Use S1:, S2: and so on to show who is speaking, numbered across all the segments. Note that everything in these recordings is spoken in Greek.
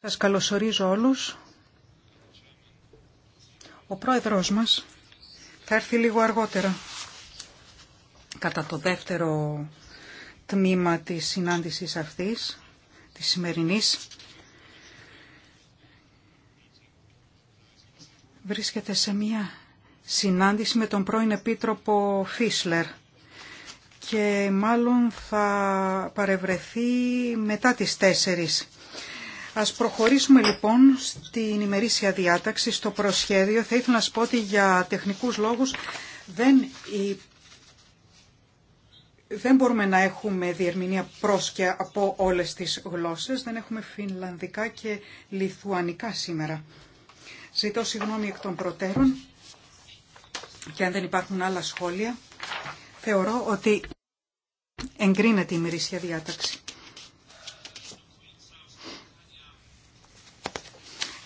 S1: Σας καλωσορίζω όλους. Ο πρόεδρος μας θα έρθει λίγο αργότερα κατά το δεύτερο τμήμα της συνάντησης αυτής, της σημερινής. Βρίσκεται σε μια συνάντηση με τον πρώην Επίτροπο Φίσλερ και μάλλον θα παρευρεθεί μετά τις 4. Ας προχωρήσουμε λοιπόν στην ημερήσια διάταξη, στο προσχέδιο. Θα ήθελα να σας πω ότι για τεχνικούς λόγους δεν, δεν μπορούμε να έχουμε διερμηνία προς και από όλες τις γλώσσες. Δεν έχουμε φινλανδικά και λιθουανικά σήμερα. Ζητώ συγγνώμη εκ των προτέρων και αν δεν υπάρχουν άλλα σχόλια, θεωρώ ότι Εγκρίνεται η μερίσια διάταξη.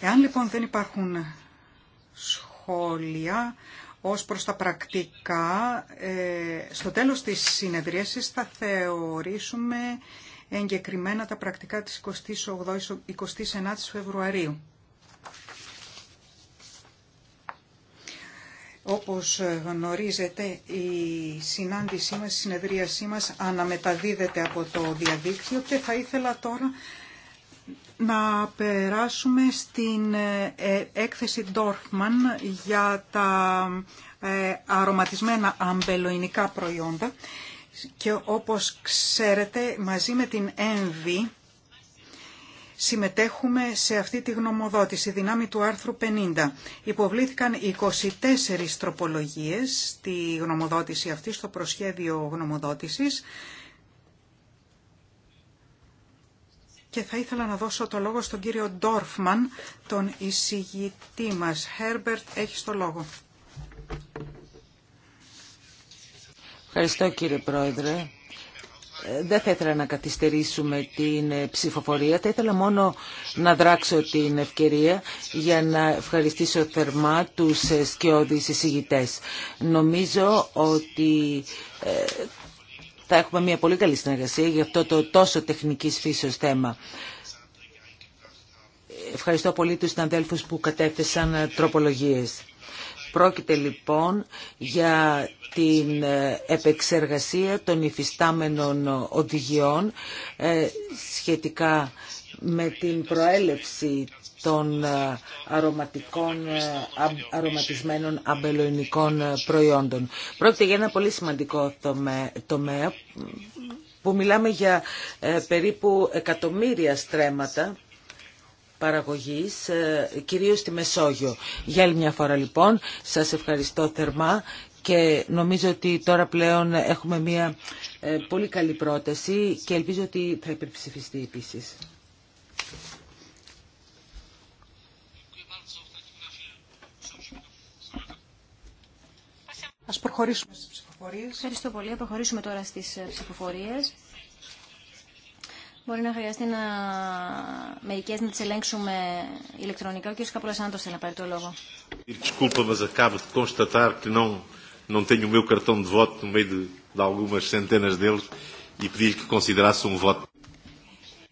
S1: Εάν λοιπόν δεν υπάρχουν σχόλια ως προς τα πρακτικά, ε, στο τέλος της συνεδρίασης θα θεωρήσουμε εγκεκριμένα τα πρακτικά της 28 29 φεβρουαριου Όπως γνωρίζετε, η συνάντησή μας, η συνεδρίασή μας αναμεταδίδεται από το διαδίκτυο και θα ήθελα τώρα να περάσουμε στην ε, έκθεση Dorfman για τα ε, αρωματισμένα αμπελοϊνικά προϊόντα και όπως ξέρετε μαζί με την Envy συμμετέχουμε σε αυτή τη γνωμοδότηση, δυνάμει του άρθρου 50. Υποβλήθηκαν 24 τροπολογίες στη γνωμοδότηση αυτή, στο προσχέδιο γνωμοδότησης. Και θα ήθελα να δώσω το λόγο στον κύριο Ντόρφμαν, τον εισηγητή μας. Χέρμπερτ, έχει το λόγο.
S2: Ευχαριστώ κύριε Πρόεδρε. Ε, δεν θα ήθελα να καθυστερήσουμε την ε, ψηφοφορία. Θα ήθελα μόνο να δράξω την ευκαιρία για να ευχαριστήσω θερμά τους ε, σκιώδεις εισηγητές. Νομίζω ότι θα έχουμε μια πολύ καλή συνεργασία για αυτό το τόσο τεχνικής φύσεως θέμα. Ευχαριστώ πολύ τους συναδέλφους που κατέθεσαν τροπολογίες. Πρόκειται λοιπόν για την ε, επεξεργασία των υφιστάμενων οδηγιών ε, σχετικά με την προέλευση των ε, αρωματικών, αρωματισμένων αμπελοϊνικών προϊόντων. Πρόκειται για ένα πολύ σημαντικό τομέα που μιλάμε για περίπου εκατομμύρια στρέμματα παραγωγής, ε, κυρίως στη Μεσόγειο. Για άλλη μια φορά λοιπόν, σας ευχαριστώ θερμά και νομίζω ότι τώρα πλέον έχουμε μια ε, πολύ καλή πρόταση και ελπίζω ότι θα υπερψηφιστεί επίσης.
S3: Ας προχωρήσουμε στις ψηφοφορίες. Ευχαριστώ πολύ. Προχωρήσουμε τώρα στις ε, ψηφοφορίες. Μπορεί να χρειαστεί να... μερικές να τι ελέγξουμε ηλεκτρονικά. Ο κ. Καπολασάντος θέλει να πάρει το λόγο.
S4: não, tenho o meu cartão de voto no meio de, de algumas centenas deles e pedi-lhe que considerasse um voto.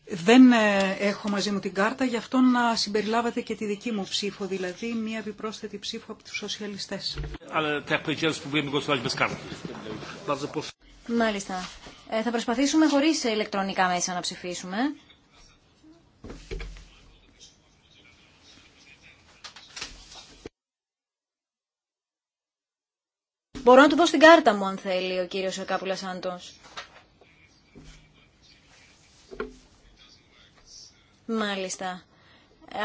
S1: Δεν ε, έχω μαζί μου την κάρτα, γι' αυτό να συμπεριλάβατε και τη δική μου ψήφο, δηλαδή μία επιπρόσθετη ψήφο από τους σοσιαλιστές.
S3: Μάλιστα. Ε, θα προσπαθήσουμε χωρίς ηλεκτρονικά μέσα να ψηφίσουμε. Μπορώ να του δώσω την κάρτα μου αν θέλει ο κύριος Κάπουλας αντός; Μάλιστα.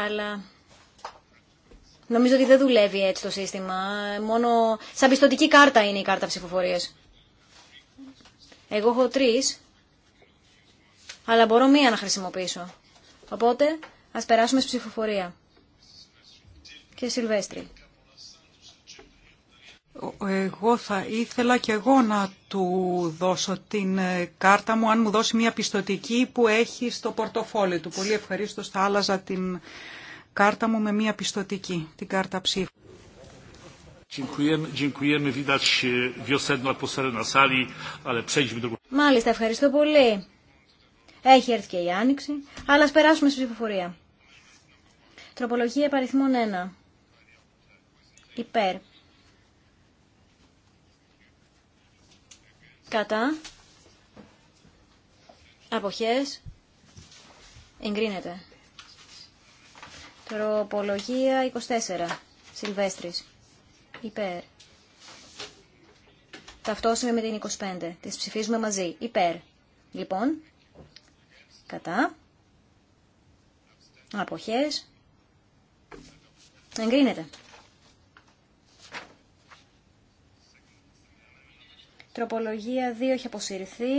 S3: Αλλά νομίζω ότι δεν δουλεύει έτσι το σύστημα. Μόνο σαν πιστοτική κάρτα είναι η κάρτα ψηφοφορίας. Εγώ έχω τρεις, αλλά μπορώ μία να χρησιμοποιήσω. Οπότε, ας περάσουμε στη ψηφοφορία. Και Σιλβέστρη.
S1: Εγώ θα ήθελα και εγώ να του δώσω την ε, κάρτα μου, αν μου δώσει μια πιστοτική που έχει στο πορτοφόλι του. Πολύ ευχαρίστως θα άλλαζα την κάρτα μου με μια πιστοτική, την κάρτα ψήφου.
S3: Μάλιστα, ευχαριστώ πολύ. Έχει έρθει και η άνοιξη, αλλά ας περάσουμε στη ψηφοφορία. Τροπολογία παριθμών 1. Υπέρ. Κατά. Αποχές. Εγκρίνεται. Τροπολογία 24. Σιλβέστρης υπέρ. Ταυτόσημε με την 25. Τις ψηφίζουμε μαζί. Υπέρ. Λοιπόν, κατά. Αποχές. Εγκρίνεται. Τροπολογία 2 έχει αποσυρθεί.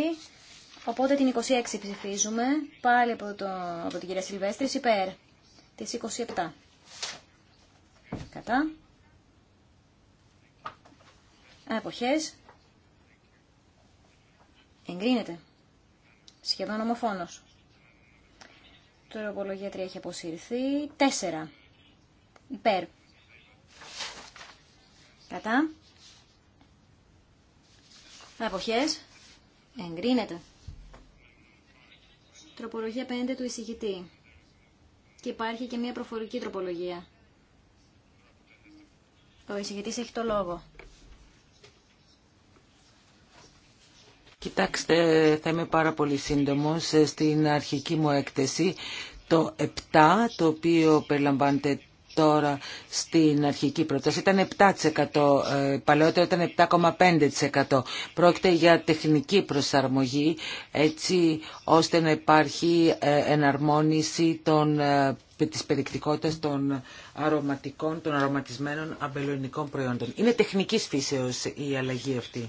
S3: Οπότε την 26 ψηφίζουμε. Πάλι από, το, από την κυρία Σιλβέστρη. Υπέρ. Τις 27. Κατά. Αποχές. Εγκρίνεται. Σχεδόν ομοφόνος. Τροπολογία 3 έχει αποσυρθεί. 4. Υπέρ. Κατά. Αποχές. Εγκρίνεται. Τροπολογία 5 του εισηγητή. Και υπάρχει και μια προφορική τροπολογία. Ο εισηγητής έχει το λόγο.
S2: Κοιτάξτε, θα είμαι πάρα πολύ σύντομος στην αρχική μου έκθεση. Το 7, το οποίο περιλαμβάνεται τώρα στην αρχική πρόταση ήταν 7%, ε, παλαιότερα ήταν 7,5%. Πρόκειται για τεχνική προσαρμογή έτσι ώστε να υπάρχει ε, εναρμόνιση των, ε, της περιεκτικότητας των αρωματικών, των αρωματισμένων αμπελονικών προϊόντων. Είναι τεχνικής φύσεως η αλλαγή αυτή.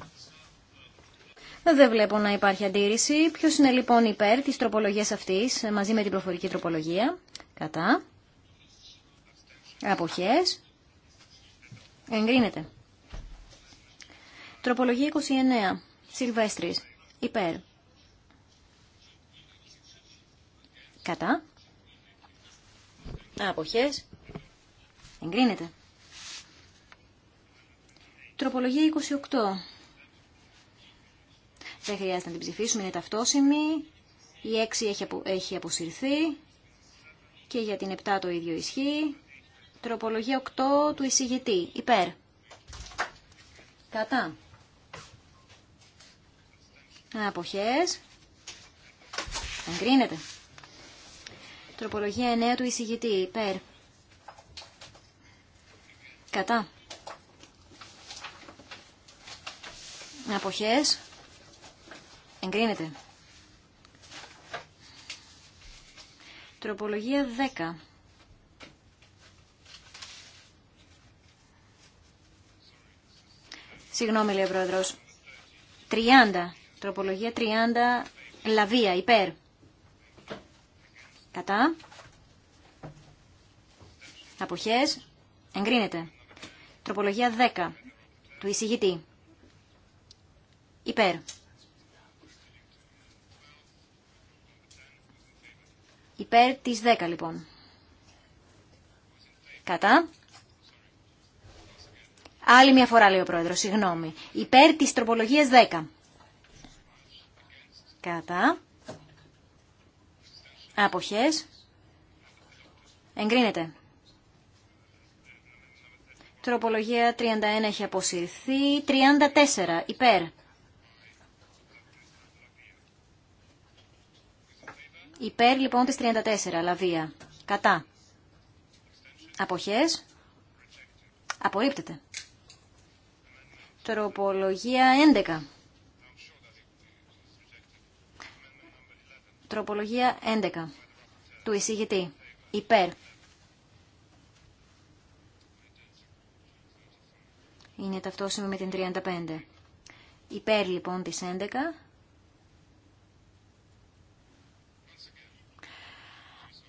S3: Δεν βλέπω να υπάρχει αντίρρηση. Ποιο είναι λοιπόν υπέρ τη τροπολογία αυτή μαζί με την προφορική τροπολογία. Κατά. Αποχέ. Εγκρίνεται. Τροπολογία 29. Σιλβέστρη. Υπέρ. Κατά. Αποχέ. Εγκρίνεται. Τροπολογία 28. Δεν χρειάζεται να την ψηφίσουμε, είναι ταυτόσημη. Η 6 έχει, απο, έχει αποσυρθεί. Και για την 7 το ίδιο ισχύει. Τροπολογία 8 του εισηγητή. Υπέρ. Κατά. Αποχές. Εγκρίνεται. Τροπολογία 9 του εισηγητή. Υπέρ. Κατά. Αποχές. Εγκρίνεται. Τροπολογία 10. Συγγνώμη, λέει ο Πρόεδρος. 30. Τροπολογία 30. Λαβία, υπέρ. Κατά. Αποχές. Εγκρίνεται. Τροπολογία 10. Του εισηγητή. Υπέρ. Υπέρ της 10 λοιπόν. Κατά. Άλλη μια φορά λέει ο πρόεδρος, συγγνώμη. Υπέρ της τροπολογίας 10. Κατά. Αποχές. Εγκρίνεται. Τροπολογία 31 έχει αποσυρθεί. 34 υπέρ. Υπέρ λοιπόν της 34, Λαβία. Κατά. Αποχές. Απορρίπτεται. Τροπολογία 11. Τροπολογία 11. Του εισηγητή. Υπέρ. Είναι ταυτόσιμη με την 35. Υπέρ λοιπόν της 11.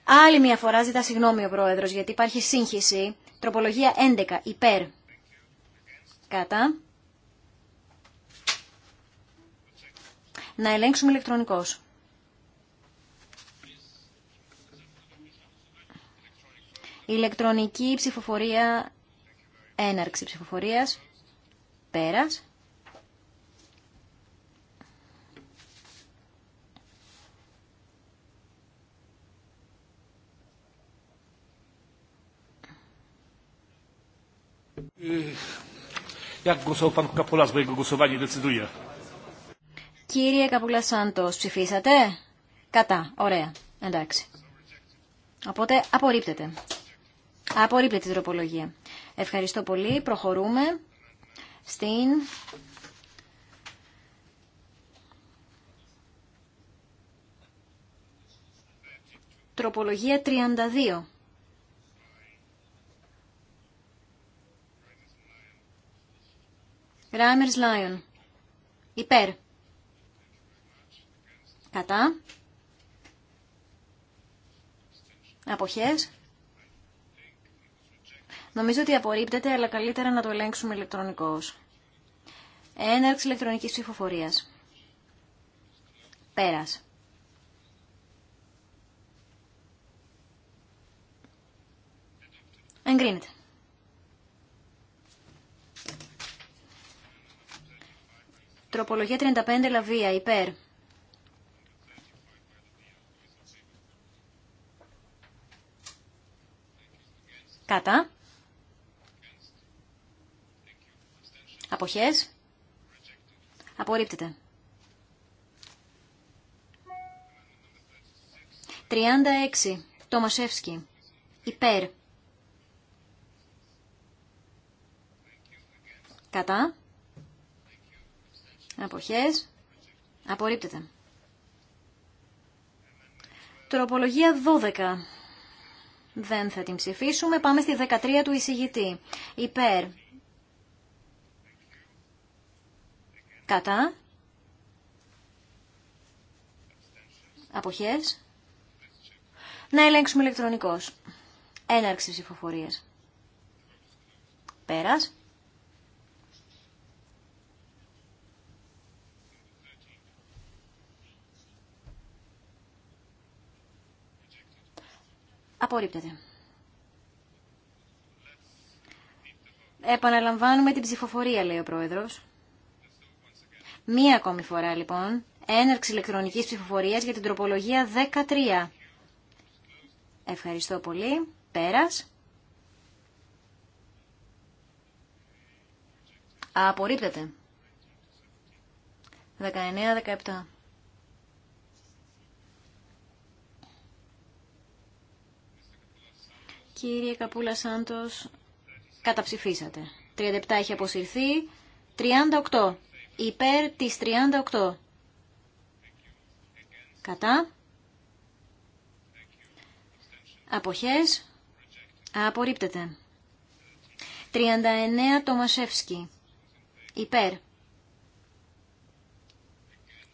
S3: Άλλη μια φορά ζητά συγγνώμη ο Πρόεδρος γιατί υπάρχει σύγχυση. Τροπολογία 11 υπέρ. Κατά. Να ελέγξουμε ηλεκτρονικός. Ηλεκτρονική ψηφοφορία, έναρξη ψηφοφορίας, πέρας. Κύριε Καπούλα Σάντο, ψηφίσατε. Κατά. Ωραία. Εντάξει. Οπότε απορρίπτεται. Απορρίπτεται η τροπολογία. Ευχαριστώ πολύ. Προχωρούμε στην... Τροπολογία 32. Ράμερς Λάιον. Υπέρ. Κατά. Αποχές. Νομίζω ότι απορρίπτεται, αλλά καλύτερα να το ελέγξουμε ηλεκτρονικώς. Έναρξη ηλεκτρονικής ψηφοφορίας. Πέρας. Εγκρίνεται. Τροπολογία 35 Λαβία, υπέρ. Κατά. Αποχές. Απορρίπτεται. 36. Τομασεύσκι. Υπέρ. Κατά. Αποχές. Απορρίπτεται. Τροπολογία 12. Δεν θα την ψηφίσουμε. Πάμε στη 13 του εισηγητή. Υπέρ. Κατά. Αποχές. Να ελέγξουμε ηλεκτρονικώς. Έναρξη ψηφοφορίας. Πέρας. Απορρίπτεται. Επαναλαμβάνουμε την ψηφοφορία, λέει ο Πρόεδρος. Μία ακόμη φορά, λοιπόν, έναρξη ηλεκτρονικής ψηφοφορίας για την τροπολογία 13. Ευχαριστώ πολύ. Πέρας. Απορρίπτεται. 19-17. Κύριε Καπούλα Σάντος, καταψηφίσατε. 37 έχει αποσυρθεί. 38. Υπέρ της 38. Κατά. Αποχές. Απορρίπτεται. 39 Τομασεύσκι. Υπέρ.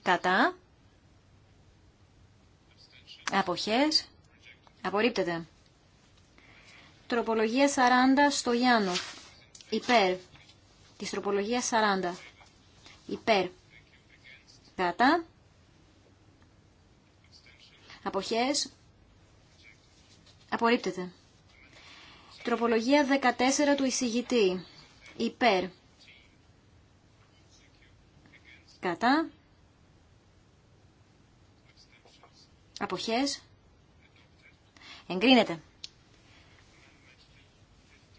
S3: Κατά. Αποχές. Απορρίπτεται. Τροπολογία 40 στο Γιάννο. Υπέρ. Τη τροπολογία 40. Υπέρ. Κατά. Αποχές. Απορρίπτεται. Τροπολογία 14 του εισηγητή. Υπέρ. Κατά. Αποχές. Εγκρίνεται.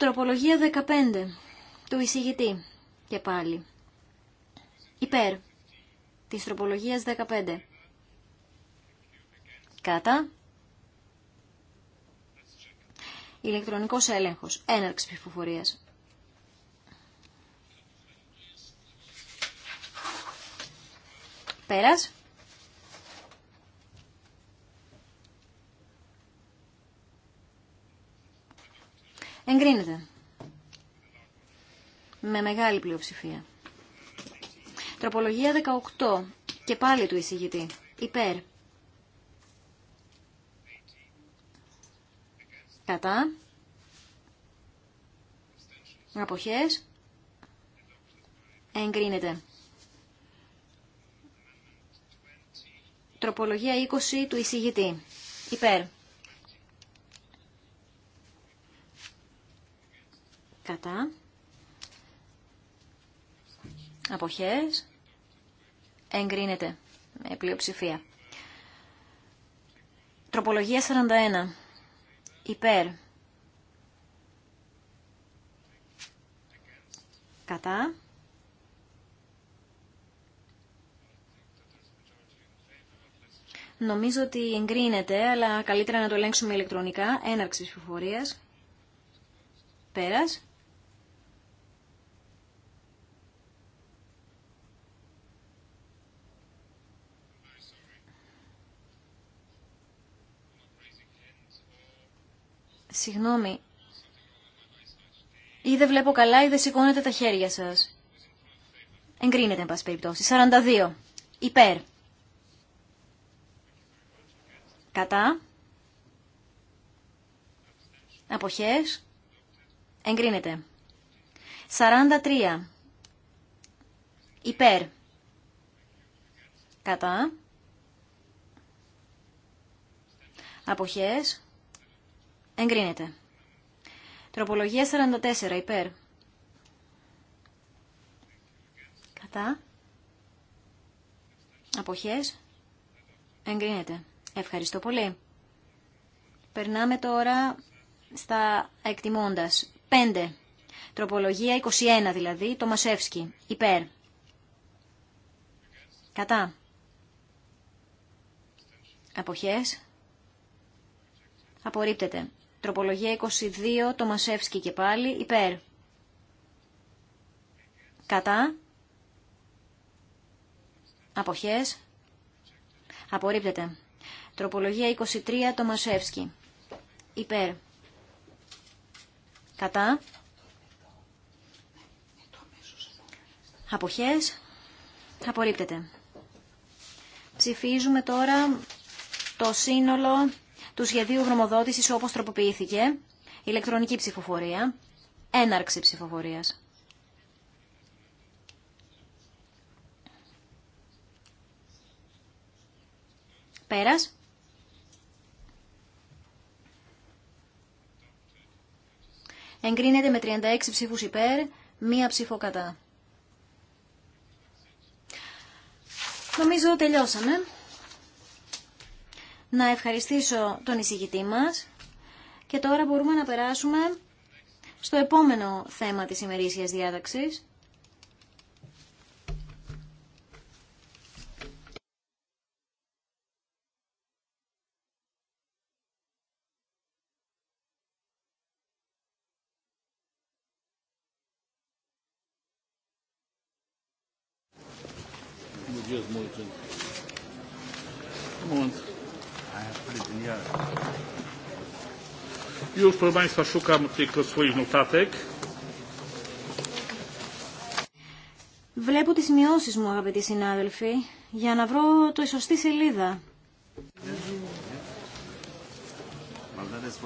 S3: Τροπολογία 15 του εισηγητή και πάλι. Υπέρ της τροπολογίας 15. Κάτα. Ηλεκτρονικός έλεγχος. Έναρξη ψηφοφορίας. Πέρας. Εγκρίνεται. Με μεγάλη πλειοψηφία. Τροπολογία 18. Και πάλι του εισηγητή. Υπέρ. Κατά. Αποχές. Εγκρίνεται. Τροπολογία 20 του εισηγητή. Υπέρ. Κατά. Αποχές. Εγκρίνεται με πλειοψηφία. Τροπολογία 41. Υπέρ. Κατά. Νομίζω ότι εγκρίνεται, αλλά καλύτερα να το ελέγξουμε ηλεκτρονικά. Έναρξη ψηφοφορίας. Πέρας. Συγγνώμη. Ή δεν βλέπω καλά ή δεν σηκώνετε τα χέρια σας. Εγκρίνεται, εν πάση περιπτώσει. 42. Υπέρ. Κατά. Αποχές. Εγκρίνεται. 43. Υπέρ. Κατά. Αποχές. Εγκρίνεται. Τροπολογία 44 υπέρ. Κατά. Αποχές. Εγκρίνεται. Ευχαριστώ πολύ. Περνάμε τώρα στα εκτιμώντας. 5. Τροπολογία 21 δηλαδή, το Μασεύσκι. Υπέρ. Κατά. Αποχές. Απορρίπτεται. Τροπολογία 22, το Μασεύσκι και πάλι, υπέρ. Κατά. Αποχές. Απορρίπτεται. Τροπολογία 23, το Μασεύσκι. Υπέρ. Κατά. Αποχές. Απορρίπτεται. Ψηφίζουμε τώρα το σύνολο του σχεδίου γνωμοδότηση όπω τροποποιήθηκε. Ηλεκτρονική ψηφοφορία. Έναρξη ψηφοφορία. Πέρας. Εγκρίνεται με 36 ψήφους υπέρ, μία ψήφο κατά. Νομίζω τελειώσαμε να ευχαριστήσω τον εισηγητή μας και τώρα μπορούμε να περάσουμε στο επόμενο θέμα της ημερήσιας διάταξης.
S4: proszę Państwa, szukam tych swoich notatek.
S3: Βλέπω τις σημειώσεις μου, αγαπητοί συνάδελφοι, για να βρω το σωστή σελίδα.
S4: Yes. Yes.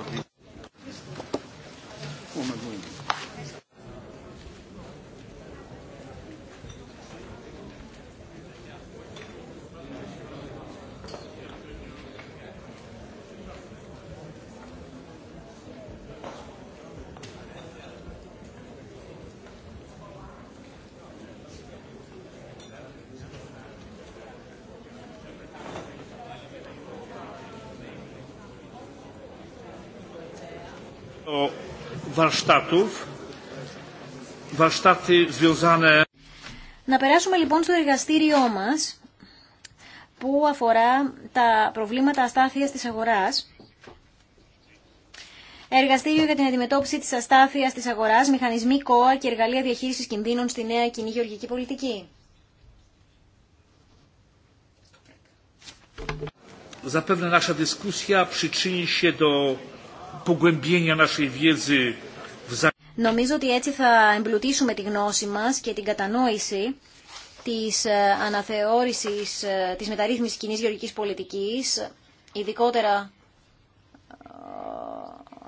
S3: Να περάσουμε λοιπόν στο εργαστήριό μας που αφορά τα προβλήματα αστάθειας της αγοράς. Εργαστήριο για την αντιμετώπιση της αστάθειας της αγοράς, μηχανισμοί ΚΟΑ και εργαλεία διαχείρισης κινδύνων στη νέα κοινή γεωργική πολιτική.
S4: Zapewne nasza dyskusja przyczyni się do
S3: Νομίζω ότι έτσι θα εμπλουτίσουμε τη γνώση μας και την κατανόηση της ε, αναθεώρησης ε, της μεταρρύθμισης κοινής γεωργικής πολιτικής, ειδικότερα ε,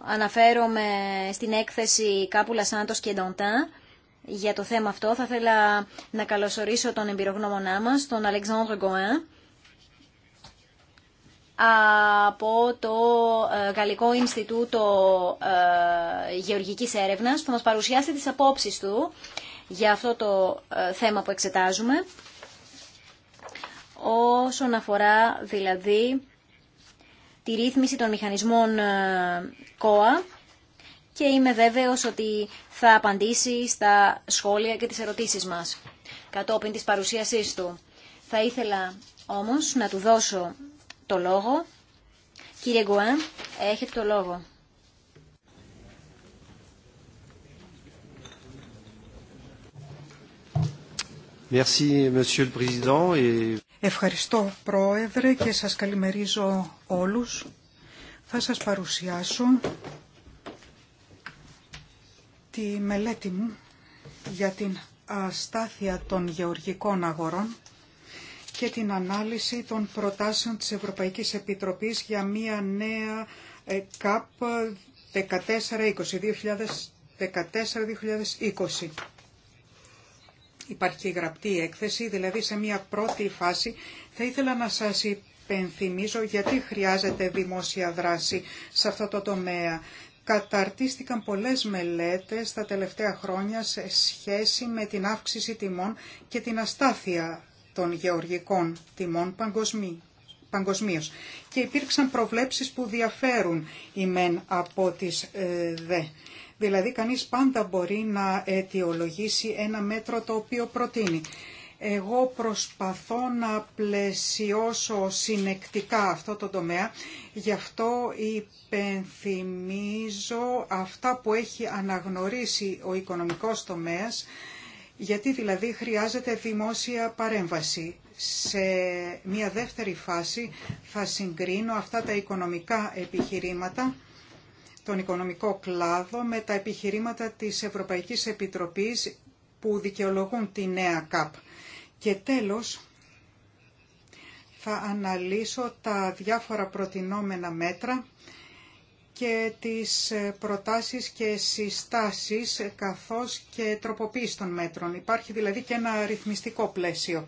S3: αναφέρομαι στην έκθεση Κάπουλα Σάντος και Ντοντά για το θέμα αυτό. Θα ήθελα να καλωσορίσω τον εμπειρογνώμονά μας, τον Αλεξάνδρο Γκοέν, από το ε, Γαλλικό Ινστιτούτο ε, Γεωργικής Έρευνας που μας παρουσιάσει τις απόψεις του για αυτό το ε, θέμα που εξετάζουμε όσον αφορά δηλαδή τη ρύθμιση των μηχανισμών ΚΟΑ και είμαι βέβαιος ότι θα απαντήσει στα σχόλια και τις ερωτήσεις μας κατόπιν της παρουσίασής του. Θα ήθελα όμως να του δώσω το λόγο. Κύριε Γκουάν, έχετε το λόγο.
S1: Ευχαριστώ Πρόεδρε και σας καλημερίζω όλους. Θα σας παρουσιάσω τη μελέτη μου για την αστάθεια των γεωργικών αγορών και την ανάλυση των προτάσεων της Ευρωπαϊκής Επιτροπής για μια νέα ε, ΚΑΠ 14-20, Υπάρχει γραπτή έκθεση, δηλαδή σε μια πρώτη φάση θα ήθελα να σας υπενθυμίζω γιατί χρειάζεται δημόσια δράση σε αυτό το τομέα. Καταρτίστηκαν πολλές μελέτες τα τελευταία χρόνια σε σχέση με την αύξηση τιμών και την αστάθεια των γεωργικών τιμών παγκοσμίω. Παγκοσμίως. Και υπήρξαν προβλέψεις που διαφέρουν οι μεν από τις ε, δε. Δηλαδή κανείς πάντα μπορεί να αιτιολογήσει ένα μέτρο το οποίο προτείνει. Εγώ προσπαθώ να πλαισιώσω συνεκτικά αυτό το τομέα, γι' αυτό υπενθυμίζω αυτά που έχει αναγνωρίσει ο οικονομικός τομέας γιατί δηλαδή χρειάζεται δημόσια παρέμβαση. Σε μια δεύτερη φάση θα συγκρίνω αυτά τα οικονομικά επιχειρήματα, τον οικονομικό κλάδο, με τα επιχειρήματα της Ευρωπαϊκής Επιτροπής που δικαιολογούν τη νέα ΚΑΠ. Και τέλος, θα αναλύσω τα διάφορα προτινόμενα μέτρα και τις ε, προτάσεις και συστάσεις ε, καθώς και τροποποίηση των μέτρων. Υπάρχει δηλαδή και ένα ρυθμιστικό πλαίσιο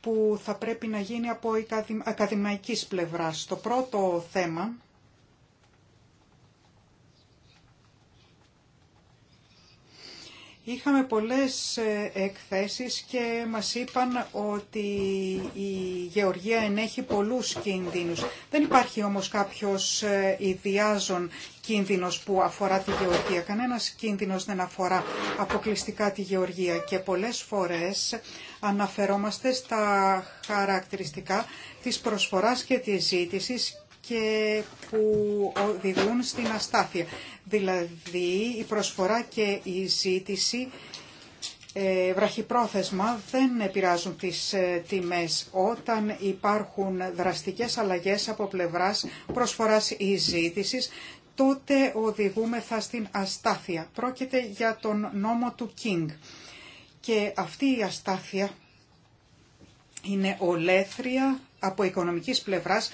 S1: που θα πρέπει να γίνει από ακαδημαϊκής πλευράς. Το πρώτο θέμα Είχαμε πολλές ε, εκθέσεις και μας είπαν ότι η γεωργία ενέχει πολλούς κινδύνους. Δεν υπάρχει όμως κάποιος ε, ιδιάζων κίνδυνος που αφορά τη γεωργία. Κανένας κίνδυνος δεν αφορά αποκλειστικά τη γεωργία και πολλές φορές αναφερόμαστε στα χαρακτηριστικά της προσφοράς και της ζήτησης και που οδηγούν στην αστάθεια. Δηλαδή η προσφορά και η ζήτηση ε, βραχυπρόθεσμα δεν επηρεάζουν τις ε, τιμές όταν υπάρχουν δραστικές αλλαγές από πλευράς προσφοράς ή ζήτησης τότε οδηγούμεθα στην αστάθεια. Πρόκειται για τον νόμο του Κίνγκ. Και αυτή η αστάθεια είναι ολέθρια από οικονομικής πλευράς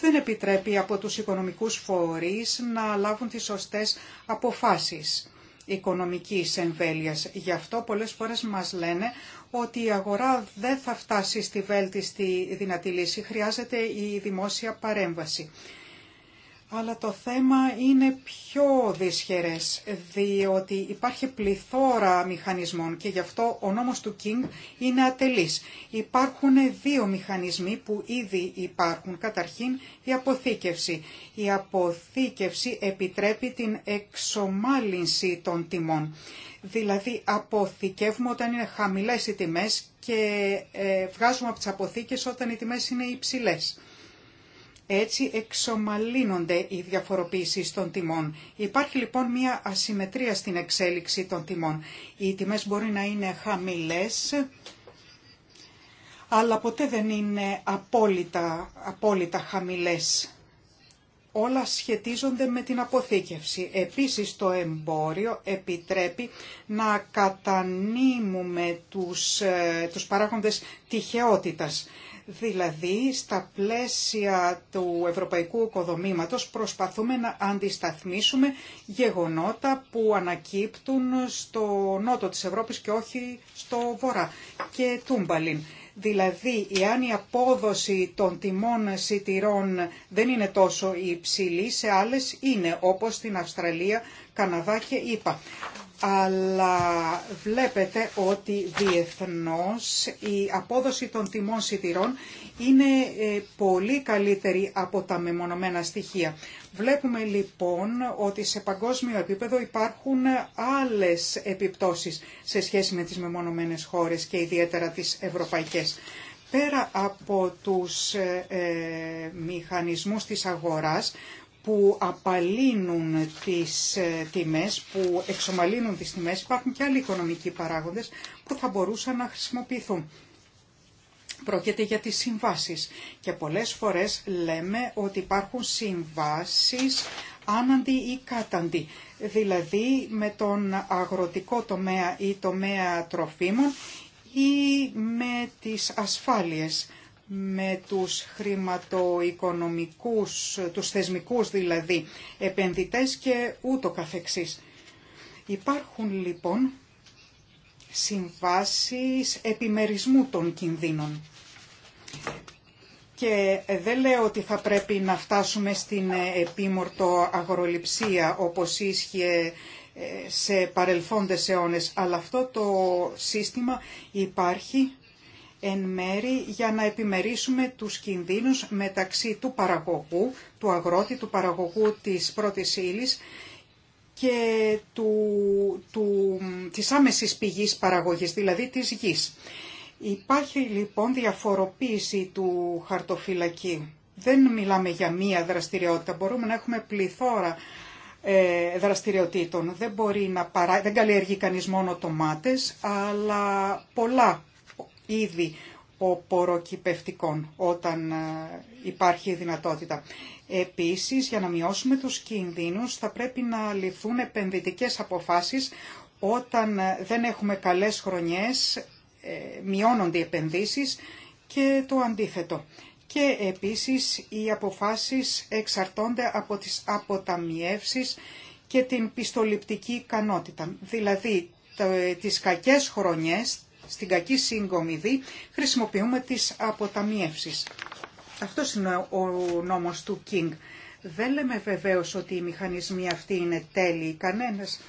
S1: δεν επιτρέπει από τους οικονομικούς φορείς να λάβουν τις σωστές αποφάσεις οικονομικής εμβέλειας. Γι' αυτό πολλές φορές μας λένε ότι η αγορά δεν θα φτάσει στη βέλτιστη δυνατή λύση, χρειάζεται η δημόσια παρέμβαση. Αλλά το θέμα είναι πιο δυσχερές, διότι υπάρχει πληθώρα μηχανισμών και γι' αυτό ο νόμος του Κίνγκ είναι ατελής. Υπάρχουν δύο μηχανισμοί που ήδη υπάρχουν. Καταρχήν η αποθήκευση. Η αποθήκευση επιτρέπει την εξομάλυνση των τιμών. Δηλαδή αποθηκεύουμε όταν είναι χαμηλές οι τιμές και ε, βγάζουμε από τις αποθήκες όταν οι τιμές είναι υψηλές. Έτσι εξομαλύνονται οι διαφοροποίησεις των τιμών. Υπάρχει λοιπόν μια ασυμμετρία στην εξέλιξη των τιμών. Οι τιμές μπορεί να είναι χαμηλές, αλλά ποτέ δεν είναι απόλυτα, απόλυτα χαμηλές. Όλα σχετίζονται με την αποθήκευση. Επίσης το εμπόριο επιτρέπει να κατανείμουμε τους, ε, τους παράγοντες τυχεότητας Δηλαδή, στα πλαίσια του ευρωπαϊκού οικοδομήματος προσπαθούμε να αντισταθμίσουμε γεγονότα που ανακύπτουν στο νότο της Ευρώπης και όχι στο βορρά και τούμπαλιν. Δηλαδή, εάν η απόδοση των τιμών σιτηρών δεν είναι τόσο υψηλή, σε άλλες είναι, όπως στην Αυστραλία, Καναδά και ΗΠΑ αλλά βλέπετε ότι διεθνώς η απόδοση των τιμών σιτηρών είναι ε, πολύ καλύτερη από τα μεμονωμένα στοιχεία. Βλέπουμε λοιπόν ότι σε παγκόσμιο επίπεδο υπάρχουν άλλες επιπτώσεις σε σχέση με τις μεμονωμένες χώρες και ιδιαίτερα τις ευρωπαϊκές. Πέρα από τους ε, ε, μηχανισμούς της αγοράς που απαλύνουν τις ε, τιμές, που εξομαλύνουν τις τιμές, υπάρχουν και άλλοι οικονομικοί παράγοντες που θα μπορούσαν να χρησιμοποιηθούν. Πρόκειται για τις συμβάσεις και πολλές φορές λέμε ότι υπάρχουν συμβάσεις άναντι ή κάταντι, δηλαδή με τον αγροτικό τομέα ή τομέα τροφίμων ή με τις ασφάλειες με τους χρηματοοικονομικούς, τους θεσμικούς δηλαδή επενδυτές και ούτω καθεξής. Υπάρχουν λοιπόν συμβάσεις επιμερισμού των κινδύνων. Και δεν λέω ότι θα πρέπει να φτάσουμε στην επίμορτο αγροληψία όπως ίσχυε ε, σε παρελθόντες αιώνες, αλλά αυτό το σύστημα υπάρχει εν μέρη για να επιμερίσουμε τους κινδύνους μεταξύ του παραγωγού, του αγρότη, του παραγωγού της πρώτης ύλης και του, του, της άμεσης πηγής παραγωγής, δηλαδή της γης. Υπάρχει λοιπόν διαφοροποίηση του χαρτοφυλακίου. Δεν μιλάμε για μία δραστηριότητα, μπορούμε να έχουμε πληθώρα ε, δραστηριοτήτων. Δεν, μπορεί να παρά... δεν καλλιεργεί κανείς μόνο τομάτες, αλλά πολλά ο ποροκυπευτικών όταν ε, υπάρχει δυνατότητα. Επίσης, για να μειώσουμε τους κινδύνους θα πρέπει να ληφθούν επενδυτικές αποφάσεις όταν ε, δεν έχουμε καλές χρονιές, ε, μειώνονται οι επενδύσεις και το αντίθετο. Και επίσης οι αποφάσεις εξαρτώνται από τις αποταμιεύσεις και την πιστοληπτική ικανότητα. Δηλαδή τις κακές χρονιές στην κακή συγκομιδή χρησιμοποιούμε τις αποταμιεύσεις. Αυτό είναι ο νόμος του King. Δεν λέμε βεβαίως ότι οι μηχανισμοί αυτοί είναι τέλειοι. Κανένας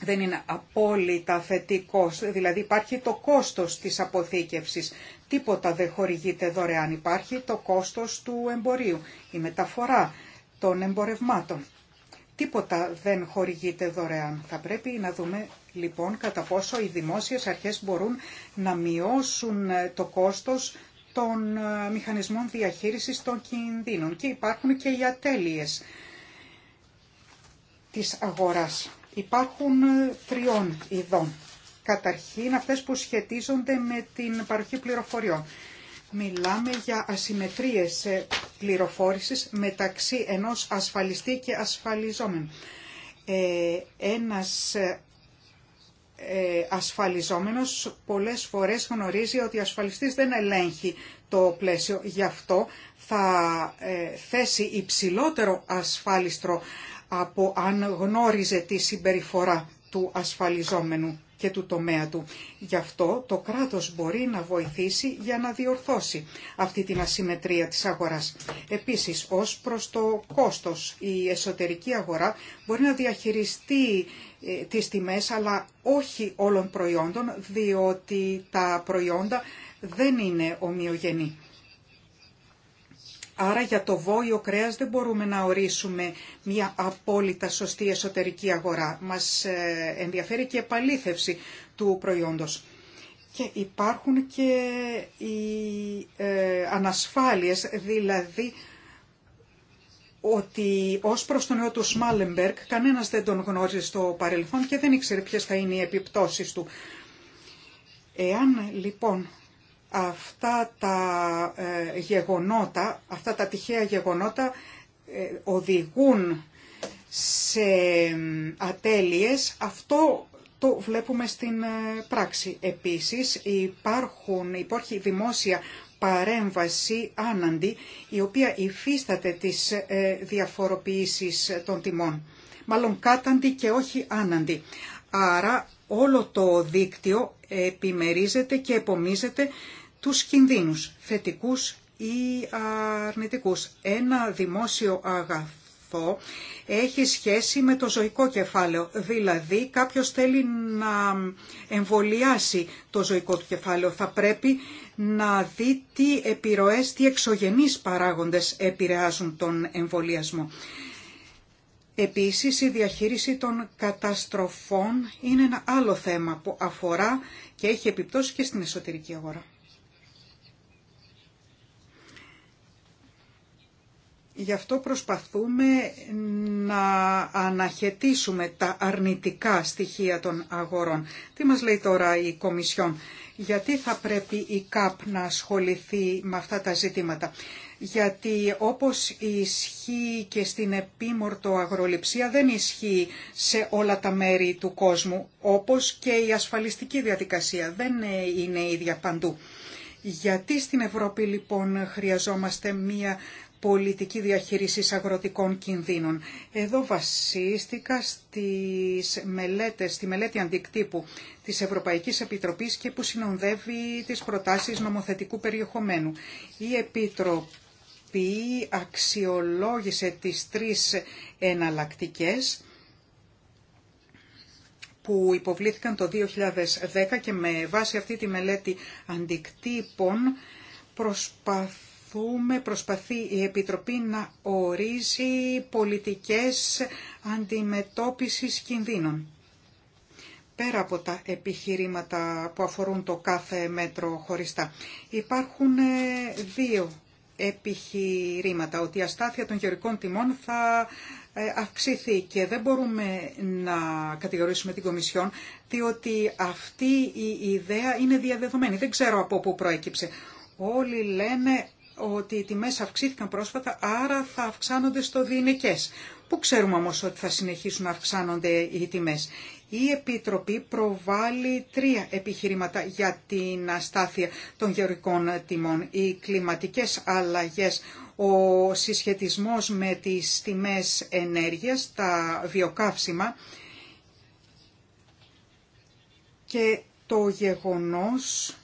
S1: δεν είναι απόλυτα θετικός. Δηλαδή υπάρχει το κόστος της αποθήκευσης. Τίποτα δεν χορηγείται δωρεάν. Υπάρχει το κόστος του εμπορίου, η μεταφορά των εμπορευμάτων. Τίποτα δεν χορηγείται δωρεάν. Θα πρέπει να δούμε λοιπόν κατά πόσο οι δημόσιες αρχές μπορούν να μειώσουν ε, το κόστος των ε, μηχανισμών διαχείρισης των κινδύνων. Και υπάρχουν και οι ατέλειες της αγοράς. Υπάρχουν ε, τριών ειδών. Καταρχήν αυτές που σχετίζονται με την παροχή πληροφοριών. Μιλάμε για ασυμμετρίες ε, πληροφόρησης μεταξύ ενός ασφαλιστή και ασφαλιζόμενου. Ε, ένας ε, ε, ασφαλιζόμενος πολλές φορές γνωρίζει ότι ο ασφαλιστής δεν ελέγχει το πλαίσιο. Γι' αυτό θα θέσει υψηλότερο ασφάλιστρο από αν γνώριζε τη συμπεριφορά του ασφαλιζόμενου και του τομέα του. Γι' αυτό το κράτος μπορεί να βοηθήσει για να διορθώσει αυτή την ασυμμετρία της αγοράς. Επίσης, ως προς το κόστος, η εσωτερική αγορά μπορεί να διαχειριστεί ε, τις τιμές, αλλά όχι όλων προϊόντων, διότι τα προϊόντα δεν είναι ομοιογενή. Άρα για το βόλιο κρέας δεν μπορούμε να ορίσουμε μια απόλυτα σωστή εσωτερική αγορά. Μας ε, ενδιαφέρει και επαλήθευση του προϊόντος. Και υπάρχουν και οι ε, ανασφάλειες, δηλαδή ότι ως προς τον νέο του Σμάλεμπεργκ κανένας δεν τον γνώριζε στο παρελθόν και δεν ήξερε ποιες θα είναι οι επιπτώσεις του. Εάν λοιπόν αυτά τα ε, γεγονότα, αυτά τα τυχαία γεγονότα ε, οδηγούν σε ατέλειες, αυτό το βλέπουμε στην ε, πράξη. Επίσης υπάρχουν, υπάρχει δημόσια παρέμβαση άναντι η οποία υφίσταται τις διαφοροποιήσεις των τιμών. Μάλλον κάταντι και όχι άναντι. Άρα όλο το δίκτυο επιμερίζεται και επομίζεται τους κινδύνους, θετικούς ή αρνητικούς. Ένα δημόσιο αγαθό έχει σχέση με το ζωικό κεφάλαιο, δηλαδή κάποιος θέλει να εμβολιάσει το ζωικό του κεφάλαιο. Θα πρέπει να δει τι επιρροές, τι εξωγενείς παράγοντες επηρεάζουν τον εμβολιασμό. Επίσης, η διαχείριση των καταστροφών είναι ένα άλλο θέμα που αφορά και έχει επιπτώσει και στην εσωτερική αγορά. Γι' αυτό προσπαθούμε να αναχαιτήσουμε τα αρνητικά στοιχεία των αγορών. Τι μας λέει τώρα η Κομισιόν, γιατί θα πρέπει η ΚΑΠ να ασχοληθεί με αυτά τα ζητήματα. Γιατί όπως ισχύει και στην επίμορτο αγροληψία δεν ισχύει σε όλα τα μέρη του κόσμου, όπως και η ασφαλιστική διαδικασία δεν είναι ίδια παντού. Γιατί στην Ευρώπη λοιπόν χρειαζόμαστε μία πολιτική διαχείρισης αγροτικών κινδύνων. Εδώ βασίστηκα στις μελέτες, στη μελέτη αντικτύπου της Ευρωπαϊκής Επιτροπής και που συνοδεύει τις προτάσεις νομοθετικού περιεχομένου. Η Επιτροπή αξιολόγησε τις τρεις εναλλακτικές που υποβλήθηκαν το 2010 και με βάση αυτή τη μελέτη αντικτύπων προσπαθούν προσπαθούμε, προσπαθεί η Επιτροπή να ορίζει πολιτικές αντιμετώπισης κινδύνων. Πέρα από τα επιχειρήματα που αφορούν το κάθε μέτρο χωριστά, υπάρχουν ε, δύο επιχειρήματα, ότι η αστάθεια των γεωρικών τιμών θα ε, αυξηθεί και δεν μπορούμε να κατηγορήσουμε την Κομισιόν, διότι αυτή η ιδέα είναι διαδεδομένη. Δεν ξέρω από πού προέκυψε. Όλοι λένε ότι οι τιμές αυξήθηκαν πρόσφατα, άρα θα αυξάνονται στο διηνικές. Πού ξέρουμε όμως ότι θα συνεχίσουν να αυξάνονται οι τιμές. Η Επιτροπή προβάλλει τρία επιχειρήματα για την αστάθεια των γεωρικών τιμών. Οι κλιματικές αλλαγές, ο συσχετισμός με τις τιμές ενέργειας, τα βιοκαύσιμα και το γεγονός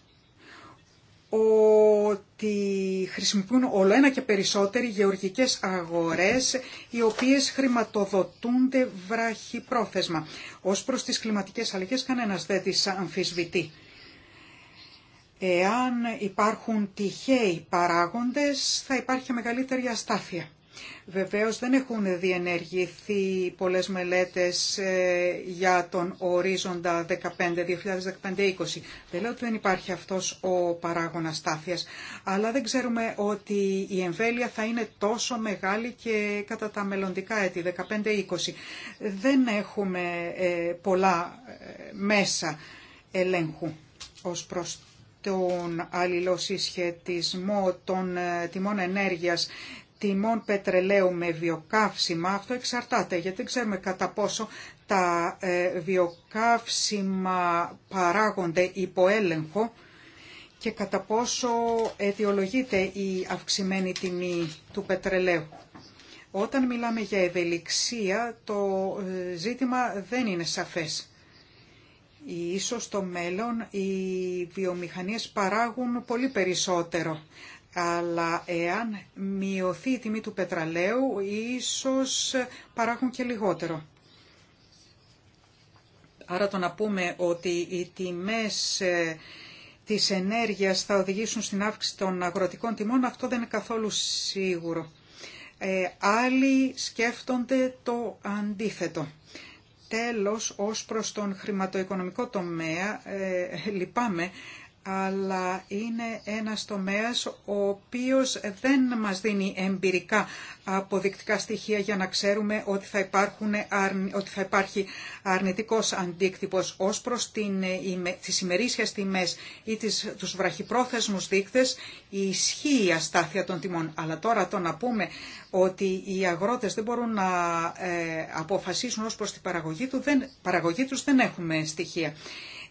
S1: ότι χρησιμοποιούν όλο ένα και περισσότεροι γεωργικές αγορές οι οποίες χρηματοδοτούνται βραχυπρόθεσμα. Ως προς τις κλιματικές αλλαγές κανένας δεν τις αμφισβητεί. Εάν υπάρχουν τυχαίοι παράγοντες θα υπάρχει μεγαλύτερη αστάθεια. Βεβαίως δεν έχουν διενεργηθεί πολλές μελέτες ε, για τον ορίζοντα 2015 2015-2020. Δεν λέω ότι δεν υπάρχει αυτός ο παράγωνας στάθειας, αλλά δεν ξέρουμε ότι η εμβέλεια θα είναι τόσο μεγάλη και κατά τα μελλοντικά έτη 15-20. Δεν έχουμε ε, πολλά ε, μέσα ελέγχου ως προς τον αλληλοσυσχετισμό των τιμών ενέργειας τιμών πετρελαίου με βιοκαύσιμα, αυτό εξαρτάται γιατί δεν ξέρουμε κατά πόσο τα ε, βιοκαύσιμα παράγονται υπό έλεγχο και κατά πόσο αιτιολογείται η αυξημένη τιμή του πετρελαίου. Όταν μιλάμε για ευελιξία, το ε, ζήτημα δεν είναι σαφές. Ίσως στο μέλλον οι βιομηχανίες παράγουν πολύ περισσότερο αλλά εάν μειωθεί η τιμή του πετραλαίου, ίσως παράγουν και λιγότερο. Άρα το να πούμε ότι οι τιμές ε, της ενέργειας θα οδηγήσουν στην αύξηση των αγροτικών τιμών, αυτό δεν είναι καθόλου σίγουρο. Ε, άλλοι σκέφτονται το αντίθετο. Τέλος, ως προς τον χρηματοοικονομικό τομέα, ε, λυπάμαι, αλλά είναι ένας τομέας ο οποίος δεν μας δίνει εμπειρικά αποδεικτικά στοιχεία για να ξέρουμε ότι θα, ότι θα υπάρχει αρνητικός αντίκτυπος ως προς την, ε, τις ημερήσιες τιμές ή τις, τους βραχυπρόθεσμους δείκτες ισχύει η αστάθεια των τιμών. Αλλά τώρα το να πούμε ότι οι αγρότες δεν μπορούν να ε, αποφασίσουν ως προς την παραγωγή, του, δεν, παραγωγή τους δεν έχουμε στοιχεία.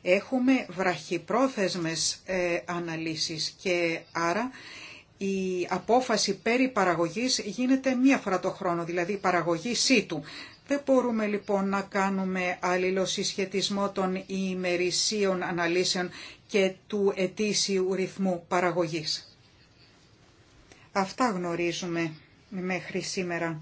S1: Έχουμε βραχυπρόθεσμες ε, αναλύσεις και άρα η απόφαση περί παραγωγής γίνεται μία φορά το χρόνο, δηλαδή η παραγωγή σύτου. Δεν μπορούμε λοιπόν να κάνουμε αλληλοσυσχετισμό των ημερησίων αναλύσεων και του ετήσιου ρυθμού παραγωγής. Αυτά γνωρίζουμε μέχρι σήμερα.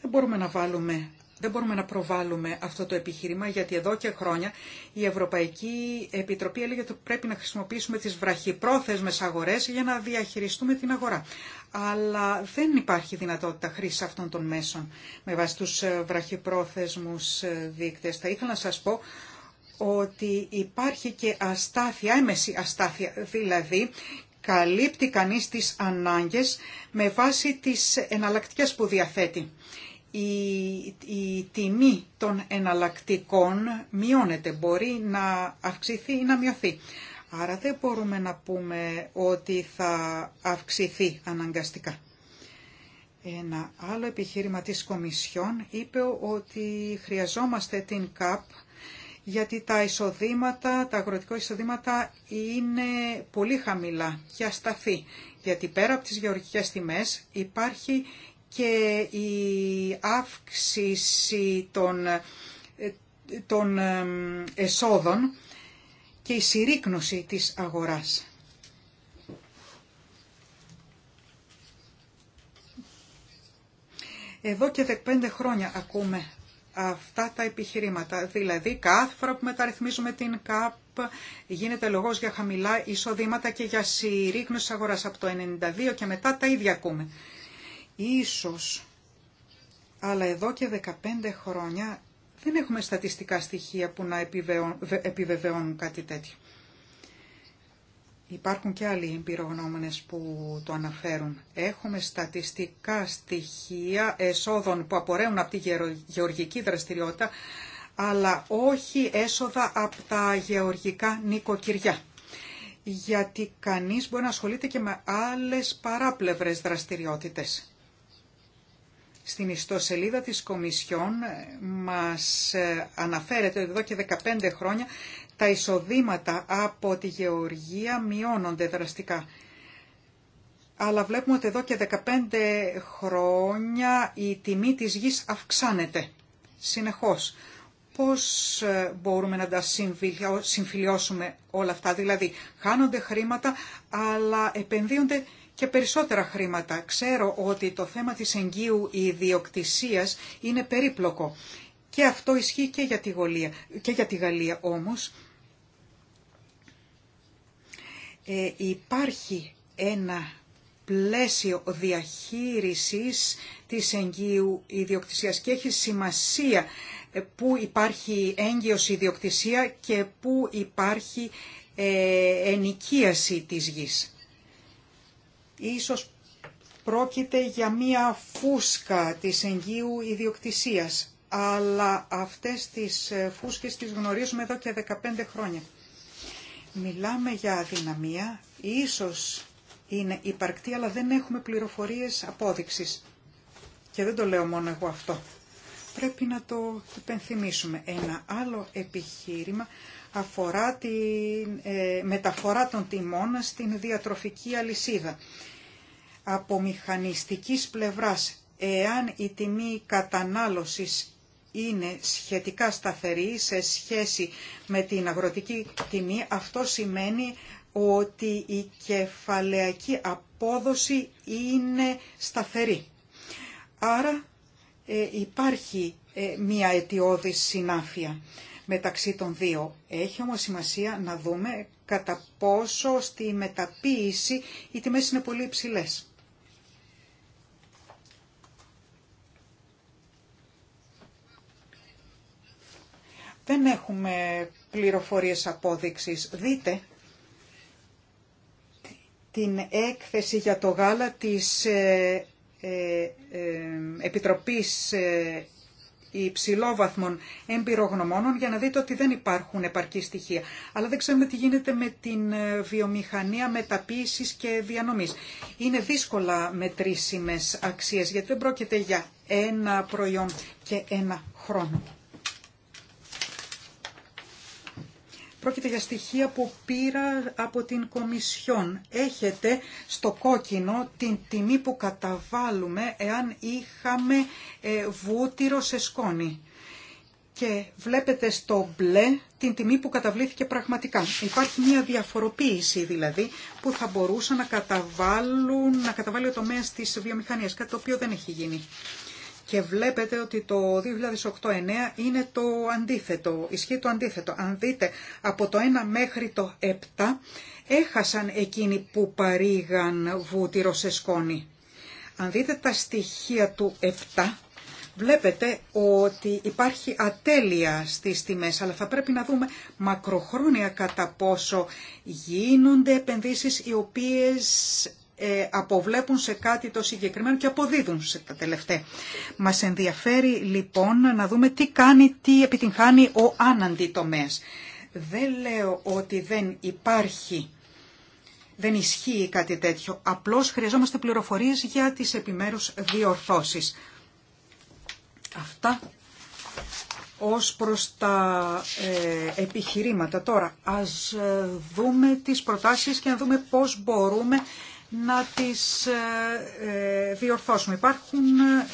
S1: Δεν μπορούμε να βάλουμε δεν μπορούμε να προβάλλουμε αυτό το επιχείρημα γιατί εδώ και χρόνια η Ευρωπαϊκή Επιτροπή έλεγε ότι πρέπει να χρησιμοποιήσουμε τις βραχυπρόθεσμες αγορές για να διαχειριστούμε την αγορά. Αλλά δεν υπάρχει δυνατότητα χρήση αυτών των μέσων με βάση τους ε, βραχυπρόθεσμους ε, δείκτες. Θα ήθελα να σας πω ότι υπάρχει και αστάθεια, έμεση αστάθεια, δηλαδή καλύπτει κανείς τις ανάγκες με βάση τις εναλλακτικές που διαθέτει η, τιμή των εναλλακτικών μειώνεται, μπορεί να αυξηθεί ή να μειωθεί. Άρα δεν μπορούμε να πούμε ότι θα αυξηθεί αναγκαστικά. Ένα άλλο επιχείρημα της Κομισιόν είπε ότι χρειαζόμαστε την ΚΑΠ γιατί τα εισοδήματα, τα αγροτικά εισοδήματα είναι πολύ χαμηλά και ασταθή. Γιατί πέρα από τις γεωργικές τιμές υπάρχει και η αύξηση των, εσόδων και η συρρήκνωση της αγοράς. Εδώ και 15 χρόνια ακούμε αυτά τα επιχειρήματα. Δηλαδή κάθε φορά που μεταρρυθμίζουμε την ΚΑΠ γίνεται λογός για χαμηλά εισοδήματα και για συρρήγνωση αγοράς από το 1992 και μετά τα ίδια ακούμε. Ίσως, αλλά εδώ και 15 χρόνια δεν έχουμε στατιστικά στοιχεία που να επιβεβαιώνουν κάτι τέτοιο. Υπάρχουν και άλλοι εμπειρογνώμονες που το αναφέρουν. Έχουμε στατιστικά στοιχεία εσόδων που απορρέουν από τη γεωργική δραστηριότητα, αλλά όχι έσοδα από τα γεωργικά νοικοκυριά. Γιατί κανείς μπορεί να ασχολείται και με άλλες παράπλευρες δραστηριότητες. Στην ιστοσελίδα της Κομισιόν ε, μας ε, αναφέρεται ότι εδώ και 15 χρόνια τα εισοδήματα από τη γεωργία μειώνονται δραστικά. Αλλά βλέπουμε ότι εδώ και 15 χρόνια η τιμή της γης αυξάνεται συνεχώς. Πώς ε, μπορούμε να τα συμφιλιώσουμε όλα αυτά, δηλαδή χάνονται χρήματα αλλά επενδύονται και περισσότερα χρήματα. Ξέρω ότι το θέμα της εγγύου ιδιοκτησίας είναι περίπλοκο και αυτό ισχύει και για τη, και για τη Γαλλία όμως. Ε, υπάρχει ένα πλαίσιο διαχείρισης της εγγύου ιδιοκτησίας και έχει σημασία ε, που υπάρχει έγκυος ιδιοκτησία και που υπάρχει ε, ενοικίαση της γης. Ίσως πρόκειται για μία φούσκα της εγγύου ιδιοκτησίας, αλλά αυτές τις ε, φούσκες τις γνωρίζουμε εδώ και 15 χρόνια. Μιλάμε για αδυναμία, ίσως είναι υπαρκτή, αλλά δεν έχουμε πληροφορίες απόδειξης. Και δεν το λέω μόνο εγώ αυτό. Πρέπει να το υπενθυμίσουμε. Ένα άλλο επιχείρημα αφορά τη ε, μεταφορά των τιμών στην διατροφική αλυσίδα. Από μηχανιστικής πλευράς, εάν η τιμή κατανάλωσης είναι σχετικά σταθερή σε σχέση με την αγροτική τιμή, αυτό σημαίνει ότι η κεφαλαιακή απόδοση είναι σταθερή. Άρα ε, υπάρχει ε, μία αιτιώδης συνάφεια μεταξύ των δύο. Έχει όμως σημασία να δούμε κατά πόσο στη μεταποίηση οι τιμές είναι πολύ υψηλές. Δεν έχουμε πληροφορίες απόδειξης. Δείτε την έκθεση για το γάλα της ε, ε, ε, Επιτροπής υψηλόβαθμων εμπειρογνωμόνων για να δείτε ότι δεν υπάρχουν επαρκή στοιχεία. Αλλά δεν ξέρουμε τι γίνεται με την ε, βιομηχανία μεταποίηση και διανομή. Είναι δύσκολα μετρήσιμες αξίε, γιατί δεν πρόκειται για ένα προϊόν και ένα χρόνο. Πρόκειται για στοιχεία που πήρα από την Κομισιόν. Έχετε στο κόκκινο την τιμή που καταβάλουμε εάν είχαμε ε, βούτυρο σε σκόνη. Και βλέπετε στο μπλε την τιμή που καταβλήθηκε πραγματικά. Υπάρχει μια διαφοροποίηση δηλαδή που θα μπορούσε να, να καταβάλει ο τομέας της βιομηχανίας, κάτι το οποίο δεν έχει γίνει. Και βλέπετε ότι το 2008-2009 είναι το αντίθετο, ισχύει το αντίθετο. Αν δείτε από το 1 μέχρι το 7 έχασαν εκείνοι που παρήγαν βούτυρο σε σκόνη. Αν δείτε τα στοιχεία του 7, βλέπετε ότι υπάρχει ατέλεια στις τιμές, αλλά θα πρέπει να δούμε μακροχρόνια κατά πόσο γίνονται επενδύσεις οι οποίες ε, αποβλέπουν σε κάτι το συγκεκριμένο και αποδίδουν σε τα τελευταία. Μας ενδιαφέρει λοιπόν να δούμε τι κάνει, τι επιτυγχάνει ο άναντι τομέας. Δεν λέω ότι δεν υπάρχει, δεν ισχύει κάτι τέτοιο. Απλώς χρειαζόμαστε πληροφορίες για τις επιμέρους διορθώσεις. Αυτά ως προς τα ε, επιχειρήματα. Τώρα, ας ε, δούμε τις προτάσεις και να δούμε πώς μπορούμε να τις ε, ε, διορθώσουμε. Υπάρχουν,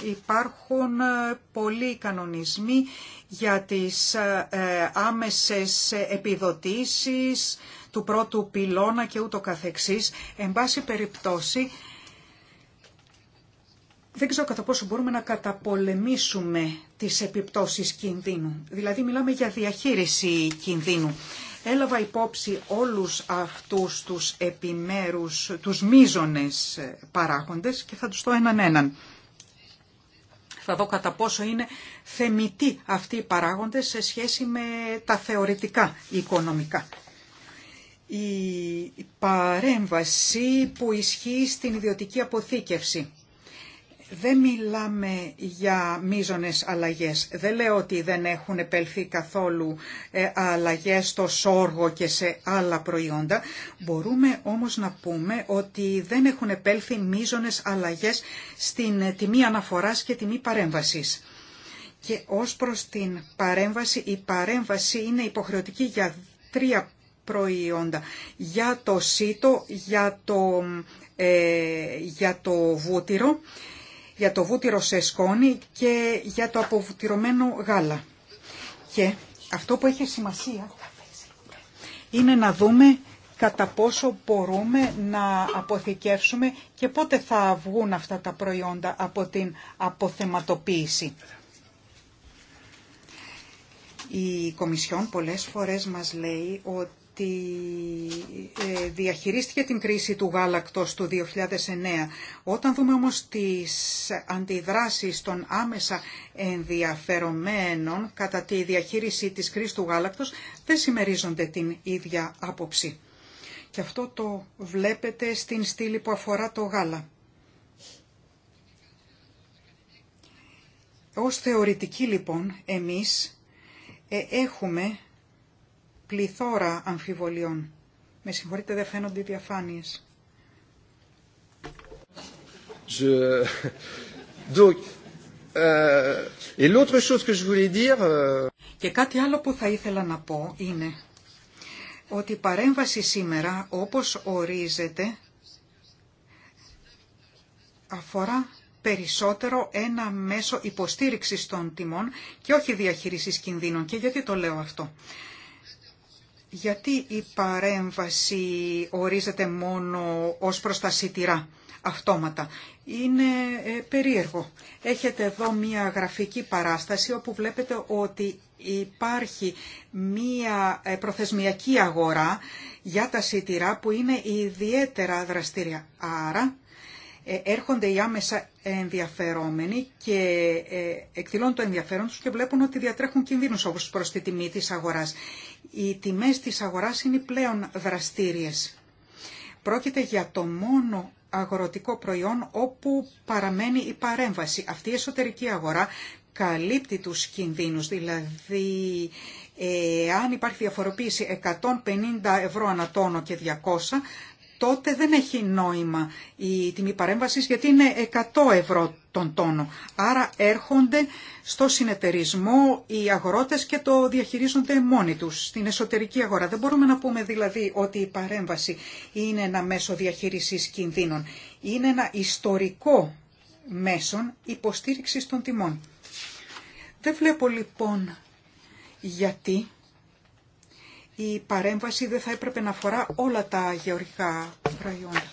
S1: υπάρχουν ε, πολλοί κανονισμοί για τις άμεσες επιδοτήσεις του πρώτου πυλώνα και ούτω καθεξής. Εν πάση περιπτώσει, δεν ξέρω κατά πόσο μπορούμε να καταπολεμήσουμε τις επιπτώσεις κινδύνου. Δηλαδή μιλάμε για διαχείριση κινδύνου. Έλαβα υπόψη όλους αυτούς τους επιμέρους, τους μίζονες παράγοντες και θα τους δω έναν έναν. Θα δω κατά πόσο είναι θεμητοί αυτοί οι παράγοντες σε σχέση με τα θεωρητικά οικονομικά. Η παρέμβαση που ισχύει στην ιδιωτική αποθήκευση δεν μιλάμε για μίζονες αλλαγές. Δεν λέω ότι δεν έχουν επέλθει καθόλου ε, αλλαγές στο σόργο και σε άλλα προϊόντα. Μπορούμε όμως να πούμε ότι δεν έχουν επέλθει μίζονες αλλαγές στην ε, τιμή αναφοράς και τιμή παρέμβασης. Και ως προς την παρέμβαση, η παρέμβαση είναι υποχρεωτική για τρία προϊόντα. Για το σίτο, για ε, για το βούτυρο για το βούτυρο σε σκόνη και για το αποβουτυρωμένο γάλα. Και αυτό που έχει σημασία είναι να δούμε κατά πόσο μπορούμε να αποθηκεύσουμε και πότε θα βγουν αυτά τα προϊόντα από την αποθεματοποίηση. Η Κομισιόν πολλές φορές μας λέει ότι τη, ε, διαχειρίστηκε την κρίση του γάλακτος του 2009. Όταν δούμε όμως τις αντιδράσεις των άμεσα ενδιαφερομένων κατά τη διαχείριση της κρίσης του γάλακτος, δεν συμμερίζονται την ίδια άποψη. Και αυτό το βλέπετε στην στήλη που αφορά το γάλα. Ως θεωρητική λοιπόν εμείς ε, έχουμε πληθώρα αμφιβολιών. Με συγχωρείτε, δεν φαίνονται οι διαφάνειες. Je... Donc, euh... Et euh, Και κάτι άλλο που θα ήθελα να πω είναι ότι η παρέμβαση σήμερα, όπως ορίζεται, αφορά περισσότερο ένα μέσο υποστήριξης των τιμών και όχι διαχείρισης κινδύνων. Και γιατί το λέω αυτό γιατί η παρέμβαση ορίζεται μόνο ως προς τα σιτηρά αυτόματα. Είναι ε, περίεργο. Έχετε εδώ μία γραφική παράσταση όπου βλέπετε ότι υπάρχει μία ε, προθεσμιακή αγορά για τα σιτηρά που είναι ιδιαίτερα δραστήρια. Άρα ε, έρχονται οι άμεσα ενδιαφερόμενοι και εκδηλώνουν το ενδιαφέρον τους και βλέπουν ότι διατρέχουν κινδύνους όπως προς τη τιμή της αγοράς οι τιμές της αγοράς είναι πλέον δραστήριες. Πρόκειται για το μόνο αγροτικό προϊόν όπου παραμένει η παρέμβαση. Αυτή η εσωτερική αγορά καλύπτει τους κινδύνους, δηλαδή ε, αν υπάρχει διαφοροποίηση 150 ευρώ ανατόνο και 200, τότε δεν έχει νόημα η τιμή παρέμβασης γιατί είναι 100 ευρώ τον τόνο. Άρα έρχονται στο συνεταιρισμό οι αγρότες και το διαχειρίζονται μόνοι τους στην εσωτερική αγορά. Δεν μπορούμε να πούμε δηλαδή ότι η παρέμβαση είναι ένα μέσο διαχείρισης κινδύνων. Είναι ένα ιστορικό μέσον υποστήριξης των τιμών. Δεν βλέπω λοιπόν γιατί η παρέμβαση δεν θα έπρεπε να αφορά όλα τα γεωργικά προϊόντα.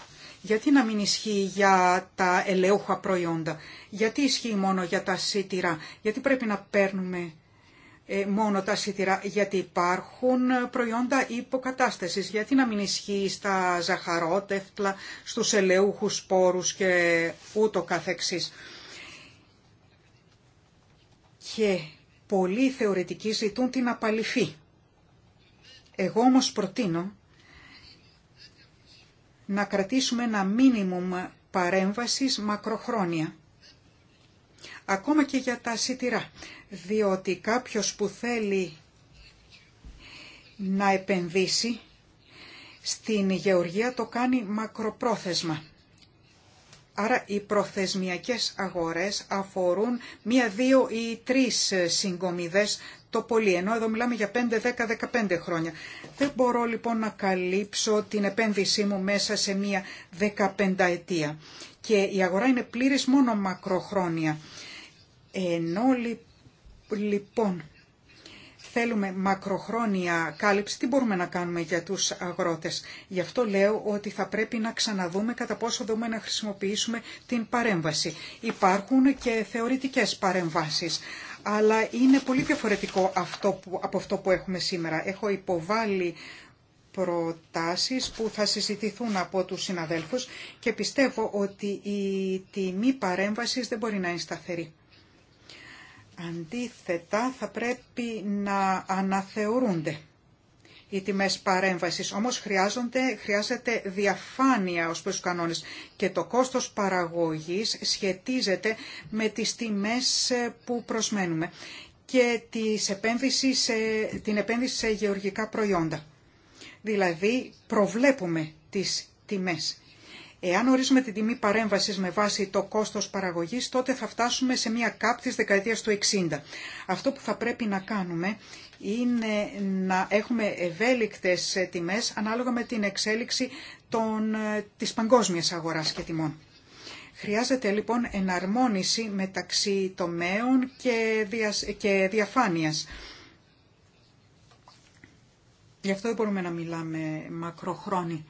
S1: Γιατί να μην ισχύει για τα ελαιούχα προϊόντα, γιατί ισχύει μόνο για τα σιτηρά, γιατί πρέπει να παίρνουμε ε, μόνο τα σιτηρά, γιατί υπάρχουν προϊόντα υποκατάστασης, γιατί να μην ισχύει στα ζαχαρότευτλα, στους ελαιούχους σπόρους και ούτω καθεξής. Και πολλοί θεωρητικοί ζητούν την απαλυφή εγώ όμως προτείνω να κρατήσουμε ένα μίνιμουμ παρέμβασης μακροχρόνια. Ακόμα και για τα σιτηρά, διότι κάποιος που θέλει να επενδύσει στην γεωργία το κάνει μακροπρόθεσμα. Άρα οι προθεσμιακές αγορές αφορούν μία, δύο ή τρεις συγκομιδές το πολύ, ενώ εδώ μιλάμε για 5, 10, 15 χρόνια. Δεν μπορώ λοιπόν να καλύψω την επένδυσή μου μέσα σε μία 15 ετία. Και η αγορά είναι πλήρης μόνο μακροχρόνια. Ενώ λοιπόν θέλουμε μακροχρόνια κάλυψη, τι μπορούμε να κάνουμε για τους αγρότες. Γι' αυτό λέω ότι θα πρέπει να ξαναδούμε κατά πόσο δούμε να χρησιμοποιήσουμε την παρέμβαση. Υπάρχουν και θεωρητικές παρεμβάσεις, αλλά είναι πολύ διαφορετικό αυτό που, από αυτό που έχουμε σήμερα. Έχω υποβάλει προτάσεις που θα συζητηθούν από τους συναδέλφους και πιστεύω ότι η τιμή παρέμβασης δεν μπορεί να είναι σταθερή. Αντίθετα, θα πρέπει να αναθεωρούνται οι τιμές παρέμβασης. Όμως χρειάζονται, χρειάζεται διαφάνεια ως προς κανόνες και το κόστος παραγωγής σχετίζεται με τις τιμές που προσμένουμε και τις σε την επένδυση σε γεωργικά προϊόντα. Δηλαδή προβλέπουμε τις τιμές Εάν ορίζουμε την τιμή παρέμβασης με βάση το κόστος παραγωγής, τότε θα φτάσουμε σε μια κάπ της δεκαετίας του 60. Αυτό που θα πρέπει να κάνουμε είναι να έχουμε ευέλικτες τιμές ανάλογα με την εξέλιξη των, της παγκόσμιας αγοράς και τιμών. Χρειάζεται λοιπόν εναρμόνιση μεταξύ τομέων και, και διαφάνειας. Γι' αυτό δεν μπορούμε να μιλάμε μακροχρόνια.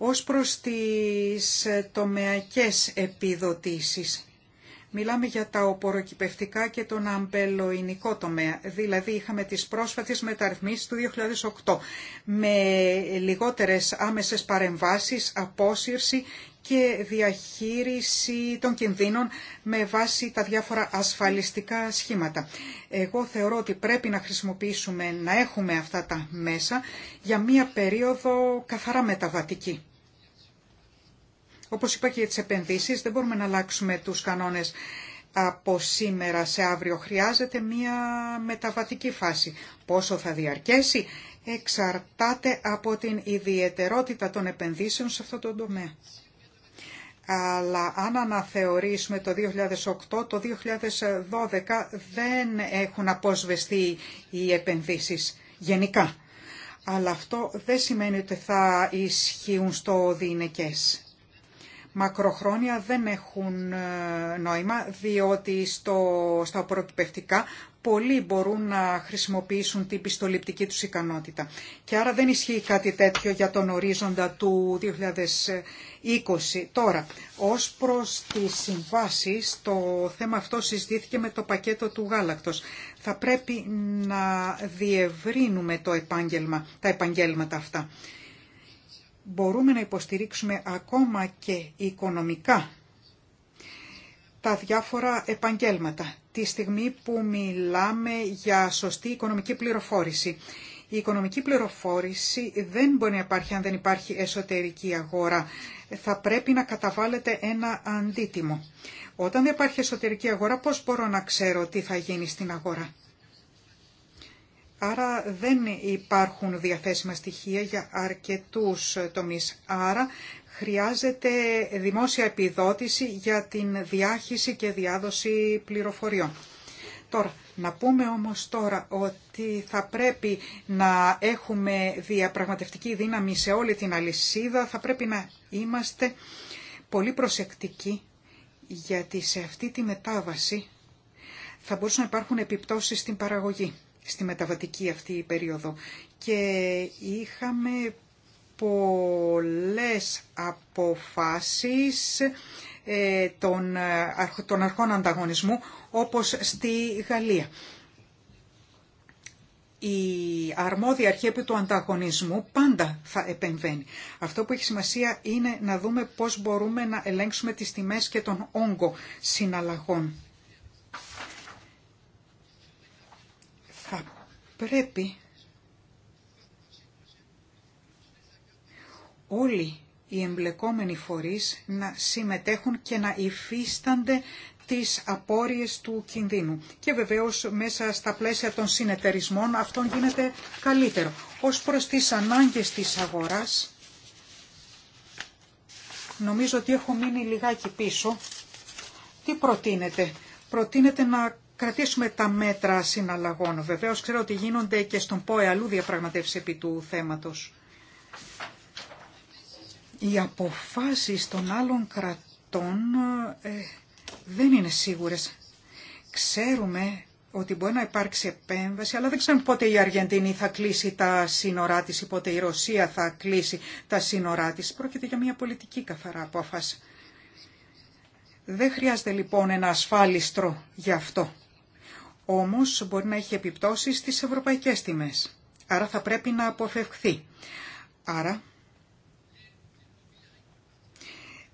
S1: Ως προς τις ε, τομεακές επιδοτήσεις, μιλάμε για τα οποροκυπευτικά και τον αμπελοεινικό τομέα. Δηλαδή είχαμε τις πρόσφατες μεταρρυθμίσεις του 2008 με λιγότερες άμεσες παρεμβάσεις, απόσυρση και διαχείριση των κινδύνων με βάση τα διάφορα ασφαλιστικά σχήματα. Εγώ θεωρώ ότι πρέπει να χρησιμοποιήσουμε, να έχουμε αυτά τα μέσα για μία περίοδο καθαρά μεταβατική. Όπως είπα και για τις επενδύσεις, δεν μπορούμε να αλλάξουμε τους κανόνες από σήμερα σε αύριο. Χρειάζεται μία μεταβατική φάση. Πόσο θα διαρκέσει εξαρτάται από την ιδιαιτερότητα των επενδύσεων σε αυτό το τομέα αλλά αν αναθεωρήσουμε το 2008, το 2012 δεν έχουν αποσβεστεί οι επενδύσεις γενικά. Αλλά αυτό δεν σημαίνει ότι θα ισχύουν στο δίνεκές Μακροχρόνια δεν έχουν ε, νόημα, διότι στο, στα προκυπευτικά πολλοί μπορούν να χρησιμοποιήσουν την πιστοληπτική τους ικανότητα. Και άρα δεν ισχύει κάτι τέτοιο για τον ορίζοντα του 2020. Τώρα, ως προς τις συμβάσεις, το θέμα αυτό συζητήθηκε με το πακέτο του γάλακτος. Θα πρέπει να διευρύνουμε το επάγγελμα, τα επαγγέλματα αυτά. Μπορούμε να υποστηρίξουμε ακόμα και οικονομικά τα διάφορα επαγγέλματα τη στιγμή που μιλάμε για σωστή οικονομική πληροφόρηση. Η οικονομική πληροφόρηση δεν μπορεί να υπάρχει αν δεν υπάρχει εσωτερική αγορά. Θα πρέπει να καταβάλλεται ένα αντίτιμο. Όταν δεν υπάρχει εσωτερική αγορά, πώς μπορώ να ξέρω τι θα γίνει στην αγορά. Άρα δεν υπάρχουν διαθέσιμα στοιχεία για αρκετούς τομείς. Άρα χρειάζεται δημόσια επιδότηση για την διάχυση και διάδοση πληροφοριών. Τώρα, να πούμε όμως τώρα ότι θα πρέπει να έχουμε διαπραγματευτική δύναμη σε όλη την αλυσίδα, θα πρέπει να είμαστε πολύ προσεκτικοί γιατί σε αυτή τη μετάβαση θα μπορούσαν να υπάρχουν επιπτώσεις στην παραγωγή στη μεταβατική αυτή περίοδο. Και είχαμε πολλές αποφάσεις ε, των, ε, των αρχών ανταγωνισμού όπως στη Γαλλία. Η αρμόδια αρχή του ανταγωνισμού πάντα θα επεμβαίνει. Αυτό που έχει σημασία είναι να δούμε πώς μπορούμε να ελέγξουμε τις τιμές και τον όγκο συναλλαγών. Θα πρέπει όλοι οι εμπλεκόμενοι φορείς να συμμετέχουν και να υφίστανται τις απόρριες του κινδύνου. Και βεβαίως μέσα στα πλαίσια των συνεταιρισμών αυτό γίνεται καλύτερο. Ως προς τις ανάγκες της αγοράς, νομίζω ότι έχω μείνει λιγάκι πίσω. Τι προτείνεται. Προτείνεται να κρατήσουμε τα μέτρα συναλλαγών. Βεβαίως ξέρω ότι γίνονται και στον ΠΟΕ αλλού διαπραγματεύσει επί του θέματος οι αποφάσεις των άλλων κρατών ε, δεν είναι σίγουρες. Ξέρουμε ότι μπορεί να υπάρξει επέμβαση, αλλά δεν ξέρουμε πότε η Αργεντινή θα κλείσει τα σύνορά της ή πότε η Ρωσία θα κλείσει τα σύνορά της. Πρόκειται για μια πολιτική καθαρά απόφαση. Δεν χρειάζεται λοιπόν ένα ασφάλιστρο γι' αυτό. Όμως μπορεί να έχει επιπτώσεις στις ευρωπαϊκές τιμές. Άρα θα πρέπει να αποφευχθεί. Άρα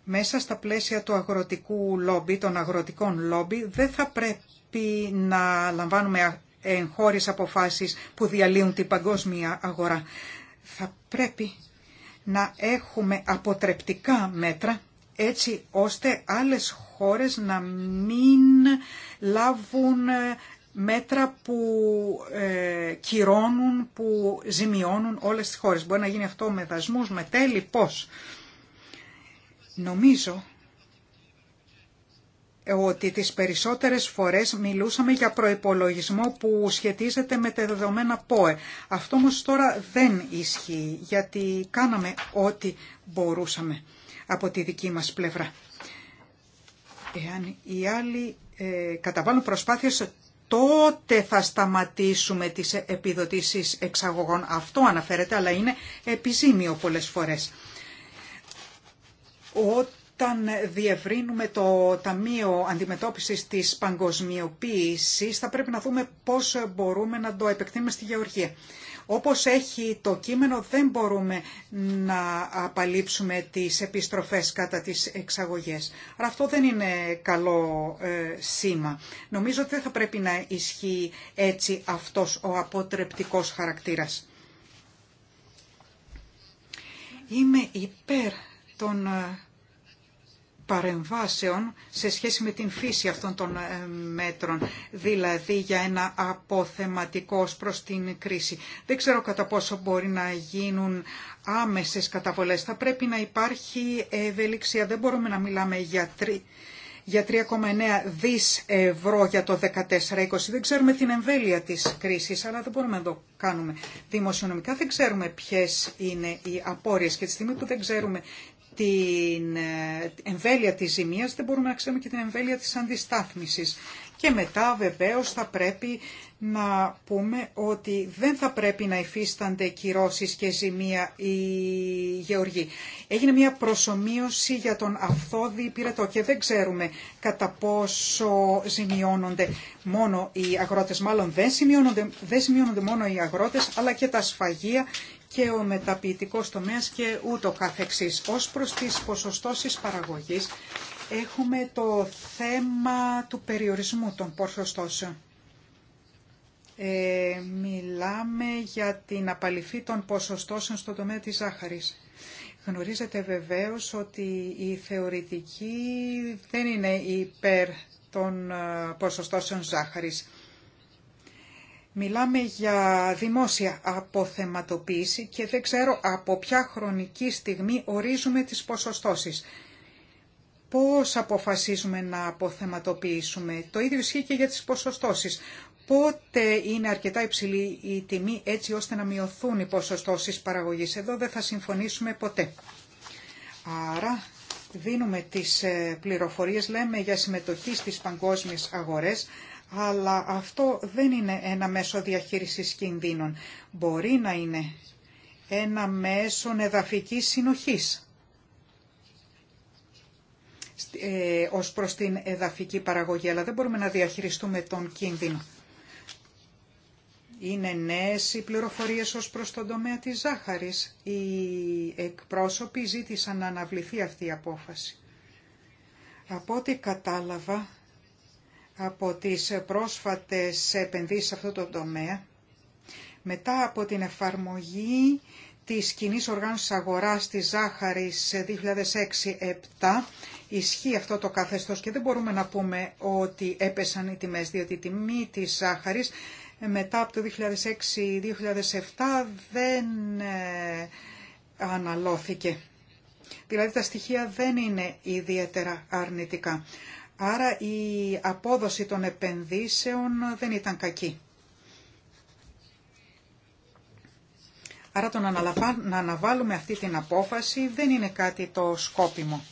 S1: μέσα στα πλαίσια του αγροτικού λόμπι, των αγροτικών λόμπι, δεν θα πρέπει να λαμβάνουμε εγχώριες αποφάσεις που διαλύουν την παγκόσμια αγορά. Θα πρέπει να έχουμε αποτρεπτικά μέτρα έτσι ώστε άλλες χώρες να μην λάβουν μέτρα που ε, κυρώνουν, που ζημιώνουν όλες τις χώρες. Μπορεί να γίνει αυτό με δασμούς, με τέλη, πώς. Νομίζω ότι τις περισσότερες φορές μιλούσαμε για προϋπολογισμό που σχετίζεται με τα δεδομένα ΠΟΕ. Αυτό όμως τώρα δεν ισχύει, γιατί κάναμε ό,τι μπορούσαμε από τη δική μας πλευρά. Εάν οι άλλοι ε, καταβάλουν προσπάθειες, τότε θα σταματήσουμε τις επιδοτήσεις εξαγωγών. Αυτό αναφέρεται, αλλά είναι επιζήμιο πολλές φορές. Όταν διευρύνουμε το Ταμείο Αντιμετώπισης της Παγκοσμιοποίησης θα πρέπει να δούμε πώς μπορούμε να το επεκτείνουμε στη γεωργία. Όπως έχει το κείμενο δεν μπορούμε να απαλείψουμε τις επιστροφές κατά τις εξαγωγές. Αλλά αυτό δεν είναι καλό ε, σήμα. Νομίζω ότι δεν θα πρέπει να ισχύει έτσι αυτός ο αποτρεπτικός χαρακτήρας. Είμαι υπέρ των ε, παρεμβάσεων σε σχέση με την φύση αυτών των ε, μέτρων, δηλαδή για ένα αποθεματικό προς την κρίση. Δεν ξέρω κατά πόσο μπορεί να γίνουν άμεσες καταβολές. Θα πρέπει να υπάρχει ευελιξία. Δεν μπορούμε να μιλάμε για για 3,9 δις ευρώ για το 14-20. Δεν ξέρουμε την εμβέλεια της κρίσης, αλλά δεν μπορούμε να το κάνουμε δημοσιονομικά. Δεν ξέρουμε ποιες είναι οι απόρριες και τη στιγμή που δεν ξέρουμε την ε, εμβέλεια της ζημίας, δεν μπορούμε να ξέρουμε και την εμβέλεια της αντιστάθμισης. Και μετά βεβαίως θα πρέπει να πούμε ότι δεν θα πρέπει να υφίστανται κυρώσεις και ζημία η γεωργοί. Έγινε μια προσωμείωση για τον αυθόδη πυρετό και δεν ξέρουμε κατά πόσο ζημιώνονται μόνο οι αγρότες. Μάλλον δεν σημειώνονται, δεν μόνο οι αγρότες αλλά και τα σφαγεία και ο μεταποιητικός τομέας και ούτω καθεξής. Ως προς τις ποσοστώσεις παραγωγής έχουμε το θέμα του περιορισμού των ποσοστώσεων. Ε, μιλάμε για την απαλυφή των ποσοστώσεων στον τομέα της ζάχαρης. Γνωρίζετε βεβαίως ότι η θεωρητική δεν είναι υπέρ των ε, ποσοστώσεων ζάχαρης. Μιλάμε για δημόσια αποθεματοποίηση και δεν ξέρω από ποια χρονική στιγμή ορίζουμε τις ποσοστώσεις. Πώς αποφασίζουμε να αποθεματοποιήσουμε. Το ίδιο ισχύει και για τις ποσοστώσεις. Πότε είναι αρκετά υψηλή η τιμή έτσι ώστε να μειωθούν οι ποσοστώσεις παραγωγής. Εδώ δεν θα συμφωνήσουμε ποτέ. Άρα δίνουμε τις ε, πληροφορίες, λέμε για συμμετοχή στις παγκόσμιες αγορές, αλλά αυτό δεν είναι ένα μέσο διαχείρισης κινδύνων. Μπορεί να είναι ένα μέσο εδαφικής συνοχής ε, ως προς την εδαφική παραγωγή, αλλά δεν μπορούμε να διαχειριστούμε τον κίνδυνο. Είναι νέες οι πληροφορίες ως προς τον τομέα της ζάχαρης. Οι εκπρόσωποι ζήτησαν να αναβληθεί αυτή η απόφαση. Από ό,τι κατάλαβα, από τις πρόσφατες επενδύσεις σε αυτό το τομέα, μετά από την εφαρμογή της κοινή οργάνωσης αγοράς της ζάχαρης 2006-2007 ισχύει αυτό το καθεστώς και δεν μπορούμε να πούμε ότι έπεσαν οι τιμές, διότι η τιμή της ζάχαρης μετά από το 2006-2007 δεν ε, αναλώθηκε. Δηλαδή τα στοιχεία δεν είναι ιδιαίτερα αρνητικά. Άρα η απόδοση των επενδύσεων δεν ήταν κακή. Άρα το να αναβάλουμε αυτή την απόφαση δεν είναι κάτι το σκόπιμο.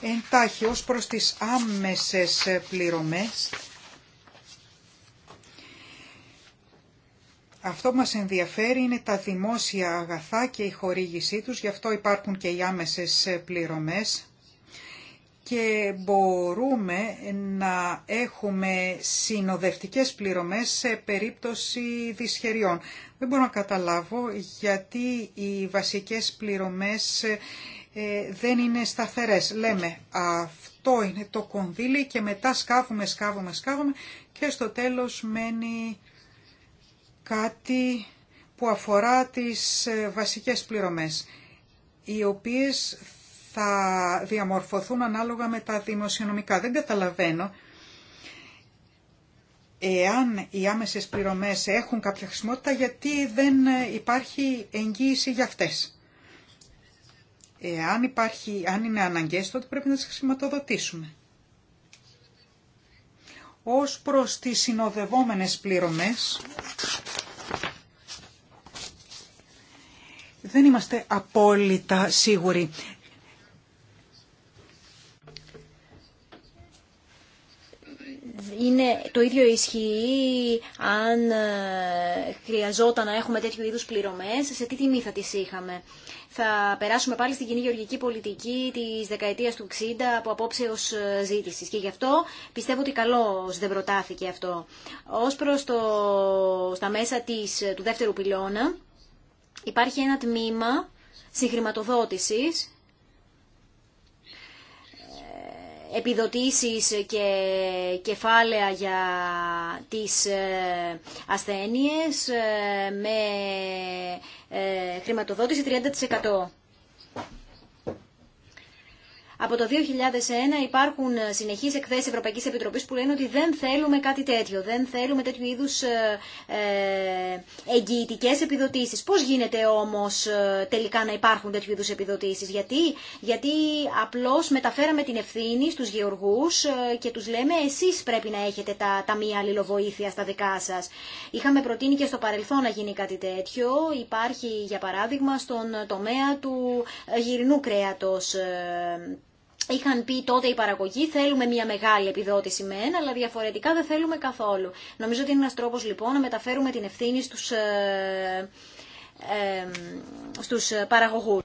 S1: Εντάχει προς τις άμεσες πληρωμές Αυτό που μας ενδιαφέρει είναι τα δημόσια αγαθά και η χορήγησή τους, γι' αυτό υπάρχουν και οι άμεσες πληρωμές και μπορούμε να έχουμε συνοδευτικές πληρωμές σε περίπτωση δυσχεριών. Δεν μπορώ να καταλάβω γιατί οι βασικές πληρωμές ε, δεν είναι σταθερές. Λέμε αυτό είναι το κονδύλι και μετά σκάβουμε, σκάβουμε, σκάβουμε και στο τέλος μένει κάτι που αφορά τις ε, βασικές πληρωμές, οι οποίες θα διαμορφωθούν ανάλογα με τα δημοσιονομικά. Δεν καταλαβαίνω εάν οι άμεσες πληρωμές έχουν κάποια χρησιμότητα, γιατί δεν ε, υπάρχει εγγύηση για αυτές. Εάν υπάρχει, αν είναι αναγκαίες, τότε πρέπει να τις χρηματοδοτήσουμε. Ως προς τις συνοδευόμενες πληρωμές, δεν είμαστε απόλυτα σίγουροι.
S3: είναι το ίδιο ισχύει αν ε, χρειαζόταν να έχουμε τέτοιου είδους πληρωμές, σε τι τιμή θα τις είχαμε θα περάσουμε πάλι στην κοινή γεωργική πολιτική της δεκαετίας του 60 από ω ε, ζήτησης. Και γι' αυτό πιστεύω ότι καλώ δεν προτάθηκε αυτό. Ω προς το, στα μέσα της, ε, του δεύτερου πυλώνα υπάρχει ένα τμήμα συγχρηματοδότηση, ε, επιδοτήσεις και κεφάλαια για τις ασθένειες με ε, χρηματοδότηση 30%. Από το 2001 υπάρχουν ε, συνεχείς εκθέσεις Ευρωπαϊκής Επιτροπής που λένε ότι δεν θέλουμε κάτι τέτοιο, δεν θέλουμε τέτοιου είδους ε, ε, εγγυητικές επιδοτήσεις. Πώς γίνεται όμως τελικά να υπάρχουν τέτοιου είδους επιδοτήσεις, γιατί, γιατί απλώς μεταφέραμε την ευθύνη στους γεωργούς και τους λέμε εσείς πρέπει να έχετε τα μία αλληλοβοήθεια στα δικά σας. Είχαμε προτείνει και στο παρελθόν να γίνει κάτι τέτοιο. Υπάρχει για παράδειγμα στον τομέα του γυρινού κρέατος Είχαν πει τότε οι παραγωγοί θέλουμε μια μεγάλη επιδότηση με ένα, αλλά διαφορετικά δεν θέλουμε καθόλου. Νομίζω ότι είναι ένας τρόπος λοιπόν να μεταφέρουμε την ευθύνη στους, ε, στους παραγωγούς.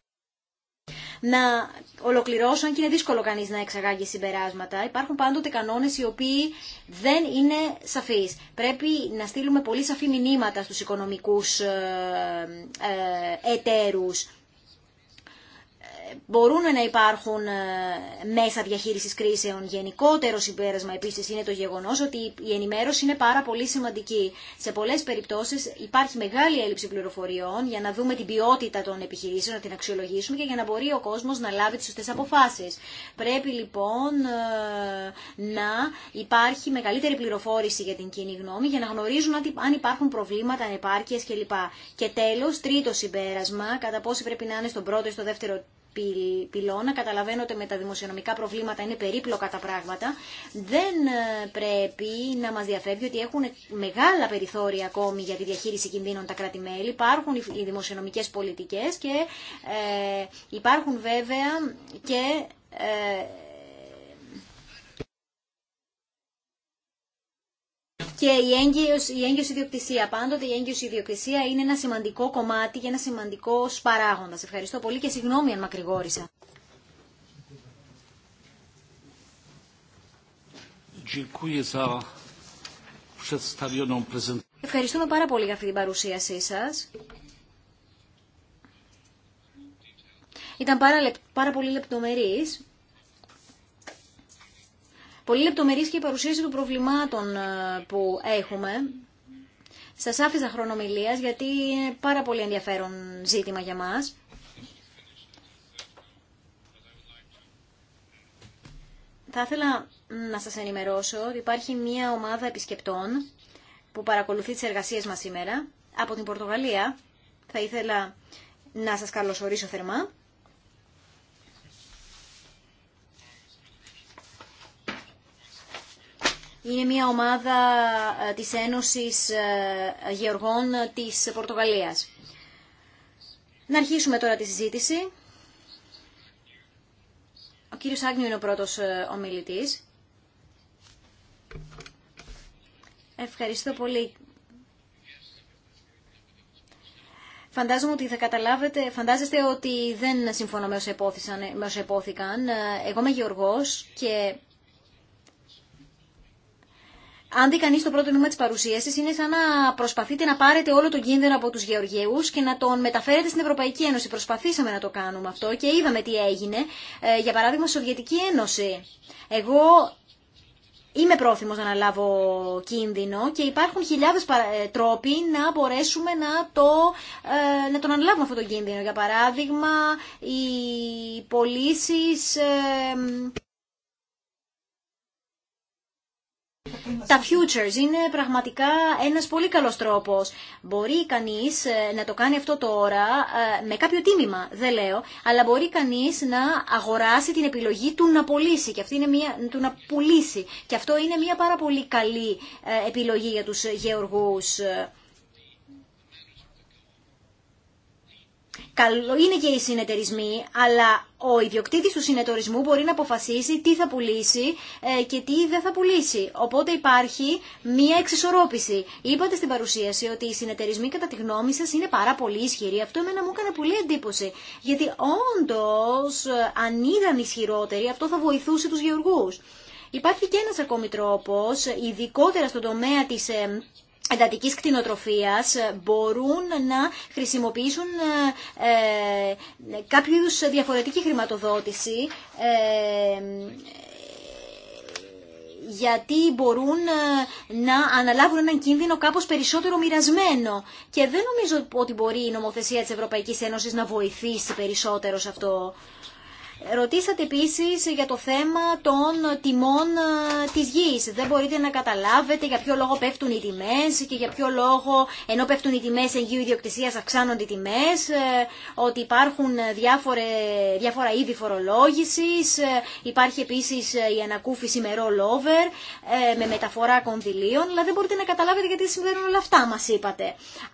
S3: Να ολοκληρώσω, αν και είναι δύσκολο κανείς να εξαγάγει συμπεράσματα, υπάρχουν πάντοτε κανόνες οι οποίοι δεν είναι σαφείς. Πρέπει να στείλουμε πολύ σαφή μηνύματα στους οικονομικούς ε, ε μπορούν να υπάρχουν ε, μέσα διαχείρισης κρίσεων. Γενικότερο συμπέρασμα επίσης είναι το γεγονός ότι η ενημέρωση είναι πάρα πολύ σημαντική. Σε πολλές περιπτώσεις υπάρχει μεγάλη έλλειψη πληροφοριών για να δούμε την ποιότητα των επιχειρήσεων, να την αξιολογήσουμε και για να μπορεί ο κόσμος να λάβει τις σωστές αποφάσεις. Πρέπει λοιπόν ε, να υπάρχει μεγαλύτερη πληροφόρηση για την κοινή γνώμη για να γνωρίζουν αν υπάρχουν προβλήματα, ανεπάρκειες κλπ. Και τέλος, τρίτο συμπέρασμα, κατά πόσο πρέπει να είναι στον πρώτο ή στο δεύτερο πυλώνα. Καταλαβαίνω ότι με τα δημοσιονομικά προβλήματα είναι περίπλοκα τα πράγματα. Δεν ε, πρέπει να μας διαφεύγει ότι έχουν μεγάλα περιθώρια ακόμη για τη διαχείριση κινδύνων τα κράτη-μέλη. Υπάρχουν οι δημοσιονομικές πολιτικές και ε, υπάρχουν βέβαια και ε, και η έγκυος, η έγκυος ιδιοκτησία. Πάντοτε η έγκυος ιδιοκτησία είναι ένα σημαντικό κομμάτι και ένα σημαντικό παράγοντα. Ευχαριστώ πολύ και συγγνώμη αν μακρηγόρησα. Ευχαριστούμε πάρα πολύ για αυτή την παρουσίασή σας. Ήταν πάρα, πάρα πολύ λεπτομερής πολύ λεπτομερής και η παρουσίαση των προβλημάτων ε, που έχουμε. Σας άφησα χρονομιλίας γιατί είναι πάρα πολύ ενδιαφέρον ζήτημα για μας. Θα ήθελα να σας ενημερώσω ότι υπάρχει μια ομάδα επισκεπτών που παρακολουθεί τις εργασίες μας σήμερα από την Πορτογαλία. Θα ήθελα να σας καλωσορίσω θερμά. Είναι μια ομάδα ε, της Ένωσης ε, Γεωργών της Πορτογαλίας. Να αρχίσουμε τώρα τη συζήτηση. Ο κύριος Άγνιου είναι ο πρώτος ε, ομιλητής. Ευχαριστώ πολύ. Φαντάζομαι ότι θα καταλάβετε, φαντάζεστε ότι δεν συμφωνώ με όσα υπόθηκαν. Εγώ είμαι γεωργός και αν δει κανεί το πρώτο νήμα τη παρουσίαση, είναι σαν να προσπαθείτε να πάρετε όλο τον κίνδυνο από του Γεωργιαίου και να τον μεταφέρετε στην Ευρωπαϊκή Ένωση. Προσπαθήσαμε να το κάνουμε αυτό και είδαμε τι έγινε. Ε, για παράδειγμα, στη Σοβιετική Ένωση. Εγώ είμαι πρόθυμος να αναλάβω κίνδυνο και υπάρχουν χιλιάδες ε, τρόποι να μπορέσουμε να, το, ε, να τον αναλάβουμε αυτόν τον κίνδυνο. Για παράδειγμα, οι πωλήσει Τα futures είναι πραγματικά ένας πολύ καλός τρόπος. Μπορεί κανείς ε, να το κάνει αυτό τώρα ε, με κάποιο τίμημα, δεν λέω, αλλά μπορεί κανείς να αγοράσει την επιλογή του να πουλήσει και αυτή είναι μια, του να πουλήσει. Και αυτό είναι μια πάρα πολύ καλή ε, επιλογή για τους γεωργούς. Καλό είναι και οι συνεταιρισμοί, αλλά ο ιδιοκτήτη του συνετορισμού μπορεί να αποφασίσει τι θα πουλήσει ε, και τι δεν θα πουλήσει. Οπότε υπάρχει μία εξισορρόπηση. Είπατε στην παρουσίαση ότι οι συνεταιρισμοί, κατά τη γνώμη σα, είναι πάρα πολύ ισχυροί. Αυτό εμένα μου έκανε πολύ εντύπωση. Γιατί όντω, ε, αν ήταν ισχυρότεροι, αυτό θα βοηθούσε του γεωργού. Υπάρχει και ένα ακόμη τρόπο, ειδικότερα στον τομέα της ε, Εντατική κτηνοτροφίας ε, μπορούν να χρησιμοποιήσουν ε, ε, κάποιο είδου διαφορετική χρηματοδότηση γιατί μπορούν να αναλάβουν έναν κίνδυνο κάπως περισσότερο μοιρασμένο. Και δεν νομίζω ότι μπορεί η νομοθεσία της Ευρωπαϊκής Ένωσης να βοηθήσει περισσότερο σε αυτό. Ρωτήσατε επίση για το θέμα των τιμών ε, της γης. Δεν μπορείτε να καταλάβετε για ποιο λόγο πέφτουν οι τιμές και για ποιο λόγο ενώ πέφτουν οι τιμές εγγύου ιδιοκτησία αυξάνονται οι τιμές, ε, ότι υπάρχουν διάφορε, διάφορα είδη φορολόγηση, ε, υπάρχει επίσης η ανακούφιση με rollover, με μεταφορά κονδυλίων, αλλά δεν μπορείτε να καταλάβετε γιατί συμβαίνουν όλα αυτά μα είπατε.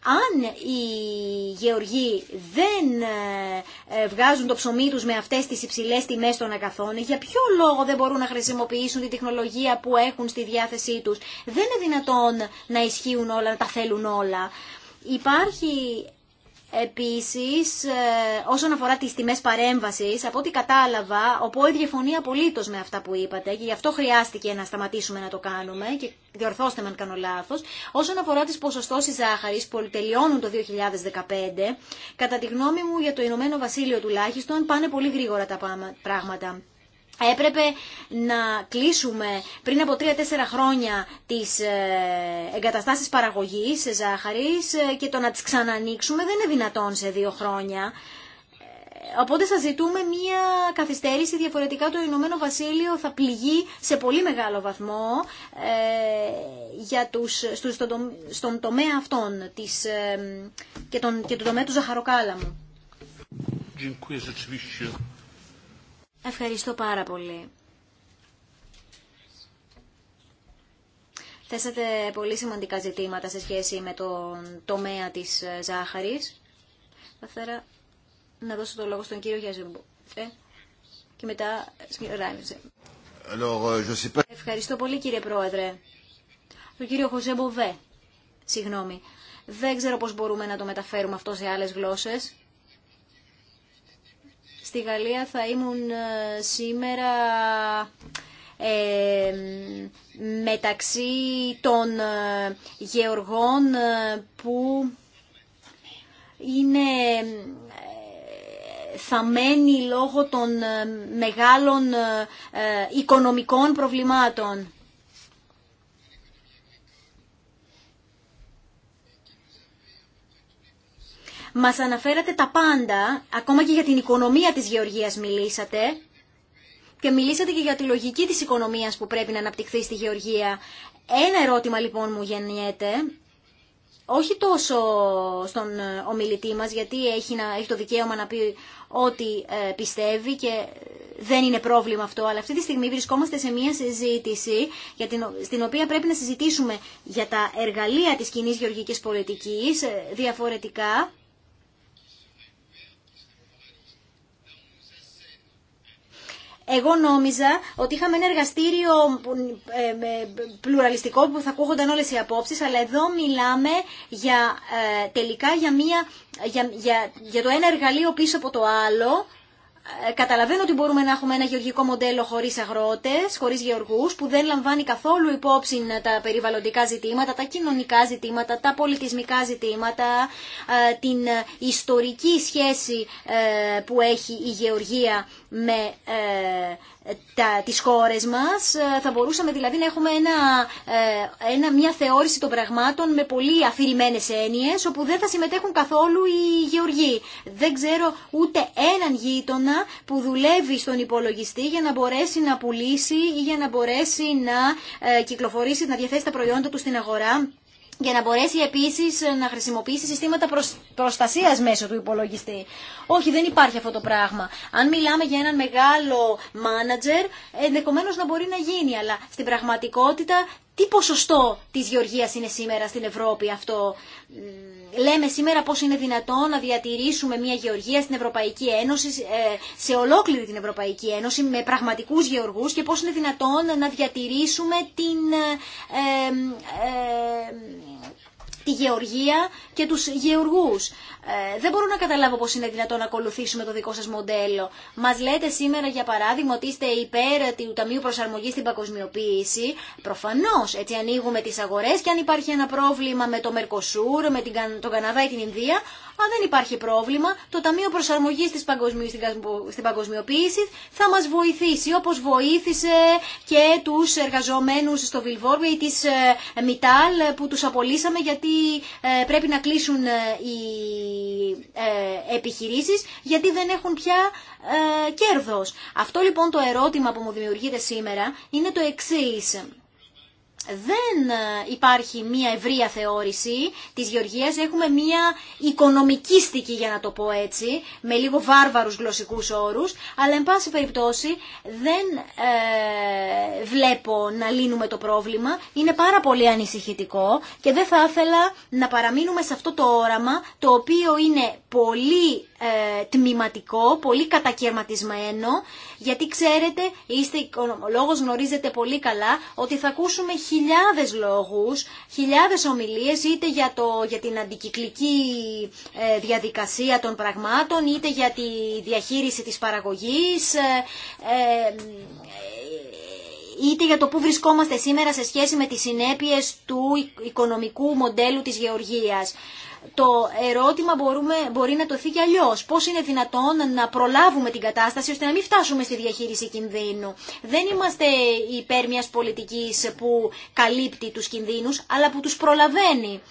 S3: Αν οι γεωργοί δεν βγάζουν το ψωμί τους με αυτές τις Υψηλέ τιμέ των αγαθών, για ποιο λόγο δεν μπορούν να χρησιμοποιήσουν τη τεχνολογία που έχουν στη διάθεσή τους. Δεν είναι δυνατόν να ισχύουν όλα, να τα θέλουν όλα. Υπάρχει Επίσης, ε, όσον αφορά τις τιμέ παρέμβαση, από ό,τι κατάλαβα, ο η διαφωνεί απολύτω με αυτά που είπατε και γι' αυτό χρειάστηκε να σταματήσουμε να το κάνουμε και διορθώστε με αν κάνω λάθο. Όσον αφορά τις ποσοστώσεις ζάχαρης που τελειώνουν το 2015, κατά τη γνώμη μου για το Ηνωμένο Βασίλειο τουλάχιστον πάνε πολύ γρήγορα τα πράγματα έπρεπε να κλείσουμε πριν από 3-4 χρόνια τις ε, εγκαταστάσεις παραγωγής σε ζάχαρης ε, και το να τις ξανανοίξουμε δεν είναι δυνατόν σε δύο χρόνια. Ε, οπότε σας ζητούμε μία καθυστέρηση, διαφορετικά το Ηνωμένο Βασίλειο θα πληγεί σε πολύ μεγάλο βαθμό ε, για τους, στους, στον, στον τομέα αυτών της, και, τον, και τον τομέα του ζαχαροκάλαμου. Ευχαριστώ πάρα πολύ. Θέσατε πολύ σημαντικά ζητήματα σε σχέση με τον τομέα της ε, ζάχαρης. Θα ήθελα να δώσω το λόγο στον κύριο Γιαζεμπού. Ε, και μετά... Ε, Alors, euh, je Ευχαριστώ πολύ κύριε Πρόεδρε. Ο κύριο Χωσέ Βέ, Συγγνώμη. Δεν ξέρω πώς μπορούμε να το μεταφέρουμε αυτό σε άλλες γλώσσες στη Γαλλία θα ήμουν ε, σήμερα ε, μεταξύ των ε, γεωργών που είναι θαμένοι λόγω των μεγάλων οικονομικών προβλημάτων. Μας αναφέρατε τα πάντα, ακόμα και για την οικονομία της γεωργίας μιλήσατε και μιλήσατε και για τη λογική της οικονομίας που πρέπει να αναπτυχθεί στη γεωργία. Ένα ερώτημα λοιπόν μου γεννιέται, όχι τόσο στον ε, ομιλητή μας, γιατί έχει, να, έχει το δικαίωμα να πει ό,τι ε, πιστεύει και ε, δεν είναι πρόβλημα αυτό, αλλά αυτή τη στιγμή βρισκόμαστε σε μια συζήτηση για την, στην οποία πρέπει να συζητήσουμε για τα εργαλεία της κοινή γεωργικής πολιτικής διαφορετικά. Εγώ νόμιζα ότι είχαμε ένα εργαστήριο ε, πλουραλιστικό που θα ακούγονταν όλες οι απόψεις, αλλά εδώ μιλάμε για, ε, τελικά για, μια, για, για το ένα εργαλείο πίσω από το άλλο ε, καταλαβαίνω ότι μπορούμε να έχουμε ένα γεωργικό μοντέλο χωρίς αγρότες, χωρίς γεωργούς, που δεν λαμβάνει καθόλου υπόψη τα περιβαλλοντικά ζητήματα, τα κοινωνικά ζητήματα, τα πολιτισμικά ζητήματα, ε, την ιστορική σχέση ε, που έχει η γεωργία με τα, τις χώρες μας. Ε, θα μπορούσαμε δηλαδή να έχουμε ένα, ε, ένα, μια θεώρηση των πραγμάτων με πολύ αφηρημένες έννοιες όπου δεν θα συμμετέχουν καθόλου οι γεωργοί. Δεν ξέρω ούτε έναν γείτονα που δουλεύει στον υπολογιστή για να μπορέσει να πουλήσει ή για να μπορέσει να ε, κυκλοφορήσει, να διαθέσει τα προϊόντα του στην αγορά για να μπορέσει επίσης να χρησιμοποιήσει συστήματα προστασίας μέσω του υπολογιστή. Όχι, δεν υπάρχει αυτό το πράγμα. Αν μιλάμε για έναν μεγάλο μάνατζερ, ενδεχομένω να μπορεί να γίνει, αλλά στην πραγματικότητα τι ποσοστό της γεωργίας είναι σήμερα στην Ευρώπη αυτό. Λέμε σήμερα πώς είναι δυνατόν να διατηρήσουμε μια γεωργία στην Ευρωπαϊκή Ένωση, ε, σε ολόκληρη την Ευρωπαϊκή Ένωση, με πραγματικούς γεωργούς και πώς είναι δυνατόν να διατηρήσουμε την, ε, ε, τη γεωργία και τους γεωργούς. Ε, δεν μπορώ να καταλάβω πώς είναι δυνατόν να ακολουθήσουμε το δικό σας μοντέλο. Μας λέτε σήμερα για παράδειγμα ότι είστε υπέρ του Ταμείου Προσαρμογής στην Παγκοσμιοποίηση. Προφανώς έτσι ανοίγουμε τις αγορές και αν υπάρχει ένα πρόβλημα με το Μερκοσούρ, με τον Καναδά ή την Ινδία, αν δεν υπάρχει πρόβλημα, το Ταμείο Προσαρμογή στην Παγκοσμιοποίηση θα μα βοηθήσει, όπω βοήθησε και του εργαζομένου στο Βιλβόρμπι ή τη ε, Μιτάλ που του απολύσαμε γιατί ε, πρέπει να κλείσουν ε, οι επιχειρήσει γιατί δεν έχουν πια κέρδο. Αυτό λοιπόν το ερώτημα που μου δημιουργείται σήμερα είναι το εξή δεν ε, υπάρχει μία ευρεία θεώρηση της γεωργίας, έχουμε μία οικονομική στική για να το πω έτσι, με λίγο βάρβαρους γλωσσικούς όρους, αλλά εν πάση περιπτώσει δεν ε, βλέπω να λύνουμε το πρόβλημα, είναι πάρα πολύ ανησυχητικό και δεν θα ήθελα να παραμείνουμε σε αυτό το όραμα, το οποίο είναι πολύ ε, τμηματικό, πολύ κατακαιρματισμένο, γιατί ξέρετε, είστε οικονομολόγος, γνωρίζετε πολύ καλά ότι θα ακούσουμε χιλιάδες λόγους, χιλιάδες ομιλίες, είτε για, το, για την αντικυκλική ε, διαδικασία των πραγμάτων, είτε για τη διαχείριση της παραγωγής, ε, ε, είτε για το που βρισκόμαστε σήμερα σε σχέση με τις συνέπειες του οικονομικού μοντέλου της γεωργίας το ερώτημα μπορούμε, μπορεί να τοθεί και αλλιώ. Πώ είναι δυνατόν να προλάβουμε την κατάσταση ώστε να μην φτάσουμε στη διαχείριση κινδύνου. Δεν είμαστε υπέρ μια πολιτική που καλύπτει του κινδύνου, αλλά που του προλαβαίνει.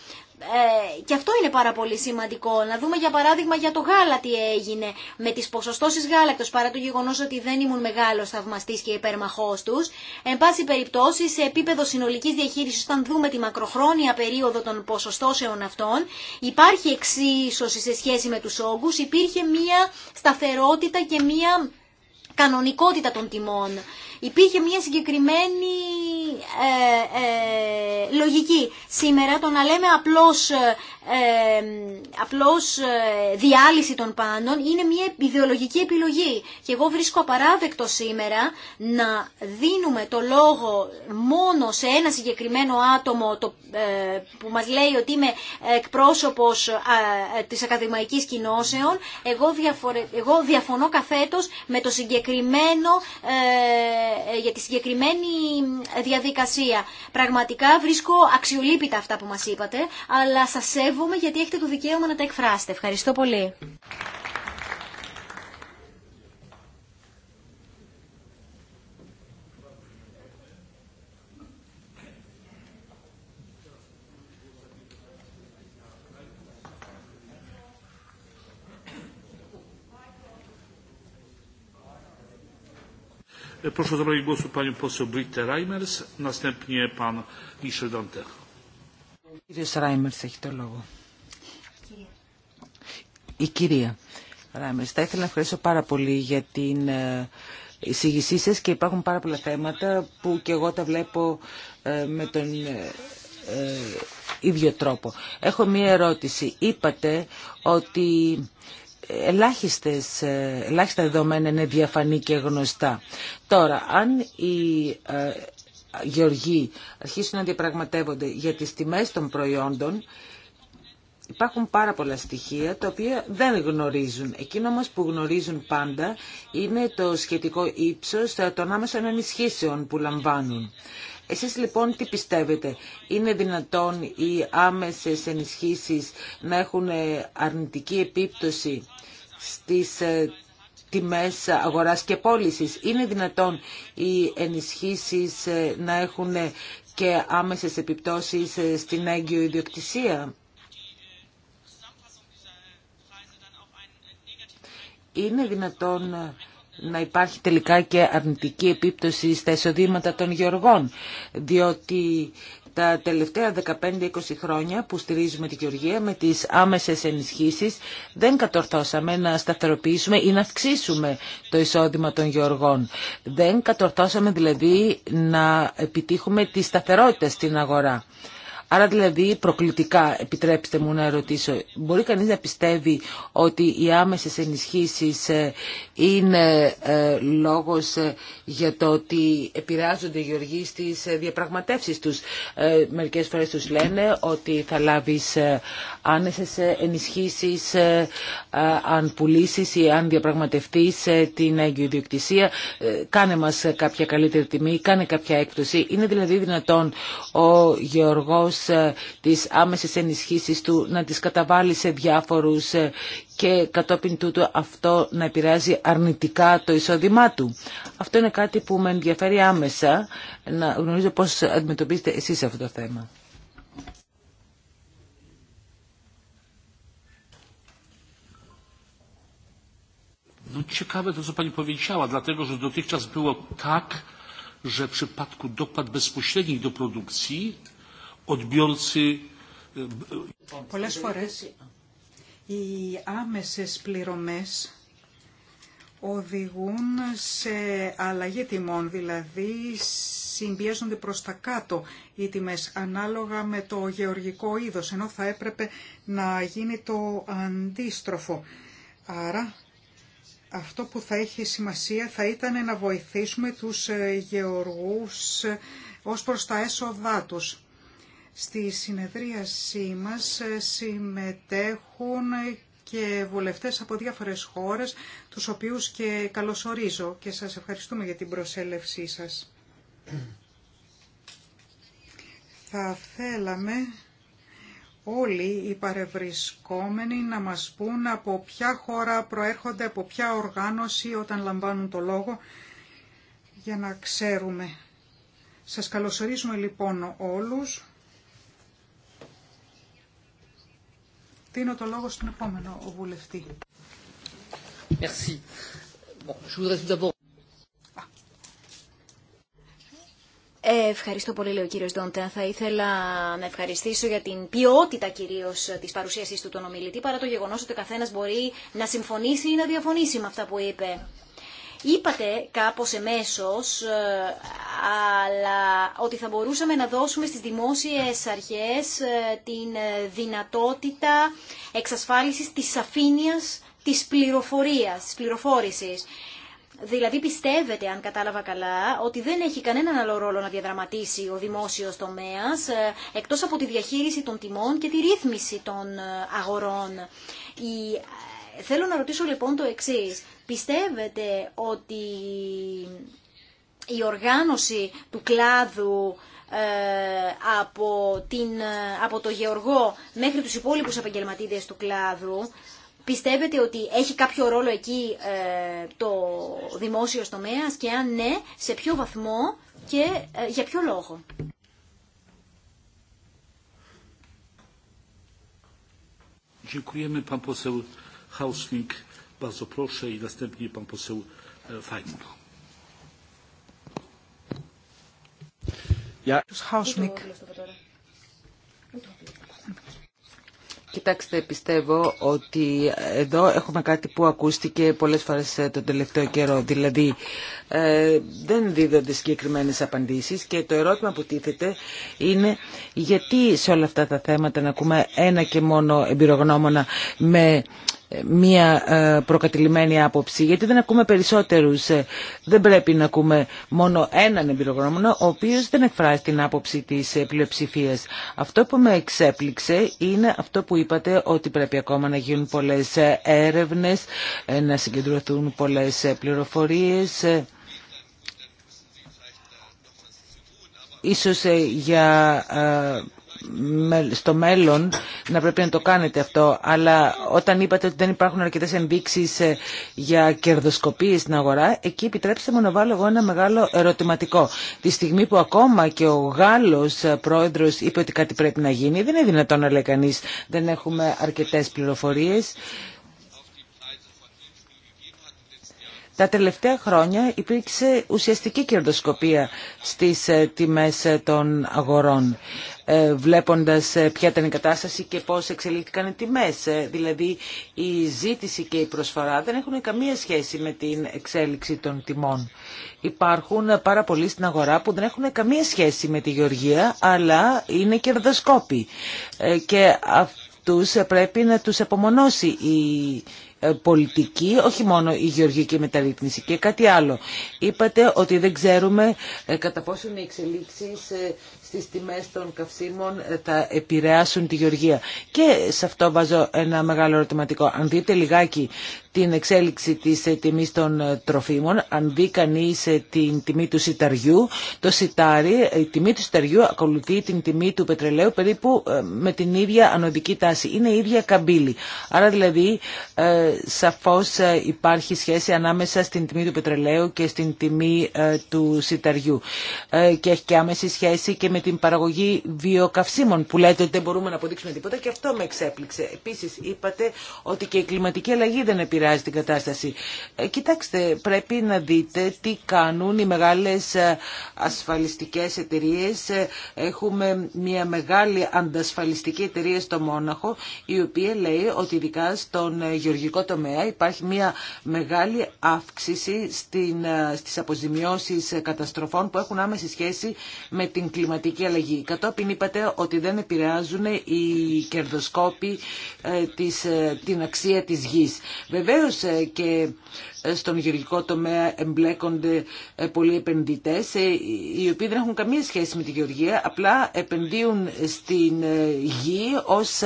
S3: Ε, και αυτό είναι πάρα πολύ σημαντικό. Να δούμε για παράδειγμα για το γάλα τι έγινε με τις ποσοστώσεις γάλακτος παρά το γεγονός ότι δεν ήμουν μεγάλος θαυμαστής και υπερμαχός τους. Εν πάση περιπτώσει σε επίπεδο συνολικής διαχείρισης όταν δούμε τη μακροχρόνια περίοδο των ποσοστώσεων αυτών υπάρχει εξίσωση σε σχέση με τους όγκους, υπήρχε μία σταθερότητα και μία κανονικότητα των τιμών. Υπήρχε μια συγκεκριμένη ε, ε, λογική. Σήμερα το να λέμε απλώς, ε, απλώς διάλυση των πάντων είναι μια ιδεολογική επιλογή. Και εγώ βρίσκω απαράδεκτο σήμερα να δίνουμε το λόγο μόνο σε ένα συγκεκριμένο άτομο το, που μας λέει ότι είμαι εκπρόσωπος της ακαδημαϊκής κοινώσεων. Εγώ, διαφορε... εγώ διαφωνώ καθέτος με το συγκεκριμένο ε, για τη συγκεκριμένη διαδικασία. Πραγματικά βρίσκω αξιολύπητα αυτά που μας είπατε, αλλά σας σέβομαι γιατί έχετε το δικαίωμα να τα εκφράσετε. Ευχαριστώ πολύ.
S4: E, proszę o zabranie głosu panią poseł Brittę Reimers, następnie pan Michel Dante.
S2: Κύριος Ράιμερς έχει το λόγο. Η κυρία Ράιμερς, θα ήθελα να ευχαριστήσω πάρα πολύ για την ε, εισηγησή σας και υπάρχουν πάρα πολλά θέματα που και εγώ τα βλέπω ε, με τον ε, ίδιο τρόπο. Έχω μία ερώτηση. Είπατε ότι ελάχιστες, ε, ελάχιστα δεδομένα είναι διαφανή και γνωστά. Τώρα, αν οι ε, γεωργοί αρχίσουν να διαπραγματεύονται για τις τιμές των προϊόντων, Υπάρχουν πάρα πολλά στοιχεία τα οποία δεν γνωρίζουν. Εκείνο όμως που γνωρίζουν πάντα είναι το σχετικό ύψος των άμεσων ενισχύσεων που λαμβάνουν. Εσείς λοιπόν τι πιστεύετε, είναι δυνατόν οι άμεσες ενισχύσεις να έχουν ε, αρνητική επίπτωση στις ε, τιμές αγοράς και πώλησης. Είναι δυνατόν οι ενισχύσεις ε, να έχουν και άμεσες επιπτώσεις στην έγκυο ιδιοκτησία. Είναι δυνατόν να υπάρχει τελικά και αρνητική επίπτωση στα εισοδήματα των γεωργών, διότι τα τελευταία 15-20 χρόνια που στηρίζουμε τη Γεωργία με τις άμεσες ενισχύσεις δεν κατορθώσαμε να σταθεροποιήσουμε ή να αυξήσουμε το εισόδημα των Γεωργών. Δεν κατορθώσαμε δηλαδή να επιτύχουμε τη σταθερότητα στην αγορά. Άρα δηλαδή προκλητικά, επιτρέψτε μου να ρωτήσω, μπορεί κανείς να πιστεύει ότι οι άμεσες ενισχύσεις ε, είναι ε, λόγος ε, για το ότι επηρεάζονται οι γεωργοί στις διαπραγματεύσεις τους. Μερικές φορές τους λένε ότι θα λάβεις άνεσες ενισχύσεις αν πουλήσει ή αν διαπραγματευτείς την αγιοδιοκτησία. Κάνε μας κάποια καλύτερη τιμή, κάνε κάποια έκπτωση. Είναι δηλαδή δυνατόν ο γεωργός τις, ε, τις άμεσες ενισχύσεις του να τις καταβάλει σε διάφορους ε, και κατόπιν τούτου αυτό να επηρεάζει αρνητικά το εισόδημά του. Αυτό είναι κάτι που με ενδιαφέρει άμεσα να γνωρίζω πώς αντιμετωπίζετε εσείς
S4: αυτό το θέμα. No ciekawe to, co Pani powiedziała, dlatego że dotychczas było tak, że w przypadku dopad bezpośrednich do produkcji Πολλές
S1: φορές οι άμεσες πληρωμές οδηγούν σε αλλαγή τιμών, δηλαδή συμπιέζονται προς τα κάτω οι τιμές ανάλογα με το γεωργικό είδος, ενώ θα έπρεπε να γίνει το αντίστροφο. Άρα αυτό που θα έχει σημασία θα ήταν να βοηθήσουμε τους γεωργούς ως προς τα έσοδά τους. Στη συνεδρίασή μας ε, συμμετέχουν και βουλευτές από διάφορες χώρες, τους οποίους και καλωσορίζω και σας ευχαριστούμε για την προσέλευσή σας. Θα θέλαμε όλοι οι παρευρισκόμενοι να μας πούν από ποια χώρα προέρχονται, από ποια οργάνωση όταν λαμβάνουν το λόγο, για να ξέρουμε. Σας καλωσορίζουμε λοιπόν όλους δίνω το λόγο στον
S3: επόμενο βουλευτή. Merci. Bon, je voudrais... Ε, ευχαριστώ πολύ, λέει ο κύριος Ντόντε. Θα ήθελα να ευχαριστήσω για την ποιότητα κυρίω της παρουσίασή του τον ομιλητή, παρά το γεγονό ότι ο καθένας μπορεί να συμφωνήσει ή να διαφωνήσει με αυτά που είπε. Είπατε κάπως εμέσως ε, αλλά ότι θα μπορούσαμε να δώσουμε στις δημόσιες αρχές ε, την ε, δυνατότητα εξασφάλισης της αφήνειας της πληροφορίας, της πληροφόρησης. Δηλαδή πιστεύετε, αν κατάλαβα καλά, ότι δεν έχει κανέναν άλλο ρόλο να διαδραματίσει ο δημόσιος τομέας, ε, εκτός από τη διαχείριση των τιμών και τη ρύθμιση των αγορών. Η... Θέλω να ρωτήσω λοιπόν το εξής. Πιστεύετε ότι η οργάνωση του κλάδου ε, από, την, ε, από το γεωργό μέχρι τους υπόλοιπους επαγγελματίδες του κλάδου Πιστεύετε ότι έχει κάποιο ρόλο εκεί ε, το δημόσιο τομέα και αν ναι, σε ποιο βαθμό και για ποιο λόγο.
S4: Dziękujemy pan poseł Hausnik, bardzo proszę i następnie pan poseł e,
S2: Κοιτάξτε, πιστεύω ότι εδώ έχουμε κάτι που ακούστηκε πολλές φορές ε, τον τελευταίο καιρό. Δηλαδή, ε, δεν δίδονται συγκεκριμένε απαντήσεις και το ερώτημα που τίθεται είναι γιατί σε όλα αυτά τα θέματα να ακούμε ένα και μόνο εμπειρογνώμονα με μία ε, προκατηλημένη άποψη, γιατί δεν ακούμε περισσότερους. Ε, δεν πρέπει να ακούμε μόνο έναν εμπειρογνώμονα, ο οποίος δεν εκφράζει την άποψη της ε, πλειοψηφία. Αυτό που με εξέπληξε είναι αυτό που είπατε ότι πρέπει ακόμα να γίνουν πολλές έρευνες, να συγκεντρωθούν πολλές πληροφορίες. Ίσως για στο μέλλον να πρέπει να το κάνετε αυτό, αλλά όταν είπατε ότι δεν υπάρχουν αρκετές ενδείξεις ε, για κερδοσκοπίε στην αγορά, εκεί επιτρέψτε μου να βάλω εγώ ένα μεγάλο ερωτηματικό. Τη στιγμή που ακόμα και ο Γάλλος ε, πρόεδρος είπε ότι κάτι πρέπει να γίνει, δεν είναι δυνατόν να λέει κανείς, δεν έχουμε αρκετές πληροφορίε Τα τελευταία χρόνια υπήρξε ουσιαστική κερδοσκοπία στις ε, τιμές ε, των αγορών ε, βλέποντας ποια ήταν η κατάσταση και πώς εξελίχθηκαν οι τιμές. Δηλαδή η ζήτηση και η προσφορά δεν έχουν καμία σχέση με την εξέλιξη των τιμών. Υπάρχουν πάρα πολλοί στην αγορά που δεν έχουν καμία σχέση με τη γεωργία αλλά είναι κερδοσκόποι και αυτούς πρέπει να τους απομονώσει η ε, πολιτική, όχι μόνο η γεωργική μεταρρύθμιση και κάτι άλλο. Είπατε ότι δεν ξέρουμε ε, κατά πόσο οι εξελίξεις ε, στις τιμές των καυσίμων ε, θα επηρεάσουν τη γεωργία. Και σε αυτό βάζω ένα μεγάλο ερωτηματικό. Αν δείτε λιγάκι την εξέλιξη της ε, τιμής των ε, τροφίμων, αν δει κανεί την τιμή του σιταριού, το σιτάρι, η τιμή του σιταριού ακολουθεί την τιμή του πετρελαίου περίπου με την ίδια ανωδική τάση. Είναι η ίδια καμπύλη. Άρα δηλαδή σαφώς υπάρχει σχέση ανάμεσα στην τιμή του πετρελαίου και στην τιμή του σιταριού. Και έχει και άμεση σχέση και με με την παραγωγή βιοκαυσίμων που λέτε ότι δεν μπορούμε να αποδείξουμε τίποτα και αυτό με εξέπληξε. Επίσης είπατε ότι και η κλιματική αλλαγή δεν επηρεάζει την κατάσταση. Ε, κοιτάξτε, πρέπει να δείτε τι κάνουν οι μεγάλες ε, ασφαλιστικές εταιρείες. Ε, έχουμε μια μεγάλη αντασφαλιστική εταιρεία στο Μόναχο η οποία λέει ότι ειδικά στον γεωργικό τομέα υπάρχει μια μεγάλη αύξηση στην, στις αποζημιώσεις καταστροφών που έχουν άμεση σχέση με την κλιματική κλιματική αλλαγή. Κατόπιν είπατε ότι δεν επηρεάζουν οι κερδοσκόποι ε, της, ε, την αξία της γης. Βεβαίως ε, και στον γεωργικό τομέα εμπλέκονται πολλοί επενδυτές οι οποίοι δεν έχουν καμία σχέση με τη γεωργία, απλά επενδύουν στην γη ως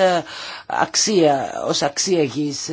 S2: αξία, ως αξία γης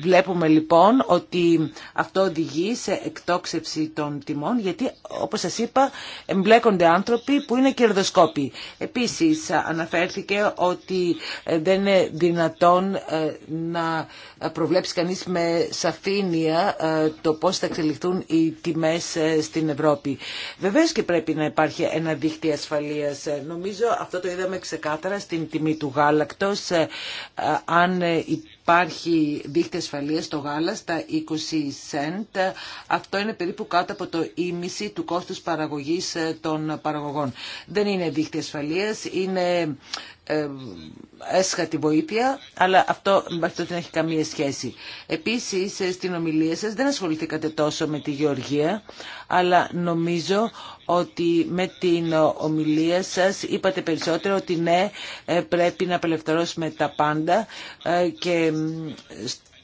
S2: Βλέπουμε λοιπόν ότι αυτό οδηγεί σε εκτόξευση των τιμών γιατί όπως σας είπα εμπλέκονται άνθρωποι που είναι κερδοσκόποι. Επίσης αναφέρθηκε ότι ε, δεν είναι δυνατόν ε, να προβλέψει κανείς με σαφήνεια ε, το πώς θα εξελιχθούν οι τιμές στην Ευρώπη. Βεβαίως και πρέπει να υπάρχει ένα δίχτυ ασφαλείας. Νομίζω αυτό το είδαμε ξεκάθαρα στην τιμή του γάλακτος. Αν υπάρχει δίχτυ ασφαλείας στο γάλα στα 20 cent. Αυτό είναι περίπου κάτω από το ίμιση του κόστους παραγωγής ε, των παραγωγών. Δεν είναι δίχτυ ασφαλείας, είναι έσχατη βοήθεια, αλλά αυτό αυτό δεν έχει καμία σχέση. Επίσης, ε, στην ομιλία σας δεν ασχοληθήκατε τόσο με τη Γεωργία, αλλά νομίζω ότι με την ε, ομιλία σας είπατε περισσότερο ότι ναι, ε, πρέπει να απελευθερώσουμε τα πάντα και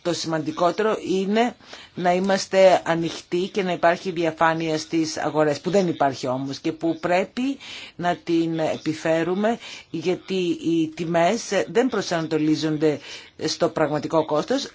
S2: το σημαντικότερο είναι να είμαστε ανοιχτοί και να υπάρχει διαφάνεια στις αγορές, που δεν υπάρχει όμως και που πρέπει να την επιφέρουμε γιατί οι τιμές δεν προσανατολίζονται στο πραγματικό κόστος,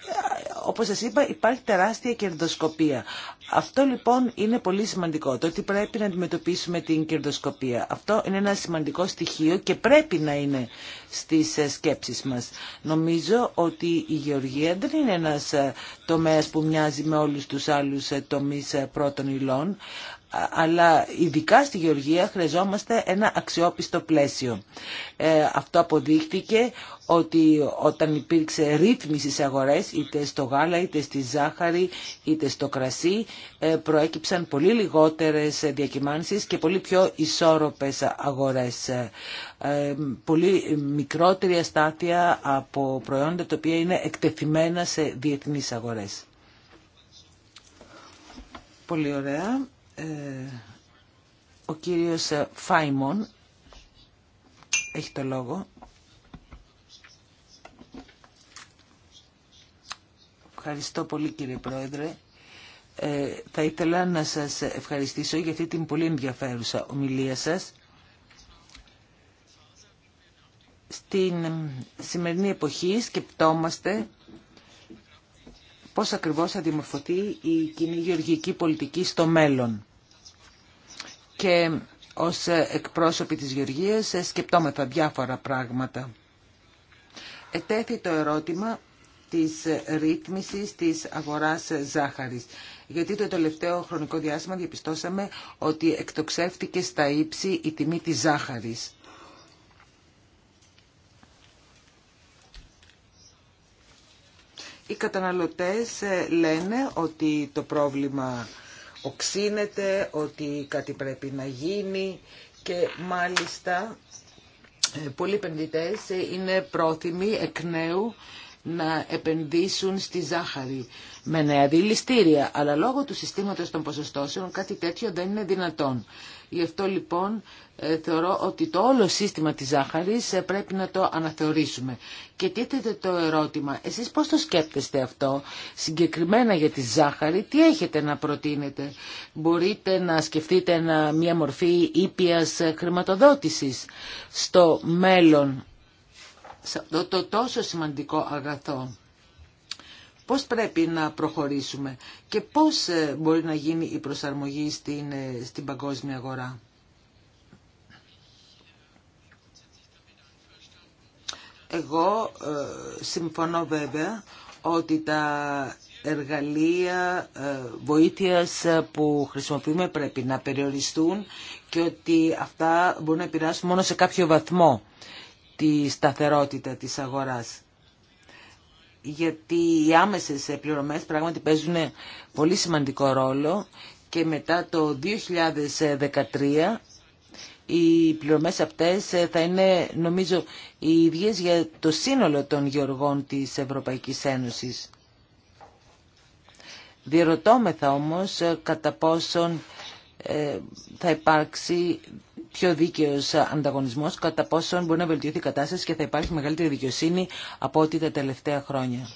S2: όπως σας είπα υπάρχει τεράστια κερδοσκοπία. Αυτό λοιπόν είναι πολύ σημαντικό, το ότι πρέπει να αντιμετωπίσουμε την κερδοσκοπία. Αυτό είναι ένα σημαντικό στοιχείο και πρέπει να είναι στις ε, σκέψεις μας. Νομίζω ότι η γεωργία δεν είναι ένας ε, τομέας που μοιάζει με όλους τους άλλους ε, τομείς πρώτων υλών αλλά ειδικά στη Γεωργία χρειαζόμαστε ένα αξιόπιστο πλαίσιο. Ε, αυτό αποδείχτηκε ότι όταν υπήρξε ρύθμιση στις αγορές, είτε στο γάλα, είτε στη ζάχαρη, είτε στο κρασί, ε, προέκυψαν πολύ λιγότερες διακυμάνσεις και πολύ πιο ισόρροπες αγορές. Ε, πολύ μικρότερη αστάθεια από προϊόντα τα οποία είναι εκτεθειμένα σε διεθνείς αγορές. Πολύ ωραία ο κύριος Φάιμον έχει το λόγο. Ευχαριστώ πολύ κύριε Πρόεδρε. Ε, θα ήθελα να σας ευχαριστήσω για αυτή την πολύ ενδιαφέρουσα ομιλία σας. Στην σημερινή εποχή σκεπτόμαστε πώς ακριβώς θα δημορφωθεί η κοινή γεωργική πολιτική στο μέλλον και ως εκπρόσωποι της Γεωργίας σκεπτόμεθα διάφορα πράγματα. Ετέθη το ερώτημα της ρύθμισης της αγοράς ζάχαρης. Γιατί το τελευταίο χρονικό διάστημα διαπιστώσαμε ότι εκτοξεύτηκε στα ύψη η τιμή της ζάχαρης. Οι καταναλωτές λένε ότι το πρόβλημα οξύνεται, ότι κάτι πρέπει να γίνει και μάλιστα ε, πολλοί επενδυτέ ε, είναι πρόθυμοι εκ νέου να επενδύσουν στη ζάχαρη με νέα δηληστήρια. Αλλά λόγω του συστήματος των ποσοστώσεων κάτι τέτοιο δεν είναι δυνατόν. Γι' αυτό λοιπόν ε, θεωρώ ότι το όλο σύστημα της ζάχαρης ε, πρέπει να το αναθεωρήσουμε. Και τίθεται το ερώτημα, εσείς πώς το σκέπτεστε αυτό, συγκεκριμένα για τη ζάχαρη, τι έχετε να προτείνετε. Μπορείτε να σκεφτείτε μια μορφή ήπιας ε, χρηματοδότησης στο μέλλον, το τόσο σημαντικό αγαθό πώς πρέπει να προχωρήσουμε και πώς ε, μπορεί να γίνει η προσαρμογή στην, ε, στην παγκόσμια αγορά. Εγώ ε, συμφωνώ βέβαια ότι τα εργαλεία ε, βοήθειας που χρησιμοποιούμε πρέπει να περιοριστούν και ότι αυτά μπορούν να επηρεάσουν μόνο σε κάποιο βαθμό τη σταθερότητα της αγοράς γιατί οι άμεσες πληρωμές πράγματι παίζουν πολύ σημαντικό ρόλο και μετά το 2013 οι πληρωμές αυτές θα είναι νομίζω οι ίδιες για το σύνολο των γεωργών της Ευρωπαϊκής Ένωσης. Διερωτώμεθα όμως κατά πόσον ε, θα υπάρξει πιο δίκαιο ανταγωνισμός, κατά πόσον μπορεί να βελτιωθεί η κατάσταση και θα υπάρχει μεγαλύτερη δικαιοσύνη από ό,τι τα τελευταία χρόνια.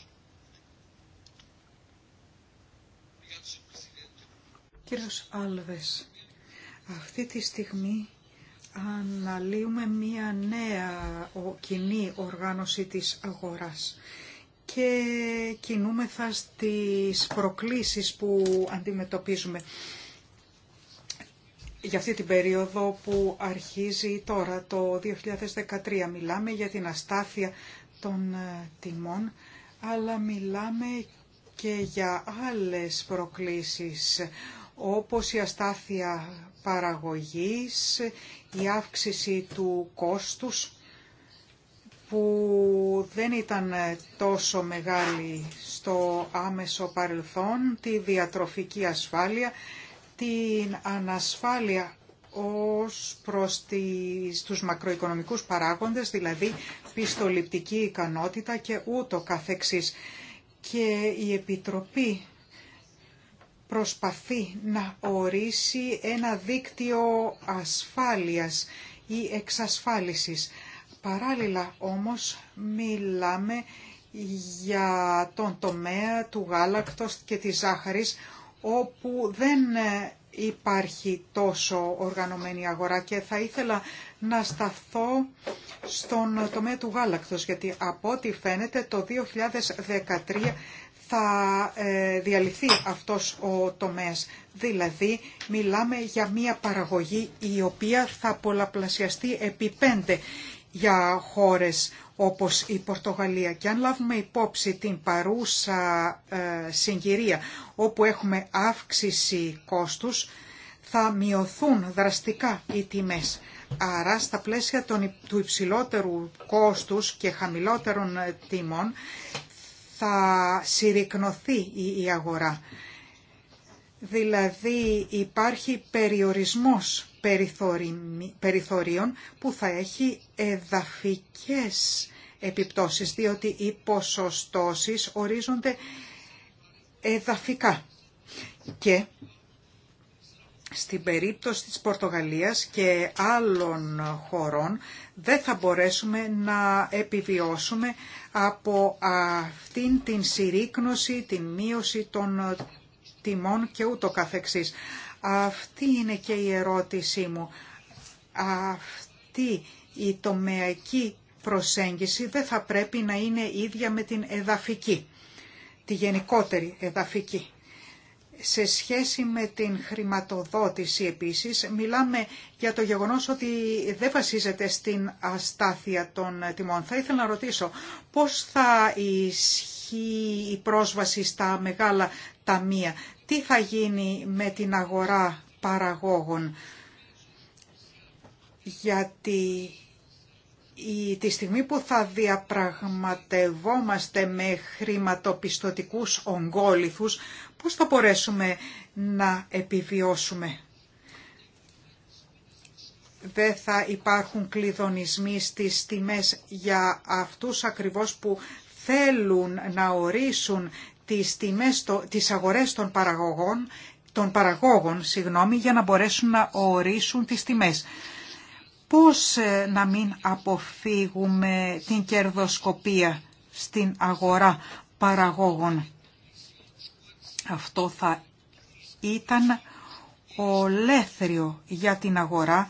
S1: Κύριος Άλβε, αυτή τη στιγμή αναλύουμε μία νέα κοινή οργάνωση της αγοράς και κινούμεθα στις προκλήσεις που αντιμετωπίζουμε για αυτή την περίοδο που αρχίζει τώρα, το 2013. Μιλάμε για την αστάθεια των ε, τιμών, αλλά μιλάμε και για άλλες προκλήσεις, όπως η αστάθεια παραγωγής, η αύξηση του κόστους, που δεν ήταν ε, τόσο μεγάλη στο άμεσο παρελθόν, τη διατροφική ασφάλεια, την ανασφάλεια ως προς τις, τους μακροοικονομικούς παράγοντες, δηλαδή πιστοληπτική ικανότητα και ούτω καθεξής. Και η Επιτροπή προσπαθεί να ορίσει ένα δίκτυο ασφάλειας ή εξασφάλισης. Παράλληλα όμως μιλάμε για τον τομέα του γάλακτος και της ζάχαρης, όπου δεν ε, υπάρχει τόσο οργανωμένη αγορά και θα ήθελα να σταθώ στον τομέα του γάλακτος γιατί από ό,τι φαίνεται το 2013 θα ε, διαλυθεί αυτός ο τομέας. Δηλαδή μιλάμε για μια παραγωγή η οποία θα πολλαπλασιαστεί επί πέντε για χώρες όπως η Πορτογαλία. Και αν λάβουμε υπόψη την παρούσα ε, συγκυρία όπου έχουμε αύξηση κόστους, θα μειωθούν δραστικά οι τιμές. Άρα στα πλαίσια των, του υψηλότερου κόστους και χαμηλότερων ε, τιμών θα συρρυκνωθεί η, η αγορά. Δηλαδή υπάρχει περιορισμός περιθωρίων που θα έχει εδαφικές επιπτώσεις, διότι οι ποσοστώσεις ορίζονται εδαφικά. Και στην περίπτωση της Πορτογαλίας και άλλων χωρών δεν θα μπορέσουμε να επιβιώσουμε από αυτήν την συρρήκνωση, την μείωση των τιμών και ούτω καθεξής. Αυτή είναι και η ερώτησή μου. Αυτή η τομεακή προσέγγιση δεν θα πρέπει να είναι ίδια με την εδαφική, τη γενικότερη εδαφική. Σε σχέση με την χρηματοδότηση επίσης, μιλάμε για το γεγονός ότι δεν βασίζεται στην αστάθεια των τιμών. Θα ήθελα να ρωτήσω πώς θα ισχύει η πρόσβαση στα μεγάλα ταμεία. Τι θα γίνει με την αγορά παραγόγων. Γιατί η, τη στιγμή που θα διαπραγματευόμαστε με χρηματοπιστωτικούς ογκόληθους, πώς θα μπορέσουμε να επιβιώσουμε. Δεν θα υπάρχουν κλειδονισμοί στις τιμές για αυτούς ακριβώς που θέλουν να ορίσουν τις, τιμές, τις αγορές των παραγωγών, των παραγόγων συγγνώμη, για να μπορέσουν να ορίσουν τις τιμές. Πώς ε, να μην αποφύγουμε την κερδοσκοπία στην αγορά παραγόγων. Αυτό θα ήταν ολέθριο για την αγορά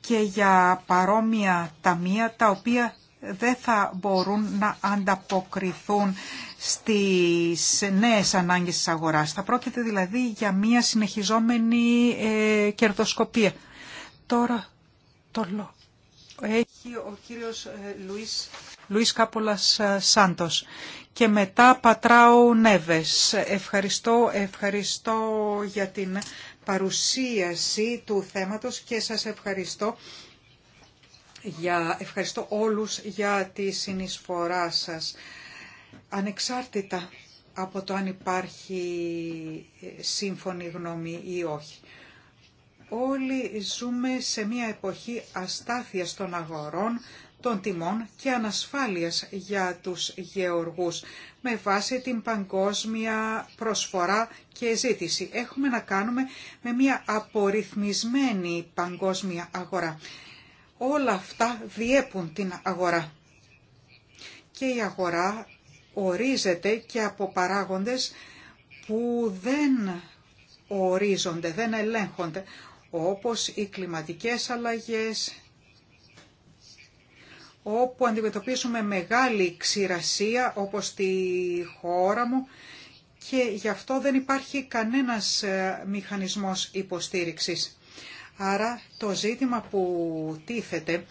S1: και για παρόμοια ταμεία τα οποία δεν θα μπορούν να ανταποκριθούν στις νέες ανάγκες της αγοράς. Θα πρόκειται δηλαδή για μια συνεχιζόμενη ε, κερδοσκοπία. Τώρα το λόγο έχει ο κύριος ε, Λουίς, Λουίς Κάπολας ε, Σάντος και μετά Πατράου Νέβες. Ευχαριστώ, ευχαριστώ για την παρουσίαση του θέματος και σας ευχαριστώ για, ευχαριστώ όλους για τη συνεισφορά σας. Ανεξάρτητα από το αν υπάρχει ε, σύμφωνη γνώμη ή όχι. Όλοι ζούμε σε μια εποχή αστάθειας των αγορών, των τιμών και ανασφάλειας για τους γεωργούς με βάση την παγκόσμια προσφορά και ζήτηση. Έχουμε να κάνουμε με μια απορριθμισμένη παγκόσμια αγορά. Όλα αυτά διέπουν την αγορά. Και η αγορά ορίζεται και από παράγοντες που δεν ορίζονται, δεν ελέγχονται, όπως οι κλιματικές αλλαγές, όπου αντιμετωπίζουμε μεγάλη ξηρασία, όπως στη χώρα μου, και γι' αυτό δεν υπάρχει κανένας ε, μηχανισμός υποστήριξης. Άρα το ζήτημα που τίθεται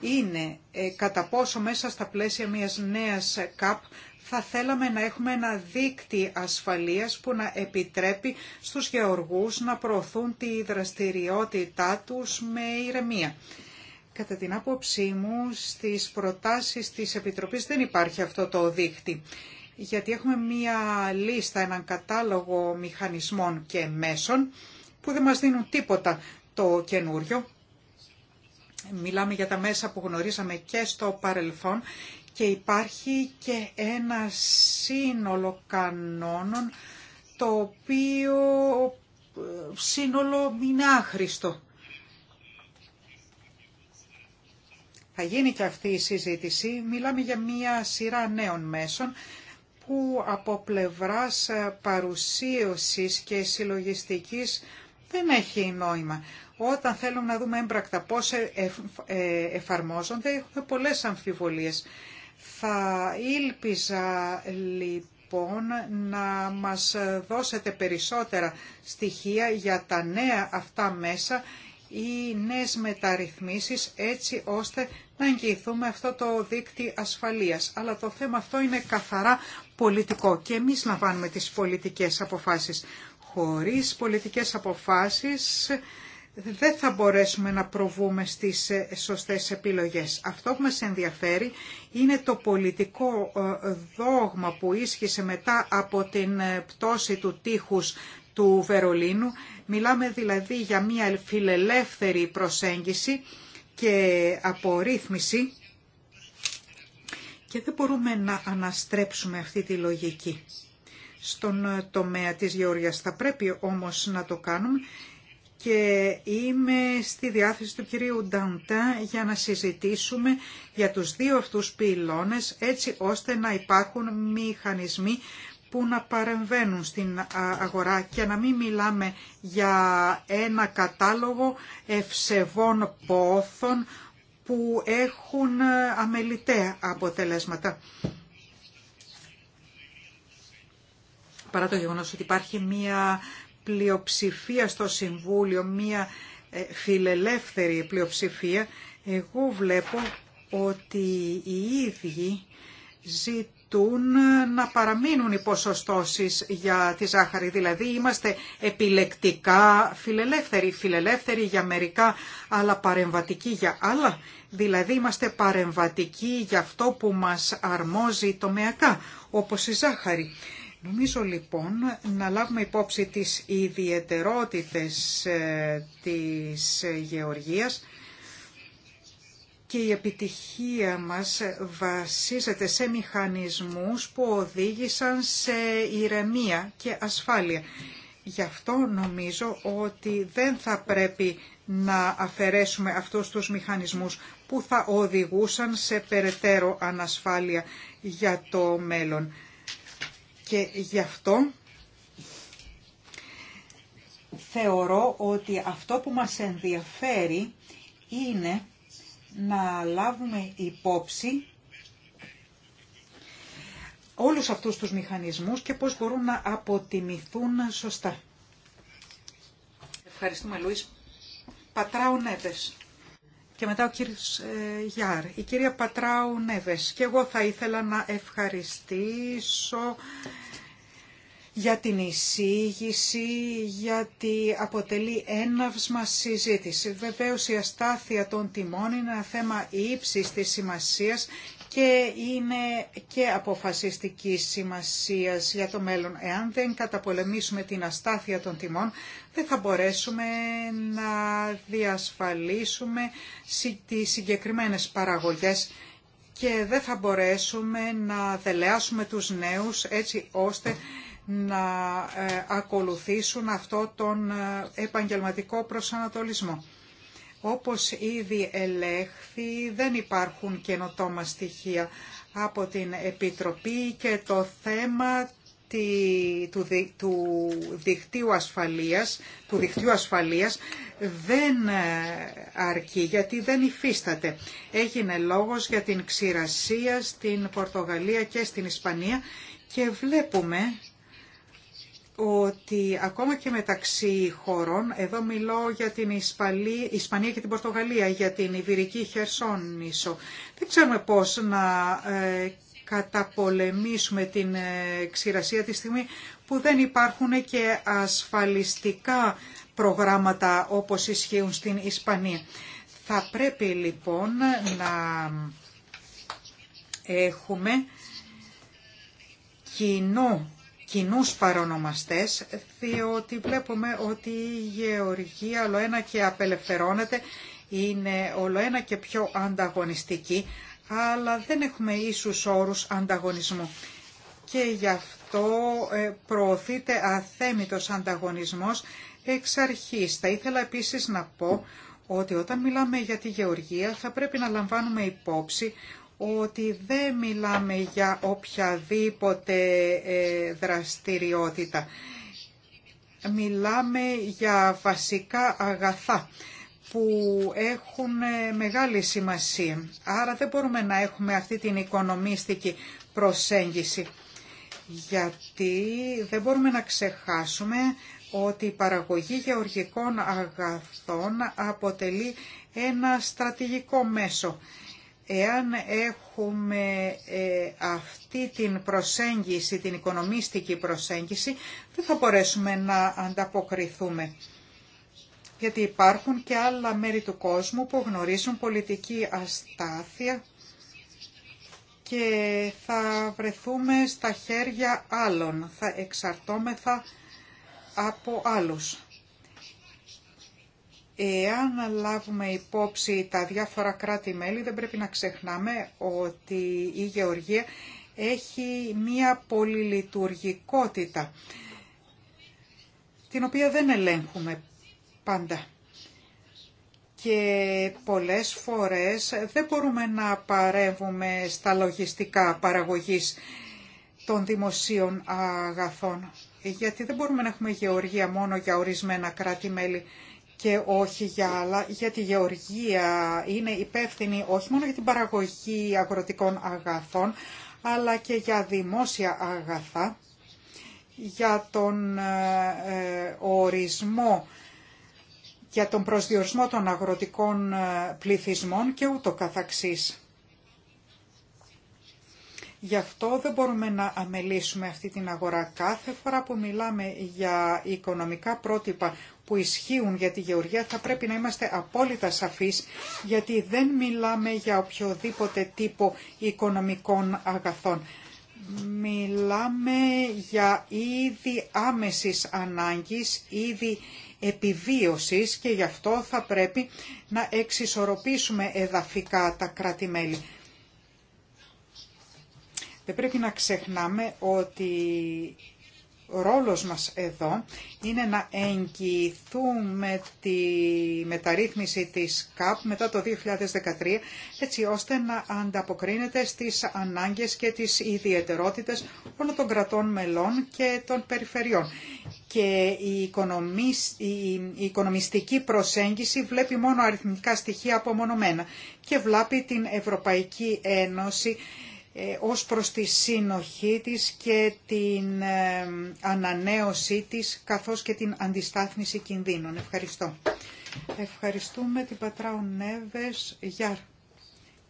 S1: είναι ε, κατά πόσο μέσα στα πλαίσια μιας νέας ΚΑΠ θα θέλαμε να έχουμε ένα δίκτυ ασφαλείας που να επιτρέπει στους γεωργούς να προωθούν τη δραστηριότητά τους με ηρεμία. Κατά την άποψή μου, στις προτάσεις της Επιτροπής δεν υπάρχει αυτό το δίκτυ, γιατί έχουμε μία λίστα, έναν κατάλογο μηχανισμών και μέσων που δεν μας δίνουν τίποτα το καινούριο. Μιλάμε για τα μέσα που γνωρίσαμε και στο παρελθόν και υπάρχει και ένα σύνολο κανόνων το οποίο ε, σύνολο είναι άχρηστο. Θα γίνει και αυτή η συζήτηση. Μιλάμε για μία σειρά νέων μέσων που από πλευράς παρουσίωσης και συλλογιστικής δεν έχει νόημα. Όταν θέλουμε να δούμε έμπρακτα πώς ε, ε, ε, εφαρμόζονται, έχουμε πολλές αμφιβολίες. Θα ήλπιζα λοιπόν να μας δώσετε περισσότερα στοιχεία για τα νέα αυτά μέσα ή νέες μεταρρυθμίσεις έτσι ώστε να εγγυηθούμε αυτό το δίκτυο ασφαλείας. Αλλά το θέμα αυτό είναι καθαρά πολιτικό και εμείς λαμβάνουμε τις πολιτικές αποφάσεις. Χωρίς πολιτικές αποφάσεις δεν θα μπορέσουμε να προβούμε στις ε, σωστές επιλογές. Αυτό που μας ενδιαφέρει είναι το πολιτικό ε, δόγμα που ίσχυσε μετά από την ε, πτώση του τείχους του Βερολίνου. Μιλάμε δηλαδή για μια φιλελεύθερη προσέγγιση και απορρίθμιση και δεν μπορούμε να αναστρέψουμε αυτή τη λογική στον ε, τομέα της γεωργίας. Θα πρέπει όμως να το κάνουμε και είμαι στη διάθεση του κυρίου Νταντά για να συζητήσουμε για τους δύο αυτούς πυλώνες έτσι ώστε να υπάρχουν μηχανισμοί που να παρεμβαίνουν στην αγορά και να μην μιλάμε για ένα κατάλογο ευσεβών πόθων που έχουν ε, αμεληταία αποτελέσματα. παρά το γεγονός ότι υπάρχει μία πλειοψηφία στο Συμβούλιο, μία ε, φιλελεύθερη πλειοψηφία, εγώ βλέπω ότι οι ίδιοι ζητούν να παραμείνουν οι ποσοστώσεις για τη ζάχαρη. Δηλαδή είμαστε επιλεκτικά φιλελεύθεροι, φιλελεύθεροι για μερικά, αλλά παρεμβατικοί για άλλα. Δηλαδή είμαστε παρεμβατικοί για αυτό που μας αρμόζει τομεακά, όπως η ζάχαρη. Νομίζω λοιπόν να λάβουμε υπόψη τις ιδιαιτερότητες ε, της γεωργίας και η επιτυχία μας βασίζεται σε μηχανισμούς που οδήγησαν σε ηρεμία και ασφάλεια. Γι' αυτό νομίζω ότι δεν θα πρέπει να αφαιρέσουμε αυτούς τους μηχανισμούς που θα οδηγούσαν σε περαιτέρω ανασφάλεια για το μέλλον και γι' αυτό θεωρώ ότι αυτό που μας ενδιαφέρει είναι να λάβουμε υπόψη όλους αυτούς τους μηχανισμούς και πώς μπορούν να αποτιμηθούν σωστά. Ευχαριστούμε Λουίς. Πατράου Νέβες. Και μετά ο κύριος ε, Γιάρ. Η κυρία Πατράου Νέβες. Και εγώ θα ήθελα να ευχαριστήσω για την εισήγηση, γιατί αποτελεί έναυσμα συζήτηση. Βεβαίω η αστάθεια των τιμών είναι ένα θέμα ύψη της σημασίας και είναι και αποφασιστική σημασία για το μέλλον. Εάν δεν καταπολεμήσουμε την αστάθεια των τιμών, δεν θα μπορέσουμε να διασφαλίσουμε τις συγκεκριμένες παραγωγές και δεν θα μπορέσουμε να δελεάσουμε τους νέους έτσι ώστε να ε, ακολουθήσουν αυτό τον ε, επαγγελματικό προσανατολισμό. Όπως ήδη ελέγχθη, δεν υπάρχουν καινοτόμα στοιχεία από την Επιτροπή και το θέμα του, του δικτύου ασφαλείας, του δικτύου ασφαλείας δεν ε, αρκεί γιατί δεν υφίσταται. Έγινε λόγος για την ξηρασία στην Πορτογαλία και στην Ισπανία και βλέπουμε ότι ακόμα και μεταξύ χωρών, εδώ μιλώ για την Ισπανία και την Πορτογαλία, για την Ιβυρική Χερσόνησο, δεν ξέρουμε πώς να ε, καταπολεμήσουμε την ε, ξηρασία τη στιγμή που δεν υπάρχουν και ασφαλιστικά προγράμματα όπως ισχύουν στην Ισπανία. Θα πρέπει λοιπόν να έχουμε κοινό κοινούς παρονομαστές, διότι βλέπουμε ότι η γεωργία ολοένα και απελευθερώνεται, είναι ολοένα και πιο ανταγωνιστική, αλλά δεν έχουμε ίσους όρους ανταγωνισμού. Και γι' αυτό ε, προωθείται αθέμητος ανταγωνισμός εξ αρχής. Θα ήθελα επίσης να πω ότι όταν μιλάμε για τη γεωργία θα πρέπει να λαμβάνουμε υπόψη ότι δεν μιλάμε για οποιαδήποτε ε, δραστηριότητα. Μιλάμε για βασικά αγαθά που έχουν ε, μεγάλη σημασία. Άρα δεν μπορούμε να έχουμε αυτή την οικονομίστικη προσέγγιση. Γιατί δεν μπορούμε να ξεχάσουμε ότι η παραγωγή γεωργικών αγαθών αποτελεί ένα στρατηγικό μέσο Εάν έχουμε ε, αυτή την προσέγγιση, την οικονομίστικη προσέγγιση, δεν θα μπορέσουμε να ανταποκριθούμε. Γιατί υπάρχουν και άλλα μέρη του κόσμου που γνωρίζουν πολιτική αστάθεια και θα βρεθούμε στα χέρια άλλων, θα εξαρτώμεθα από άλλους. Εάν λάβουμε υπόψη τα διάφορα κράτη-μέλη, δεν πρέπει να ξεχνάμε ότι η Γεωργία έχει μία πολυλειτουργικότητα, την οποία δεν ελέγχουμε πάντα. Και πολλές φορές δεν μπορούμε να παρέμβουμε στα λογιστικά παραγωγής των δημοσίων αγαθών, γιατί δεν μπορούμε να έχουμε γεωργία μόνο για ορισμένα κράτη-μέλη και όχι για άλλα, γιατί η γεωργία είναι υπεύθυνη όχι μόνο για την παραγωγή αγροτικών αγαθών, αλλά και για δημόσια αγαθά, για τον ε, ε, ορισμό, για τον προσδιορισμό των αγροτικών ε, πληθυσμών και ούτω καθαξής. Γι' αυτό δεν μπορούμε να αμελήσουμε αυτή την αγορά. Κάθε φορά που μιλάμε για οικονομικά πρότυπα που ισχύουν για τη γεωργία θα πρέπει να είμαστε απόλυτα σαφείς γιατί δεν μιλάμε για οποιοδήποτε τύπο οικονομικών αγαθών. Μιλάμε για είδη άμεσης ανάγκης, είδη επιβίωσης και γι' αυτό θα πρέπει να εξισορροπήσουμε εδαφικά τα κράτη-μέλη. Δεν πρέπει να ξεχνάμε ότι ρόλος μας εδώ είναι να εγγυηθούμε τη μεταρρύθμιση της ΚΑΠ μετά το 2013, έτσι ώστε να ανταποκρίνεται στις ανάγκες και τις ιδιαιτερότητες όλων των κρατών μελών και των περιφερειών. Και η, οικονομισ... οικονομιστική προσέγγιση βλέπει μόνο αριθμητικά στοιχεία απομονωμένα και βλάπει την Ευρωπαϊκή Ένωση ε, ως προς τη συνοχή της και την ε, ανανέωσή της καθώς και την αντιστάθμιση κινδύνων. Ευχαριστώ. Ευχαριστούμε την Πατράου Νέβες Γιάρ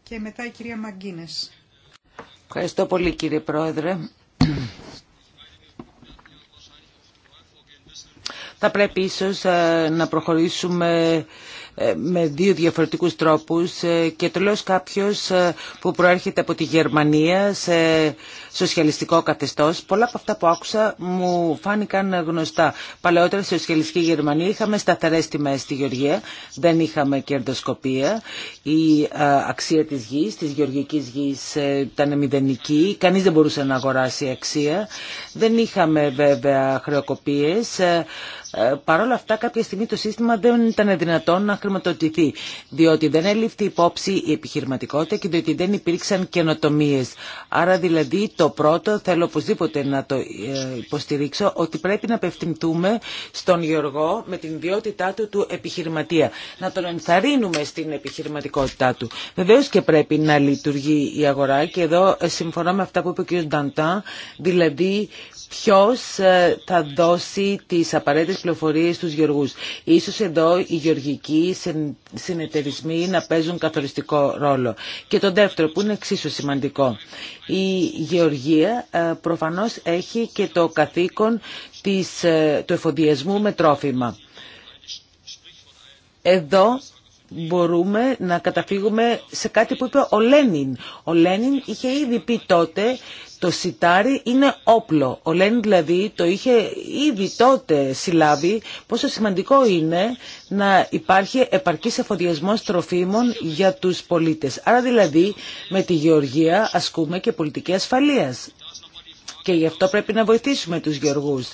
S1: και μετά η κυρία Μαγκίνες.
S2: Ευχαριστώ πολύ κύριε Πρόεδρε. Θα πρέπει ίσως ε, να προχωρήσουμε ε, με δύο διαφορετικούς τρόπους ε, και τελώς κάποιος ε, που προέρχεται από τη Γερμανία σε σοσιαλιστικό καθεστώς. Πολλά από αυτά που άκουσα μου φάνηκαν γνωστά. Παλαιότερα στη σοσιαλιστική Γερμανία είχαμε σταθερές τιμές στη Γεωργία, δεν είχαμε κερδοσκοπία. Η αξία της γης, της γεωργικής γης ήταν μηδενική, κανείς δεν μπορούσε να αγοράσει αξία. Δεν είχαμε βέβαια χρεοκοπίες ε, Παρ' όλα αυτά κάποια στιγμή το σύστημα δεν ήταν δυνατόν να χρηματοδοτηθεί διότι δεν έλειφθη υπόψη η επιχειρηματικότητα και διότι δεν υπήρξαν καινοτομίε. Άρα δηλαδή το πρώτο θέλω οπωσδήποτε να το ε, υποστηρίξω ότι πρέπει να απευθυνθούμε στον Γεωργό με την ιδιότητά του του επιχειρηματία. Να τον ενθαρρύνουμε στην επιχειρηματικότητά του. Βεβαίω και πρέπει να λειτουργεί η αγορά και εδώ ε, συμφωνώ με αυτά που είπε ο κ. Νταντάν, δηλαδή ποιο θα δώσει τι απαραίτητε πληροφορίες στους γεωργούς. Ίσως εδώ οι γεωργικοί συνεταιρισμοί να παίζουν καθοριστικό ρόλο. Και το δεύτερο που είναι εξίσου σημαντικό. Η γεωργία ε, προφανώς έχει και το καθήκον της, ε, του εφοδιασμού με τρόφιμα. Εδώ μπορούμε να καταφύγουμε σε κάτι που είπε ο Λένιν. Ο Λένιν είχε ήδη πει τότε το σιτάρι είναι όπλο. Ο Λένιν δηλαδή το είχε ήδη τότε συλλάβει πόσο σημαντικό είναι να υπάρχει επαρκής εφοδιασμός τροφίμων για τους πολίτες. Άρα δηλαδή με τη γεωργία ασκούμε και πολιτική ασφαλείας. Και γι' αυτό πρέπει να βοηθήσουμε τους γεωργούς.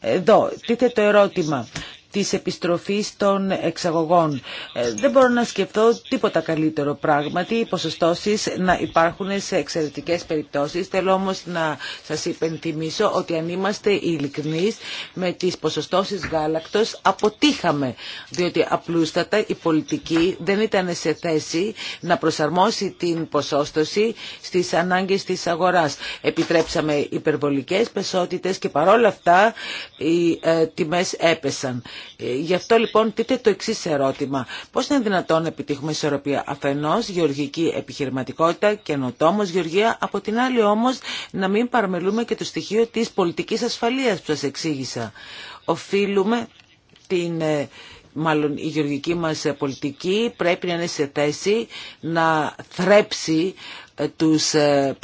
S2: Εδώ, τίθεται το ερώτημα της επιστροφής των εξαγωγών. Ε, δεν μπορώ να σκεφτώ τίποτα καλύτερο πράγματι. Οι ποσοστώσεις να υπάρχουν σε εξαιρετικές περιπτώσεις. Θέλω όμως να σας υπενθυμίσω ότι αν είμαστε ειλικρινείς με τις ποσοστώσεις γάλακτος αποτύχαμε. Διότι απλούστατα η πολιτική δεν ήταν σε θέση να προσαρμόσει την ποσόστοση στις ανάγκες της αγοράς. Επιτρέψαμε υπερβολικές πεσότητες και παρόλα αυτά οι ε, τιμές έπεσαν. Ε, γι' αυτό λοιπόν τίτε το εξή ερώτημα. Πώς είναι δυνατόν να επιτύχουμε ισορροπία αφενός γεωργική επιχειρηματικότητα, και καινοτόμος γεωργία, από την άλλη όμως να μην παραμελούμε και το στοιχείο της πολιτικής ασφαλείας που σας εξήγησα. Οφείλουμε την ε, μάλλον η γεωργική μας πολιτική πρέπει να είναι σε θέση να θρέψει τους 500 ε,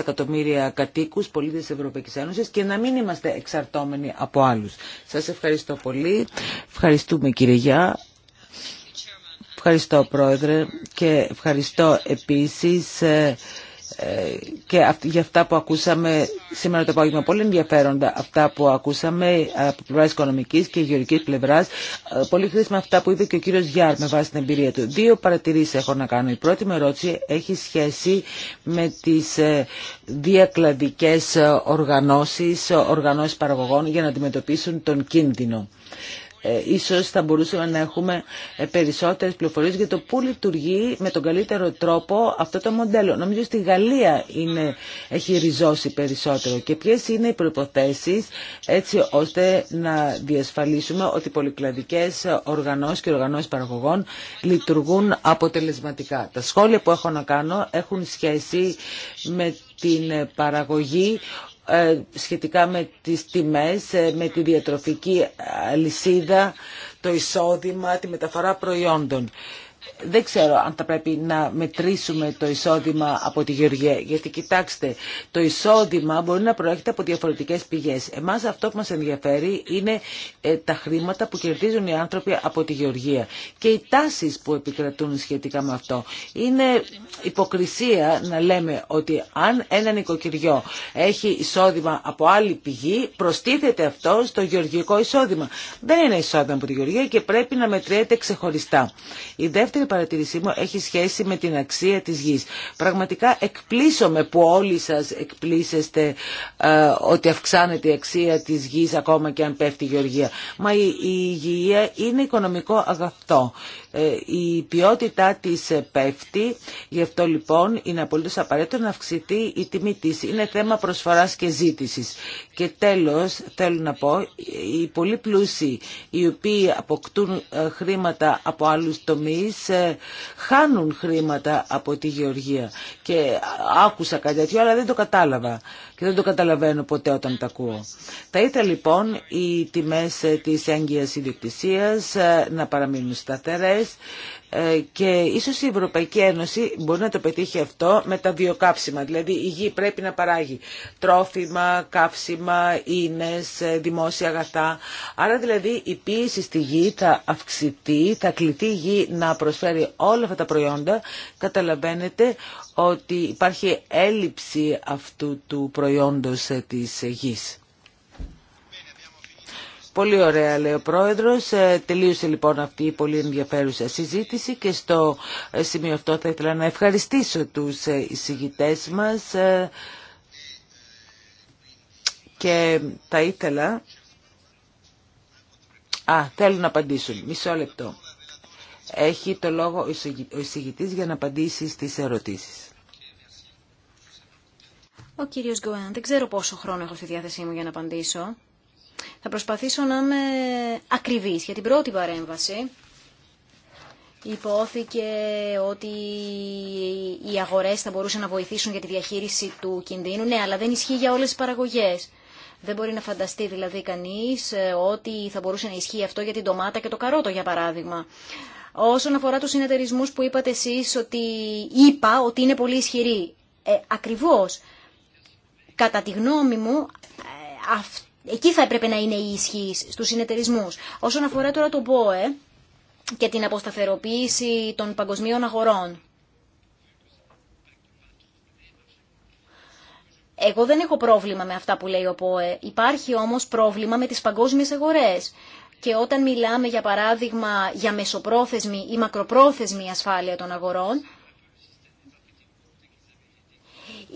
S2: εκατομμύρια κατοίκους, πολίτες της Ευρωπαϊκής Ένωσης και να μην είμαστε εξαρτώμενοι από άλλους. Σας ευχαριστώ πολύ. Ευχαριστούμε κύριε Γιά. Ευχαριστώ πρόεδρε και ευχαριστώ επίσης ε, ε, και για αυτά που ακούσαμε σήμερα το απόγευμα. Πολύ ενδιαφέροντα αυτά που ακούσαμε από πλευρά οικονομική και γεωργική πλευρά. Ε, πολύ χρήσιμα αυτά που είπε και ο κύριο Γιάρ με βάση την εμπειρία του. Δύο παρατηρήσει έχω να κάνω. Η πρώτη μου ερώτηση έχει σχέση με τι ε, διακλαδικέ οργανώσει, οργανώσει παραγωγών για να αντιμετωπίσουν τον κίνδυνο. Ε, ίσως θα μπορούσαμε να έχουμε ε, περισσότερες πληροφορίες για το πού λειτουργεί με τον καλύτερο τρόπο αυτό το μοντέλο. Νομίζω στη Γαλλία είναι, έχει ριζώσει περισσότερο και ποιες είναι οι προϋποθέσεις έτσι ώστε να διασφαλίσουμε ότι οι πολυκλαδικές οργανώσεις και οργανώσεις παραγωγών λειτουργούν αποτελεσματικά. Τα σχόλια που έχω να κάνω έχουν σχέση με την παραγωγή ε, σχετικά με τις τιμές, ε, με τη διατροφική αλυσίδα, το εισόδημα, τη μεταφορά προϊόντων δεν ξέρω αν θα πρέπει να μετρήσουμε το εισόδημα από τη Γεωργία. Γιατί κοιτάξτε, το εισόδημα μπορεί να προέρχεται από διαφορετικές πηγές. Εμάς αυτό που μας ενδιαφέρει είναι ε, τα χρήματα που κερδίζουν οι άνθρωποι από τη Γεωργία. Και οι τάσεις που επικρατούν σχετικά με αυτό. Είναι υποκρισία να λέμε ότι αν ένα νοικοκυριό έχει εισόδημα από άλλη πηγή, προστίθεται αυτό στο γεωργικό εισόδημα. Δεν είναι εισόδημα από τη Γεωργία και πρέπει να μετριέται ξεχωριστά. Η δεύτερη μου έχει σχέση με την αξία της γης. Πραγματικά εκπλήσωμαι που όλοι σας εκπλήσεστε ε, ότι αυξάνεται η αξία της γης ακόμα και αν πέφτει η γεωργία. Μα η, η υγεία είναι οικονομικό αγαθό ε, η ποιότητά της ε, πέφτει, γι' αυτό λοιπόν είναι απολύτως απαραίτητο να αυξηθεί η τιμή της. Είναι θέμα προσφοράς και ζήτησης. Και τέλος θέλω να πω, οι πολύ πλούσιοι οι οποίοι αποκτούν ε, χρήματα από άλλους τομείς χάνουν χρήματα από τη γεωργία. Και άκουσα κάτι τέτοιο αλλά δεν το κατάλαβα και δεν το καταλαβαίνω ποτέ όταν τα ακούω. Θα ήθελα λοιπόν οι τιμές ε, της έγκυας ιδιοκτησίας ε, να παραμείνουν σταθερές, ε, και ίσως η Ευρωπαϊκή Ένωση μπορεί να το πετύχει αυτό με τα βιοκάψιμα. Δηλαδή η γη πρέπει να παράγει τρόφιμα, καύσιμα, ίνες, ε, δημόσια αγαθά. Άρα δηλαδή η πίεση στη γη θα αυξηθεί, θα κληθεί η γη να προσφέρει όλα αυτά τα προϊόντα. Καταλαβαίνετε ότι υπάρχει έλλειψη αυτού του προϊόντος ε, της γης. Πολύ ωραία λέει ο Πρόεδρος. Ε, τελείωσε λοιπόν αυτή η πολύ ενδιαφέρουσα συζήτηση και στο ε, σημείο αυτό θα ήθελα να ευχαριστήσω τους ε, εισηγητές μας και θα ήθελα... Α, θέλουν να απαντήσουν. Μισό λεπτό. Έχει το λόγο ο εισηγητής για να απαντήσει στις ερωτήσεις.
S3: Ο κύριος Γκοέν, δεν ξέρω πόσο χρόνο έχω στη διάθεσή μου για να απαντήσω. Θα προσπαθήσω να είμαι ακριβής. Για την πρώτη παρέμβαση υπόθηκε ότι οι αγορές θα μπορούσαν να βοηθήσουν για τη διαχείριση του κινδύνου. Ναι, αλλά δεν ισχύει για όλες τις παραγωγές. Δεν μπορεί να φανταστεί δηλαδή κανείς ε, ότι θα μπορούσε να ισχύει αυτό για την ντομάτα και το καρότο για παράδειγμα. Όσον αφορά τους συνεταιρισμούς που είπατε εσείς ότι είπα ότι είναι πολύ ισχυροί. Ε, ακριβώς, κατά τη γνώμη μου, ε, αυτό εκεί θα έπρεπε να είναι η ισχύ στους συνεταιρισμούς. Όσον αφορά τώρα το ΠΟΕ και την αποσταθεροποίηση των παγκοσμίων αγορών. Εγώ δεν έχω πρόβλημα με αυτά που λέει ο ΠΟΕ. Υπάρχει όμως πρόβλημα με τις παγκόσμιες αγορές. Και όταν μιλάμε για παράδειγμα για μεσοπρόθεσμη ή μακροπρόθεσμη ασφάλεια των αγορών,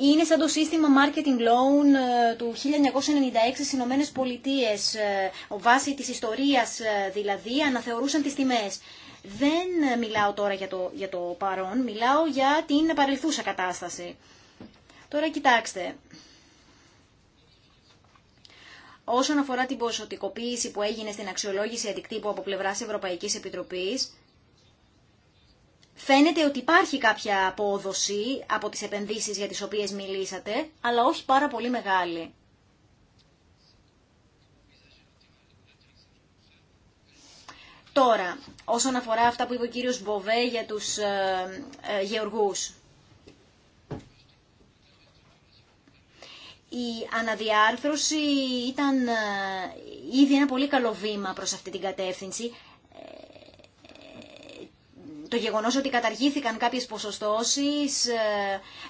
S3: είναι σαν το σύστημα marketing loan ε, του 1996 στις Ηνωμένες Πολιτείες. Ε, βάσει της ιστορίας ε, δηλαδή αναθεωρούσαν τις τιμές. Δεν μιλάω τώρα για το, για το παρόν, μιλάω για την παρελθούσα κατάσταση. Τώρα κοιτάξτε, όσον αφορά την ποσοτικοποίηση που έγινε στην αξιολόγηση αντικτύπου από πλευράς Ευρωπαϊκής Επιτροπής, Φαίνεται ότι υπάρχει κάποια απόδοση από τις επενδύσεις για τις οποίες μιλήσατε, αλλά όχι πάρα πολύ μεγάλη. Τώρα, όσον αφορά αυτά που είπε ο κύριος Μποβέ για τους ε, ε γεωργούς. Η αναδιάρθρωση ήταν ε, ήδη ένα πολύ καλό βήμα προς αυτή την κατεύθυνση το γεγονός ότι καταργήθηκαν κάποιες ποσοστώσεις ε,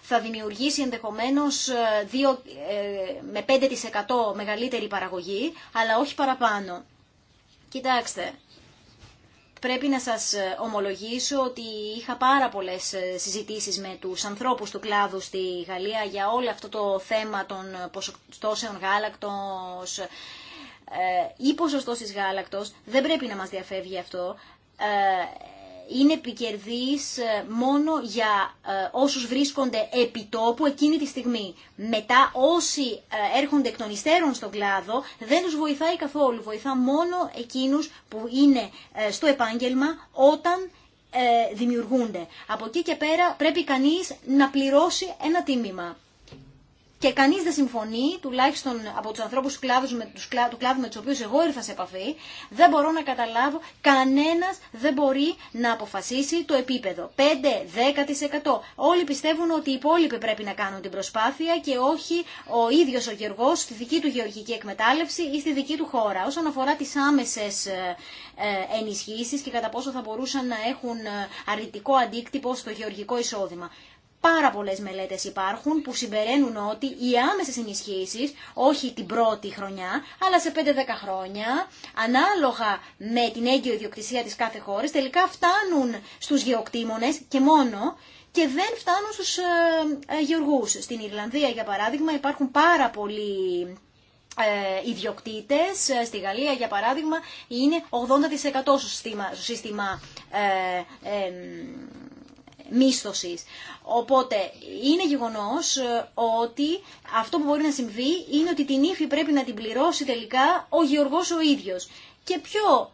S3: θα δημιουργήσει ενδεχομένως 2 ε, ε, με 5% μεγαλύτερη παραγωγή, αλλά όχι παραπάνω. Κοιτάξτε, πρέπει να σας ομολογήσω ότι είχα πάρα πολλές συζητήσεις με τους ανθρώπους του κλάδου στη Γαλλία για όλο αυτό το θέμα των ποσοστώσεων γάλακτος ή ποσοστώσεις γάλακτος. Δεν πρέπει να μας διαφεύγει αυτό είναι επικερδής ε, μόνο για ε, όσους βρίσκονται επί τόπου εκείνη τη στιγμή. Μετά όσοι ε, έρχονται εκ των υστέρων στον κλάδο δεν τους βοηθάει καθόλου. Βοηθά μόνο εκείνους που είναι στο επάγγελμα όταν δημιουργούνται. Από εκεί και πέρα πρέπει κανείς να πληρώσει ένα τίμημα και κανείς δεν συμφωνεί, τουλάχιστον από τους ανθρώπους του κλάδου με τους, του κλάδου με τους οποίους εγώ ήρθα σε επαφή, δεν μπορώ να καταλάβω, κανένας δεν μπορεί να αποφασίσει το επίπεδο. 5-10%. Όλοι πιστεύουν ότι οι υπόλοιποι πρέπει να κάνουν την προσπάθεια και όχι ο ίδιος ο γεργός στη δική του γεωργική εκμετάλλευση ή στη δική του χώρα. Όσον αφορά τις άμεσες ε, ε, ενισχύσεις και κατά πόσο θα μπορούσαν να έχουν ε, αρνητικό αντίκτυπο στο γεωργικό εισόδημα. Πάρα πολλέ μελέτε υπάρχουν που συμπεραίνουν ότι οι άμεσε ενισχύσει, όχι την πρώτη χρονιά, αλλά σε 5-10 χρόνια, ανάλογα με την έγκυο ιδιοκτησία τη κάθε χώρα, τελικά φτάνουν στου γεωκτήμονε και μόνο και δεν φτάνουν στους ε, ε, γεωργού. Στην Ιρλανδία, για παράδειγμα, υπάρχουν πάρα πολλοί ε, ιδιοκτήτε. Στη Γαλλία, για παράδειγμα, είναι 80% στο σύστημα, στο ε, Οπότε είναι γεγονός ε, ότι αυτό που μπορεί να συμβεί είναι ότι την ύφη πρέπει να την πληρώσει τελικά ο Γεωργός ο ίδιος. Και ποιο,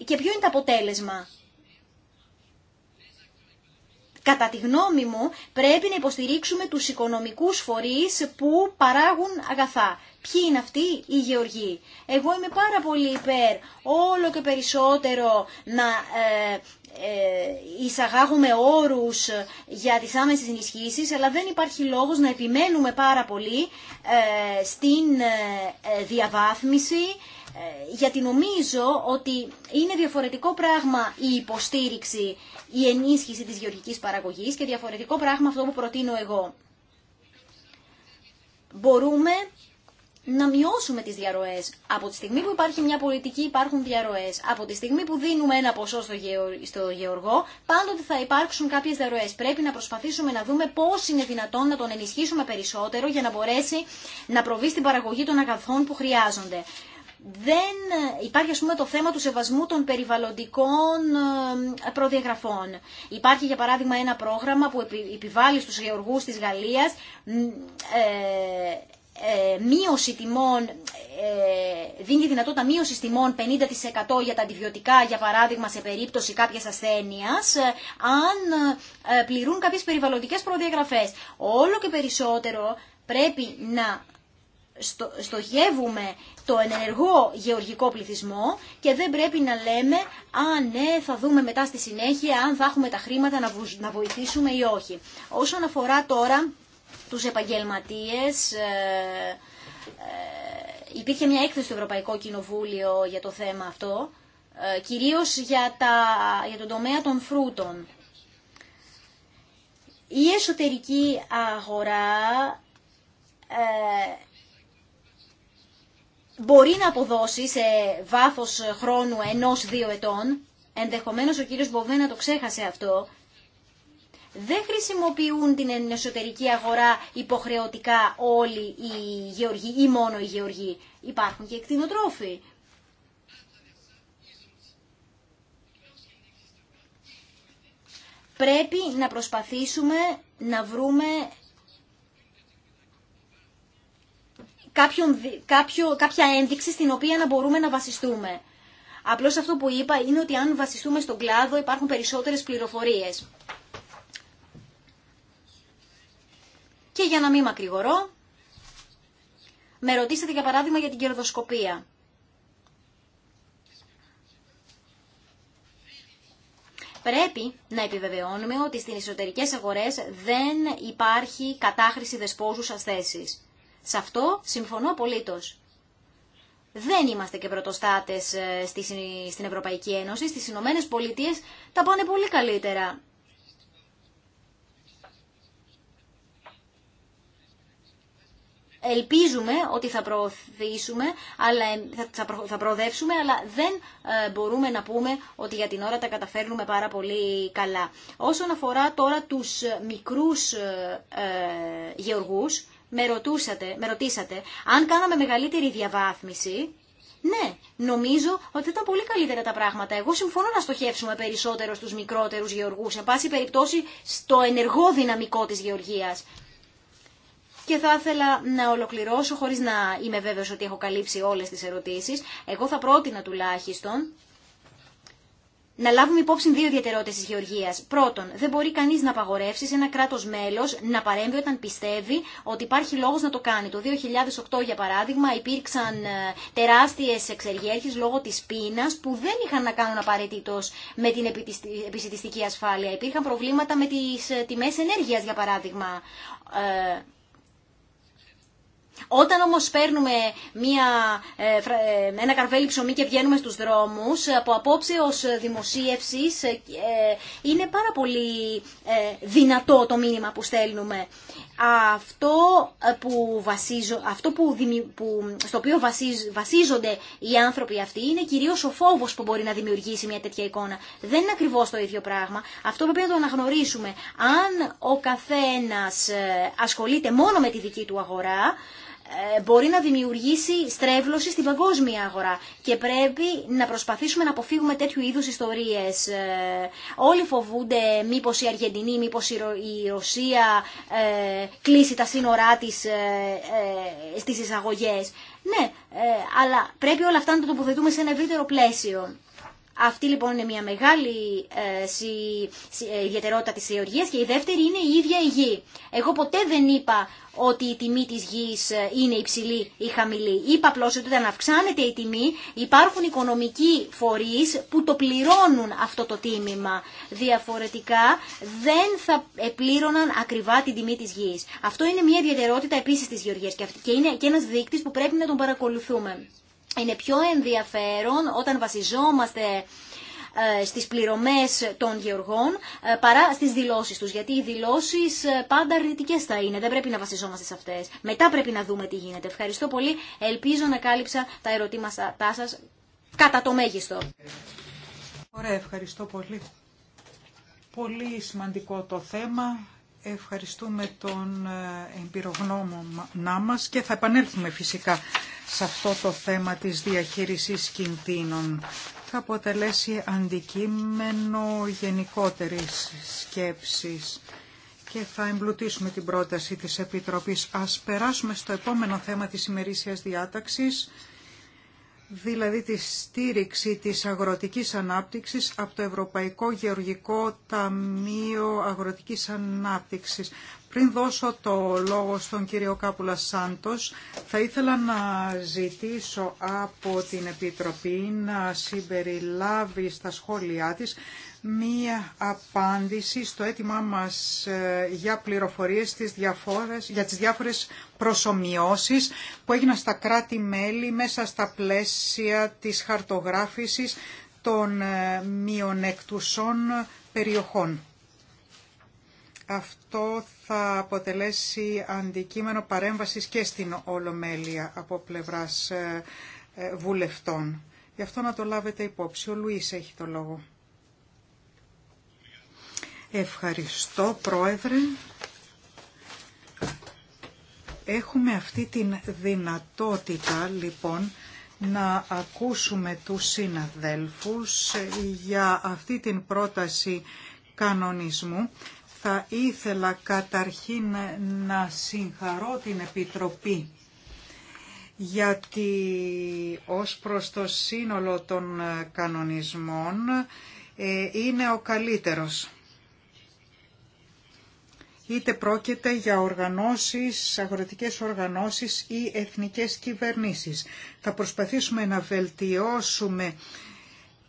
S3: ε, και ποιο είναι το αποτέλεσμα Κατά τη γνώμη μου πρέπει να υποστηρίξουμε τους οικονομικούς φορείς που παράγουν αγαθά. Ποιοι είναι αυτοί οι γεωργοί. Εγώ είμαι πάρα πολύ υπέρ όλο και περισσότερο να ε, ε, εισαγάγουμε όρους για τις άμεσες ενισχύσεις, αλλά δεν υπάρχει λόγος να επιμένουμε πάρα πολύ ε, στην ε, ε, διαβάθμιση, γιατί νομίζω ότι είναι διαφορετικό πράγμα η υποστήριξη η ενίσχυση της γεωργικής παραγωγής και διαφορετικό πράγμα αυτό που προτείνω εγώ. Μπορούμε να μειώσουμε τις διαρροές. Από τη στιγμή που υπάρχει μια πολιτική υπάρχουν διαρροές. Από τη στιγμή που δίνουμε ένα ποσό στο, στο γεωργό, πάντοτε θα υπάρξουν κάποιες διαρροές. Πρέπει να προσπαθήσουμε να δούμε πώς είναι δυνατόν να τον ενισχύσουμε περισσότερο για να μπορέσει να προβεί στην παραγωγή των αγαθών που χρειάζονται δεν ε, υπάρχει ας πούμε το θέμα του σεβασμού των περιβαλλοντικών ε, προδιαγραφών. Υπάρχει για παράδειγμα ένα πρόγραμμα που επιβάλλει στους γεωργούς της Γαλλίας ε, ε, μείωση ε, δίνει δυνατότητα μείωση τιμών 50% για τα αντιβιωτικά, για παράδειγμα, σε περίπτωση κάποιας ασθένειας, αν πληρούν κάποιες περιβαλλοντικές προδιαγραφές. Όλο και περισσότερο πρέπει να στο, στοχεύουμε το ενεργό γεωργικό πληθυσμό και δεν πρέπει να λέμε αν ναι, θα δούμε μετά στη συνέχεια αν θα έχουμε τα χρήματα να, να βοηθήσουμε ή όχι». Όσον αφορά τώρα τους επαγγελματίες, ε, ε, υπήρχε μια έκθεση στο Ευρωπαϊκό Κοινοβούλιο για το θέμα αυτό, ε, κυρίως για, τα, για τον τομέα των φρούτων. Η εσωτερική αγορά ε, μπορεί να αποδώσει σε βάθος χρόνου ενός-δύο ετών, ενδεχομένως ο κύριος Μποβένα το ξέχασε αυτό, δεν χρησιμοποιούν την εσωτερική αγορά υποχρεωτικά όλοι οι γεωργοί ή μόνο οι γεωργοί. Υπάρχουν και εκτινοτρόφοι. Πρέπει να προσπαθήσουμε να βρούμε κάποιον, κάποιο, κάποια ένδειξη στην οποία να μπορούμε να βασιστούμε. Απλώς αυτό που είπα είναι ότι αν βασιστούμε στον κλάδο υπάρχουν περισσότερες πληροφορίες. Και για να μην μακρηγορώ, με ρωτήσατε για παράδειγμα για την κερδοσκοπία. Πρέπει να επιβεβαιώνουμε ότι στις εσωτερικές αγορές δεν υπάρχει κατάχρηση δεσπόζουσας θέσης. Σε αυτό συμφωνώ απολύτω. Δεν είμαστε και πρωτοστάτε ε, στην Ευρωπαϊκή Ένωση. Στι Ηνωμένε Πολιτείε τα πάνε πολύ καλύτερα. Ελπίζουμε ότι θα προωθήσουμε, αλλά, θα προοδεύσουμε, αλλά δεν ε, μπορούμε να πούμε ότι για την ώρα τα καταφέρνουμε πάρα πολύ καλά. Όσον αφορά τώρα τους μικρούς ε, γεωργούς, με, ρωτούσατε, ρωτήσατε αν κάναμε μεγαλύτερη διαβάθμιση, ναι, νομίζω ότι ήταν πολύ καλύτερα τα πράγματα. Εγώ συμφωνώ να στοχεύσουμε περισσότερο στους μικρότερους γεωργούς, σε πάση περιπτώσει στο ενεργό δυναμικό της γεωργίας. Και θα ήθελα να ολοκληρώσω, χωρίς να είμαι βέβαιος ότι έχω καλύψει όλες τις ερωτήσεις, εγώ θα πρότεινα τουλάχιστον να λάβουμε υπόψη δύο ιδιαιτερότητε τη γεωργία. Πρώτον, δεν μπορεί κανεί να απαγορεύσει σε ένα κράτο μέλο να παρέμβει όταν πιστεύει ότι υπάρχει λόγο να το κάνει. Το 2008, για παράδειγμα, υπήρξαν ε, τεράστιε εξεργέρχε λόγω τη πείνα που δεν είχαν να κάνουν απαραίτητο με την επισητιστική ασφάλεια. Υπήρχαν προβλήματα με τι ε, τιμέ ενέργεια, για παράδειγμα. Ε, όταν όμως παίρνουμε μια, ε, ε, ένα καρβέλι ψωμί και βγαίνουμε στους δρόμους, από απόψε ως δημοσίευσης ε, είναι πάρα πολύ δυνατό το μήνυμα που στέλνουμε. Αυτό, που βασίζω, αυτό που, που, στο οποίο βασίζονται οι άνθρωποι αυτοί είναι κυρίως ο φόβος που μπορεί να δημιουργήσει μια τέτοια εικόνα. Δεν είναι ακριβώς το ίδιο πράγμα. Αυτό πρέπει να το αναγνωρίσουμε. Αν ο καθένας ασχολείται μόνο με τη δική του αγορά, ε, μπορεί να δημιουργήσει στρέβλωση στην παγκόσμια αγορά και πρέπει να προσπαθήσουμε να αποφύγουμε τέτοιου είδους ιστορίες. Ε, όλοι φοβούνται μήπως η Αργεντινή, μήπως η Ρωσία ε, κλείσει τα σύνορά της στις εισαγωγές. Ναι, αλλά πρέπει όλα αυτά να το τοποθετούμε σε ένα ευρύτερο πλαίσιο. Αυτή λοιπόν είναι μια μεγάλη ε, ε, ιδιαιτερότητα της γεωργίας και η δεύτερη είναι η ίδια η γη. Εγώ ποτέ δεν είπα ότι η τιμή της γης ε, είναι υψηλή ή χαμηλή. Είπα απλώς ότι όταν αυξάνεται η χαμηλη ειπα απλω υπάρχουν οικονομικοί φορείς που το πληρώνουν αυτό το τίμημα. Διαφορετικά δεν θα επληρώναν ακριβά την τιμή της γης. Αυτό είναι μια ιδιαιτερότητα επίσης της γεωργίας και είναι και ένας δείκτης που πρέπει να τον παρακολουθούμε είναι πιο ενδιαφέρον όταν βασιζόμαστε ε, στις πληρωμές των γεωργών ε, παρά στις δηλώσεις τους. Γιατί οι δηλώσεις ε, πάντα αρνητικέ θα είναι. Δεν πρέπει να βασιζόμαστε σε αυτές. Μετά πρέπει να δούμε τι γίνεται. Ευχαριστώ πολύ. Ελπίζω να κάλυψα τα ερωτήματά σας κατά το μέγιστο.
S1: Ωραία, ευχαριστώ πολύ. Πολύ σημαντικό το θέμα. Ευχαριστούμε τον εμπειρογνώμονα μας και θα επανέλθουμε φυσικά σε αυτό το θέμα της διαχείρισης κινδύνων θα αποτελέσει αντικείμενο γενικότερης σκέψης και θα εμπλουτίσουμε την πρόταση της Επιτροπής. Ας περάσουμε στο επόμενο θέμα της ημερήσιας διάταξης, δηλαδή τη στήριξη της αγροτικής ανάπτυξης από το Ευρωπαϊκό Γεωργικό Ταμείο Αγροτικής Ανάπτυξης. Πριν δώσω το λόγο στον κύριο Κάπουλα Σάντος, θα ήθελα να ζητήσω από την Επιτροπή να συμπεριλάβει στα σχόλιά της μία απάντηση στο αίτημά μας ε, για πληροφορίες στις διαφόρες, για τις διάφορες προσωμιώσεις που έγιναν στα κράτη-μέλη μέσα στα πλαίσια της χαρτογράφησης των ε, μειονεκτουσών περιοχών αυτό θα αποτελέσει αντικείμενο παρέμβασης και στην Ολομέλεια από πλευράς ε, ε, βουλευτών. Γι' αυτό να το λάβετε υπόψη. Ο Λουίς έχει το λόγο. Ευχαριστώ, Πρόεδρε. Έχουμε αυτή την δυνατότητα, λοιπόν, να ακούσουμε τους συναδέλφους ε, για αυτή την πρόταση κανονισμού θα ήθελα καταρχήν να συγχαρώ την Επιτροπή γιατί ως προς το σύνολο των κανονισμών ε, είναι ο καλύτερος. Είτε πρόκειται για οργανώσεις, αγροτικές οργανώσεις ή εθνικές κυβερνήσεις. Θα προσπαθήσουμε να βελτιώσουμε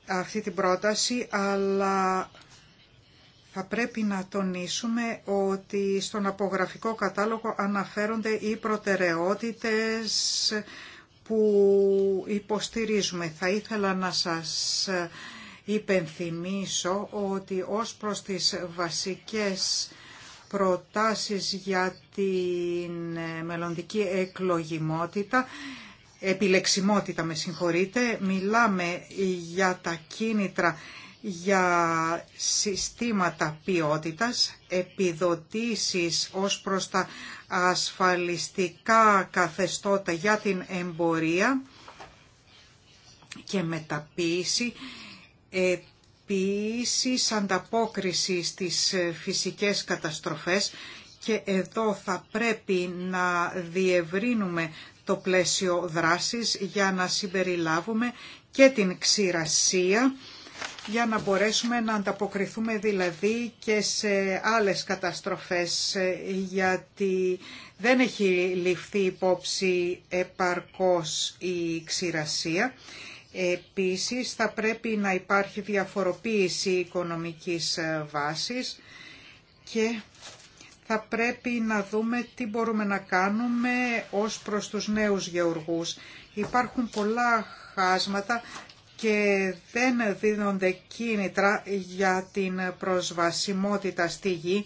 S1: αυτή την πρόταση, αλλά θα πρέπει να τονίσουμε ότι στον απογραφικό κατάλογο αναφέρονται οι προτεραιότητες που υποστηρίζουμε. Θα ήθελα να σας υπενθυμίσω ότι ως προς τις βασικές προτάσεις για την μελλοντική εκλογιμότητα, επιλεξιμότητα με συγχωρείτε, μιλάμε για τα κίνητρα για συστήματα ποιότητας, επιδοτήσεις ως προς τα ασφαλιστικά καθεστώτα για την εμπορία και μεταποίηση, επίσης ανταπόκριση στις φυσικές καταστροφές και εδώ θα πρέπει να διευρύνουμε το πλαίσιο δράσης για να συμπεριλάβουμε και την ξηρασία για να μπορέσουμε να ανταποκριθούμε δηλαδή και σε άλλες καταστροφές ε, γιατί δεν έχει ληφθεί υπόψη επαρκώς η ξηρασία. Επίσης θα πρέπει να υπάρχει διαφοροποίηση οικονομικής ε, βάσης και θα πρέπει να δούμε τι μπορούμε να κάνουμε ως προς τους νέους γεωργούς. Υπάρχουν πολλά χάσματα και δεν δίνονται κίνητρα για την προσβασιμότητα στη γη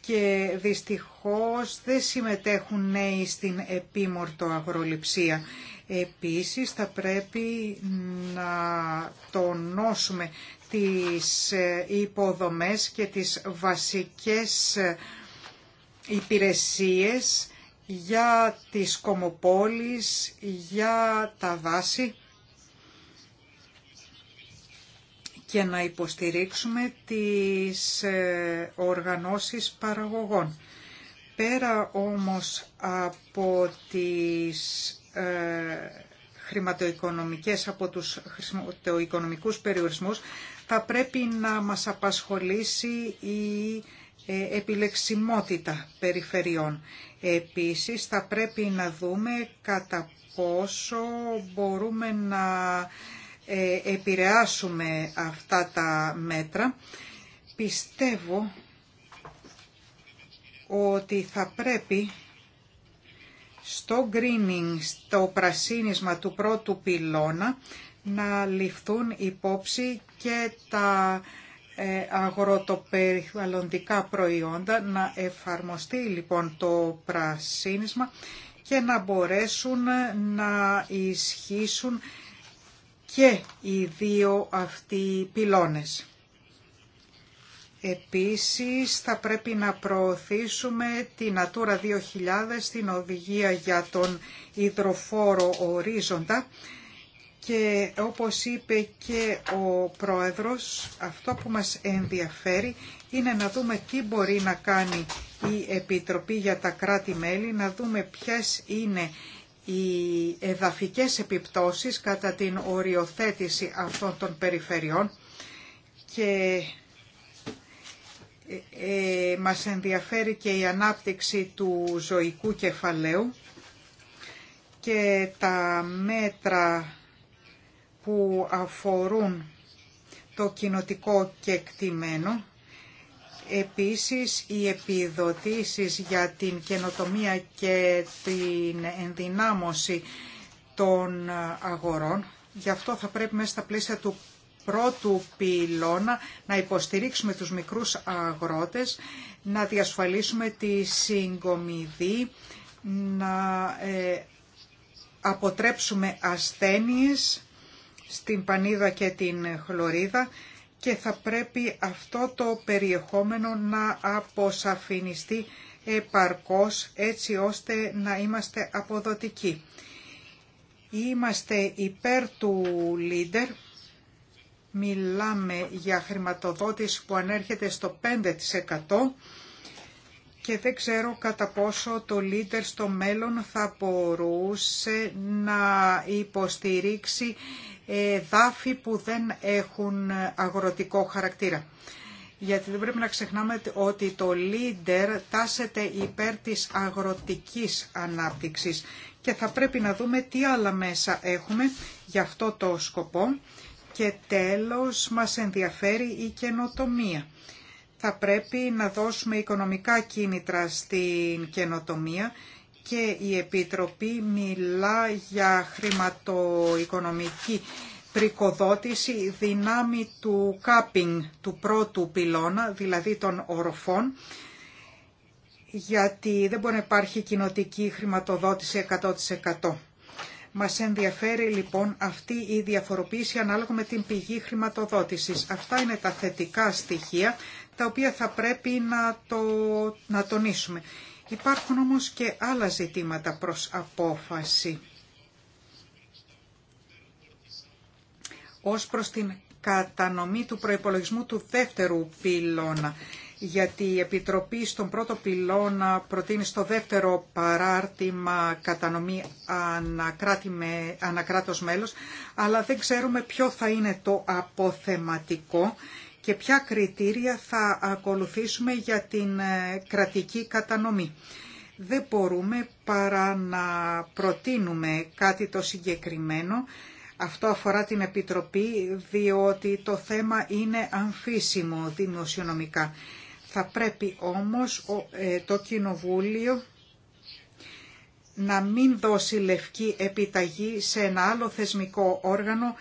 S1: και δυστυχώς δεν συμμετέχουν νέοι στην επίμορτο αγροληψία. Επίσης θα πρέπει να τονώσουμε τις ε, υποδομές και τις βασικές υπηρεσίες για τις κομοπόλεις, για τα δάση και να υποστηρίξουμε τις ε, οργανώσεις παραγωγών. Πέρα όμως από τις ε, χρηματοοικονομικές, από τους χρηματοοικονομικούς περιορισμούς, θα πρέπει να μας απασχολήσει η ε, επιλεξιμότητα περιφερειών. Επίσης, θα πρέπει να δούμε κατά πόσο μπορούμε να ε, επηρεάσουμε αυτά τα μέτρα. Πιστεύω ότι θα πρέπει στο greening, στο πρασίνισμα του πρώτου πυλώνα να ληφθούν υπόψη και τα ε, αγροτοπεριβαλλοντικά προϊόντα, να εφαρμοστεί λοιπόν το πρασίνισμα και να μπορέσουν να ισχύσουν και οι δύο αυτοί πυλώνες. Επίσης θα πρέπει να προωθήσουμε την Natura 2000 στην οδηγία για τον υδροφόρο ορίζοντα και όπως είπε και ο Πρόεδρος, αυτό που μας ενδιαφέρει είναι να δούμε τι μπορεί να κάνει η Επιτροπή για τα κράτη-μέλη, να δούμε ποιες είναι οι εδαφικές επιπτώσεις κατά την οριοθέτηση αυτών των περιφερειών και ε, ε, μας ενδιαφέρει και η ανάπτυξη του ζωικού κεφαλαίου και τα μέτρα που αφορούν το κοινοτικό κεκτημένο Επίσης, οι επιδοτήσεις για την καινοτομία και την ενδυνάμωση των αγορών. Γι' αυτό θα πρέπει μέσα στα πλαίσια του πρώτου πυλώνα να υποστηρίξουμε τους μικρούς αγρότες, να διασφαλίσουμε τη συγκομιδή, να ε, αποτρέψουμε ασθένειες στην πανίδα και την χλωρίδα και θα πρέπει αυτό το περιεχόμενο να αποσαφινιστεί επαρκώς έτσι ώστε να είμαστε αποδοτικοί. Είμαστε υπέρ του leader, μιλάμε για χρηματοδότηση που ανέρχεται στο 5% και δεν ξέρω κατά πόσο το leader στο μέλλον θα μπορούσε να υποστηρίξει ε, δάφη που δεν έχουν αγροτικό χαρακτήρα. Γιατί δεν πρέπει να ξεχνάμε ότι το Λίντερ τάσεται υπέρ της αγροτικής ανάπτυξης και θα πρέπει να δούμε τι άλλα μέσα έχουμε για αυτό το σκοπό και τέλος μας ενδιαφέρει η καινοτομία θα πρέπει να δώσουμε οικονομικά κίνητρα στην καινοτομία και η Επιτροπή μιλά για χρηματοοικονομική πρικοδότηση δυνάμει του κάπινγκ του πρώτου πυλώνα, δηλαδή των οροφών, γιατί δεν μπορεί να υπάρχει κοινοτική χρηματοδότηση 100%. Μας ενδιαφέρει λοιπόν αυτή η διαφοροποίηση ανάλογα με την πηγή χρηματοδότησης. Αυτά είναι τα θετικά στοιχεία τα οποία θα πρέπει να, το, να τονίσουμε. Υπάρχουν όμως και άλλα ζητήματα προς απόφαση. Ως προς την κατανομή του προϋπολογισμού του δεύτερου πυλώνα, γιατί η Επιτροπή στον πρώτο πυλώνα προτείνει στο δεύτερο παράρτημα κατανομή ανακράτος μέλος, αλλά δεν ξέρουμε ποιο θα είναι το αποθεματικό και ποια κριτήρια θα ακολουθήσουμε για την ε, κρατική κατανομή. Δεν μπορούμε παρά να προτείνουμε κάτι το συγκεκριμένο. Αυτό αφορά την Επιτροπή διότι το θέμα είναι αμφίσιμο δημοσιονομικά. Θα πρέπει όμως ε, το Κοινοβούλιο να μην δώσει λευκή επιταγή σε ένα άλλο θεσμικό όργανο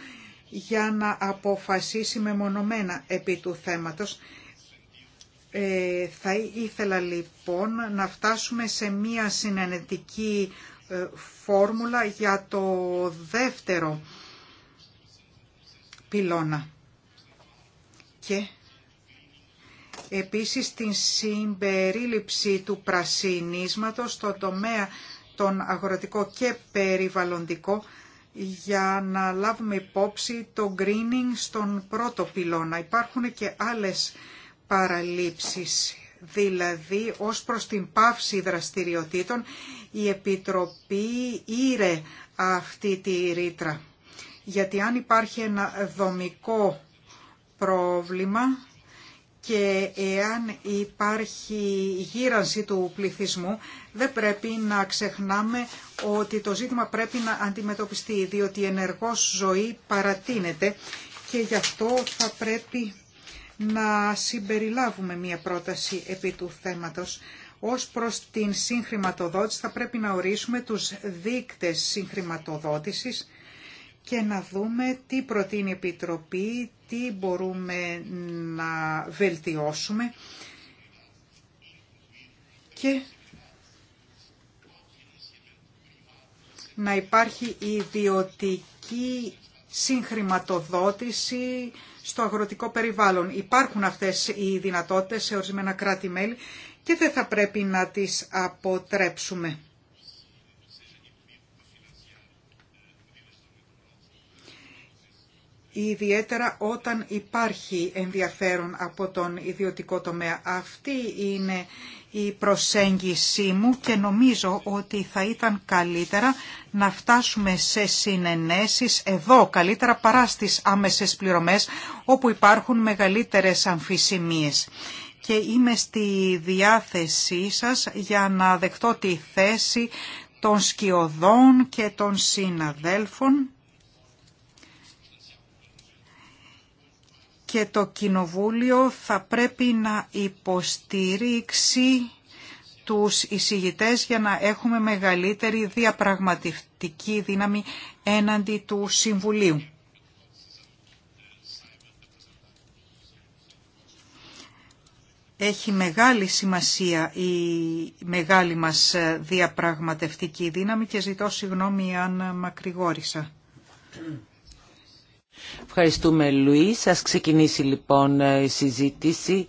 S1: για να αποφασίσει μεμονωμένα επί του θέματος. Ε, θα ήθελα λοιπόν να φτάσουμε σε μία συνενετική ε, φόρμουλα για το δεύτερο πυλώνα. Και επίσης την συμπερίληψη του πρασινίσματος στον τομέα των αγροτικό και περιβαλλοντικό για να λάβουμε υπόψη το greening στον πρώτο πυλώνα. Υπάρχουν και άλλες παραλήψεις, δηλαδή ως προς την πάυση δραστηριοτήτων η Επιτροπή ήρε αυτή τη ρήτρα. Γιατί αν υπάρχει ένα δομικό πρόβλημα και εάν υπάρχει γύρανση του πληθυσμού δεν πρέπει να ξεχνάμε ότι το ζήτημα πρέπει να αντιμετωπιστεί διότι η ενεργός ζωή παρατείνεται και γι' αυτό θα πρέπει να συμπεριλάβουμε μία πρόταση επί του θέματος. Ως προς την συγχρηματοδότηση θα πρέπει να ορίσουμε τους δείκτες συγχρηματοδότησης και να δούμε τι προτείνει η Επιτροπή, τι μπορούμε να βελτιώσουμε και να υπάρχει ιδιωτική συγχρηματοδότηση στο αγροτικό περιβάλλον. Υπάρχουν αυτές οι δυνατότητες σε ορισμένα κράτη-μέλη και δεν θα πρέπει να τις αποτρέψουμε. ιδιαίτερα όταν υπάρχει ενδιαφέρον από τον ιδιωτικό τομέα. Αυτή είναι η προσέγγιση μου και νομίζω ότι θα ήταν καλύτερα να φτάσουμε σε συνενέσεις εδώ, καλύτερα παρά στις άμεσες πληρωμές όπου υπάρχουν μεγαλύτερες αμφισημίες. Και είμαι στη διάθεσή σας για να δεχτώ τη θέση των σκιωδών και των συναδέλφων και το Κοινοβούλιο θα πρέπει να υποστηρίξει τους εισηγητές για να έχουμε μεγαλύτερη διαπραγματευτική δύναμη έναντι του Συμβουλίου. Έχει μεγάλη σημασία η μεγάλη μας διαπραγματευτική δύναμη και ζητώ συγγνώμη αν μακρηγόρησα.
S2: Ευχαριστούμε Λουίς. Ας ξεκινήσει λοιπόν ε, η συζήτηση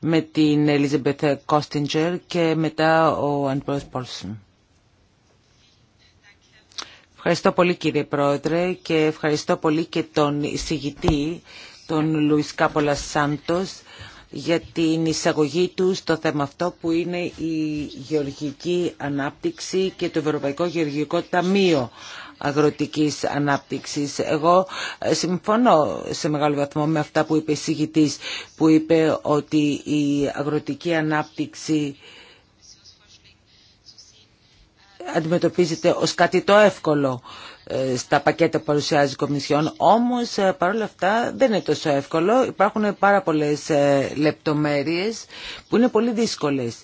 S2: με την Elizabeth Κόστιντζερ και μετά ο Αντρός Πόλσον. Ευχαριστώ πολύ κύριε Πρόεδρε και ευχαριστώ πολύ και τον εισηγητή, τον Λουίς Κάπολα Σάντος, για την εισαγωγή του στο θέμα αυτό που είναι η γεωργική ανάπτυξη και το Ευρωπαϊκό Γεωργικό Ταμείο αγροτικής ανάπτυξης. Εγώ ε, συμφωνώ σε μεγάλο βαθμό με αυτά που είπε η συγητής, που είπε ότι η αγροτική ανάπτυξη αντιμετωπίζεται ως κάτι το εύκολο ε, στα πακέτα που παρουσιάζει η Κομισιόν. Όμως ε, παρόλα αυτά δεν είναι τόσο εύκολο. Υπάρχουν πάρα πολλές λεπτομέρειες που είναι πολύ δύσκολες.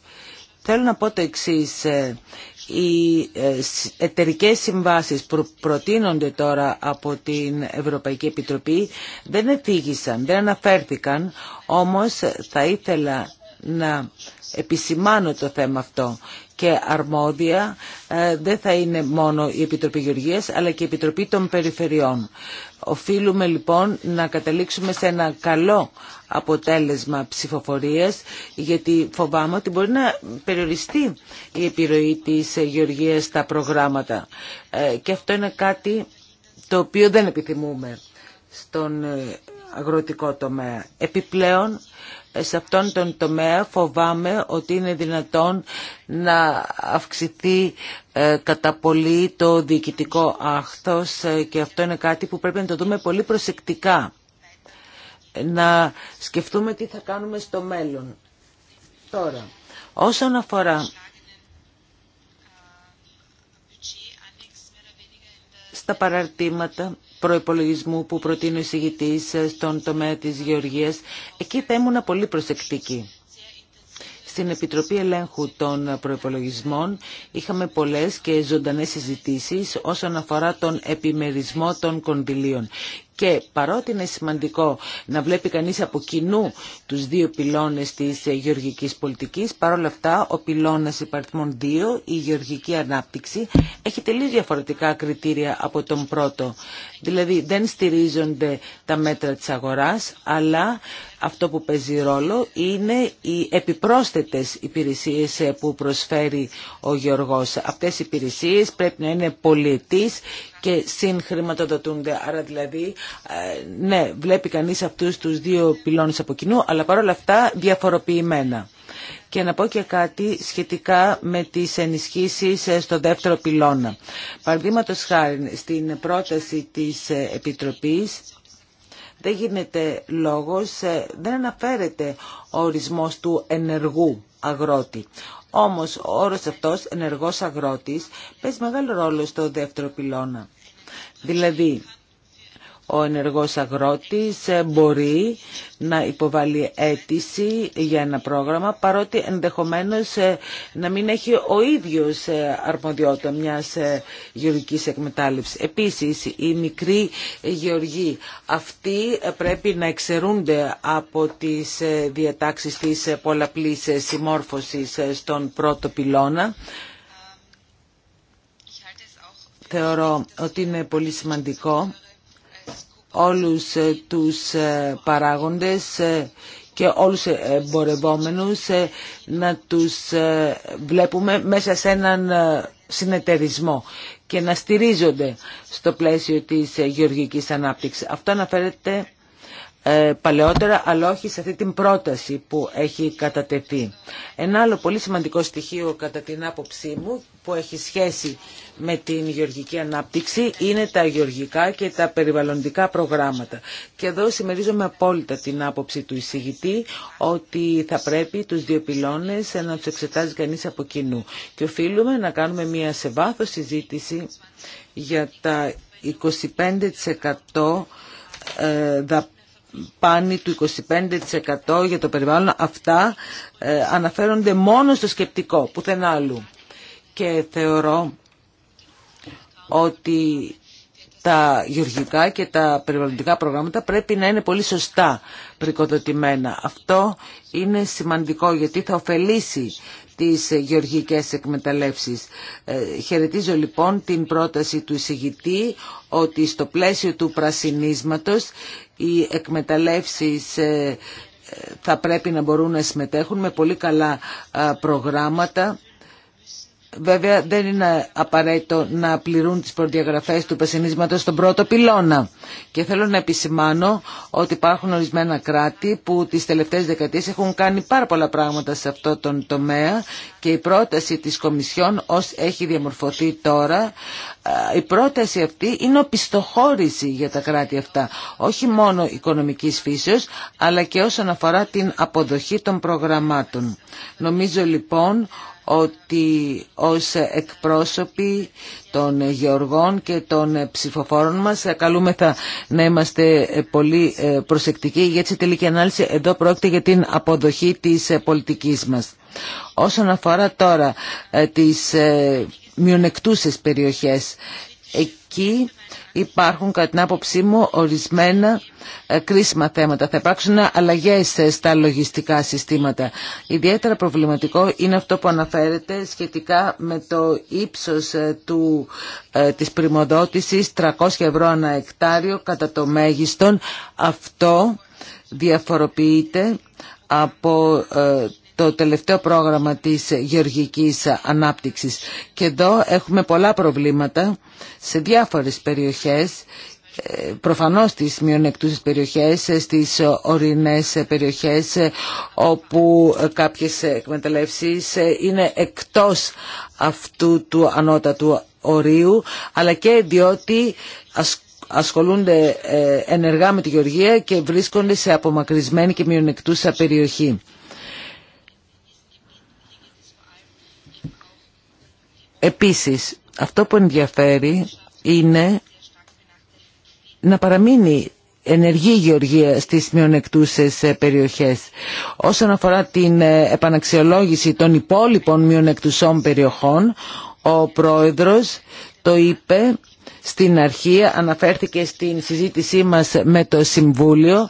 S2: Θέλω να πω το εξής οι ε, εταιρικέ συμβάσεις που προτείνονται τώρα από την Ευρωπαϊκή Επιτροπή δεν εφήγησαν, δεν αναφέρθηκαν, όμως θα ήθελα να επισημάνω το θέμα αυτό και αρμόδια ε, δεν θα είναι μόνο η Επιτροπή Γεωργίας αλλά και η Επιτροπή των Περιφερειών. Οφείλουμε λοιπόν να καταλήξουμε σε ένα καλό αποτέλεσμα ψηφοφορίας γιατί φοβάμαι ότι μπορεί να περιοριστεί η επιρροή της Γεωργίας στα προγράμματα ε, και αυτό είναι κάτι το οποίο δεν επιθυμούμε στον ε, αγροτικό τομέα. Επιπλέον σε αυτόν τον τομέα φοβάμαι ότι είναι δυνατόν να αυξηθεί ε, κατά πολύ το διοικητικό άχθος ε, και αυτό είναι κάτι που πρέπει να το δούμε πολύ προσεκτικά. Να σκεφτούμε τι θα κάνουμε στο μέλλον. Τώρα, όσον αφορά στα παραρτήματα Προπολογισμού που προτείνει ο εισηγητής στον τομέα της γεωργίας, εκεί θα ήμουν πολύ προσεκτική. Στην Επιτροπή Ελέγχου των Προϋπολογισμών είχαμε πολλές και ζωντανές συζητήσεις όσον αφορά τον επιμερισμό των κονδυλίων. Και παρότι είναι σημαντικό να βλέπει κανείς από κοινού τους δύο πυλώνες της ε, γεωργικής πολιτικής, παρόλα αυτά ο πυλώνας υπαριθμών 2, η γεωργική ανάπτυξη, έχει τελείως διαφορετικά κριτήρια από τον πρώτο. Δηλαδή δεν στηρίζονται τα μέτρα της αγοράς, αλλά αυτό που παίζει ρόλο είναι οι επιπρόσθετες υπηρεσίες ε, που προσφέρει ο Γεωργός. Αυτές οι υπηρεσίες πρέπει να είναι πολιετής και συγχρηματοδοτούνται. Άρα δηλαδή, ε, ναι, βλέπει κανείς αυτούς τους δύο πυλώνες από κοινού, αλλά παρόλα αυτά διαφοροποιημένα. Και να πω και κάτι σχετικά με τις ενισχύσεις ε, στο δεύτερο πυλώνα. Παραδείγματο χάρη στην πρόταση της ε, Επιτροπής δεν γίνεται λόγος, δεν αναφέρεται ο ορισμός του ενεργού αγρότη. Όμως ο όρος αυτός ενεργός αγρότης παίζει μεγάλο ρόλο στο δεύτερο πυλώνα. Δηλαδή ο ενεργός αγρότης ε, μπορεί να υποβάλει αίτηση για ένα πρόγραμμα παρότι ενδεχομένως ε, να μην έχει ο ίδιος ε, αρμοδιότητα μιας γεωργικής εκμετάλλευσης. Επίσης, οι μικροί γεωργοί αυτοί πρέπει να εξαιρούνται από τις διατάξεις της πολλαπλής συμμόρφωσης στον πρώτο πυλώνα θεωρώ ότι είναι πολύ σημαντικό όλους ε, τους ε, παράγοντες ε, και όλους εμπορευόμενους να τους βλέπουμε μέσα σε έναν συνεταιρισμό και να στηρίζονται στο πλαίσιο της γεωργικής ανάπτυξης. Αυτό αναφέρεται ε, παλαιότερα, αλλά όχι σε αυτή την πρόταση που έχει κατατεθεί. Ένα άλλο πολύ σημαντικό στοιχείο κατά την άποψή μου που έχει σχέση με την γεωργική ανάπτυξη είναι τα γεωργικά και τα περιβαλλοντικά προγράμματα. Και εδώ συμμερίζομαι απόλυτα την άποψη του εισηγητή ότι θα πρέπει τους δύο πυλώνες να τους εξετάζει κανείς από κοινού. Και οφείλουμε να κάνουμε μια σε βάθος συζήτηση για τα 25% ε, δαπάνω πάνη του 25% για το περιβάλλον, αυτά ε, αναφέρονται μόνο στο σκεπτικό, πουθενά άλλου. Και θεωρώ ότι τα γεωργικά και τα περιβαλλοντικά προγράμματα πρέπει να είναι πολύ σωστά πρικοδοτημένα. Αυτό είναι σημαντικό γιατί θα ωφελήσει τις γεωργικές εκμεταλλεύσεις. Ε, χαιρετίζω λοιπόν την πρόταση του εισηγητή ότι στο πλαίσιο του πρασινίσματος οι εκμεταλλεύσεις ε, ε, θα πρέπει να μπορούν να συμμετέχουν με πολύ καλά προγράμματα βέβαια δεν είναι απαραίτητο να πληρούν τις προδιαγραφές του πεσενίσματος στον πρώτο πυλώνα. Και θέλω να επισημάνω ότι υπάρχουν ορισμένα κράτη που τις τελευταίες δεκαετίες έχουν κάνει πάρα πολλά πράγματα σε αυτό τον τομέα και η πρόταση της Κομισιόν ως έχει διαμορφωθεί τώρα η πρόταση αυτή είναι οπισθοχώρηση για τα κράτη αυτά όχι μόνο οικονομικής φύσεως αλλά και όσον αφορά την αποδοχή των προγραμμάτων. Νομίζω λοιπόν ότι ως εκπρόσωποι των γεωργών και των ψηφοφόρων μας ε, καλούμεθα να είμαστε ε, πολύ ε, προσεκτικοί γιατί σε τελική ανάλυση εδώ πρόκειται για την αποδοχή της πολιτικής μας. Όσον αφορά τώρα ε, τις ε, μειονεκτούσες περιοχές, εκεί υπάρχουν κατά την άποψή μου ορισμένα ε, κρίσιμα θέματα. Θα υπάρξουν αλλαγές στα λογιστικά συστήματα. Ιδιαίτερα προβληματικό είναι αυτό που αναφέρεται σχετικά με το ύψος του, της πρημοδότησης 300 ευρώ ανά εκτάριο κατά το μέγιστον. Αυτό διαφοροποιείται από το τελευταίο πρόγραμμα της γεωργικής ανάπτυξης. Και εδώ έχουμε πολλά προβλήματα σε διάφορες περιοχές προφανώς στις μειονεκτούσες περιοχές, στις ορεινές περιοχές όπου κάποιες εκμεταλλεύσεις είναι εκτός αυτού του ανώτατου ορίου αλλά και διότι ασχολούνται ε, ενεργά με τη γεωργία και βρίσκονται σε απομακρυσμένη και μειονεκτούσα περιοχή. Επίσης, αυτό που ενδιαφέρει είναι να παραμείνει ενεργή γεωργία στις μειονεκτούσες ε, περιοχές. Όσον αφορά την ε, επαναξιολόγηση των υπόλοιπων μειονεκτουσών περιοχών, ο πρόεδρος το είπε στην αρχή, αναφέρθηκε στην συζήτησή μας με το Συμβούλιο,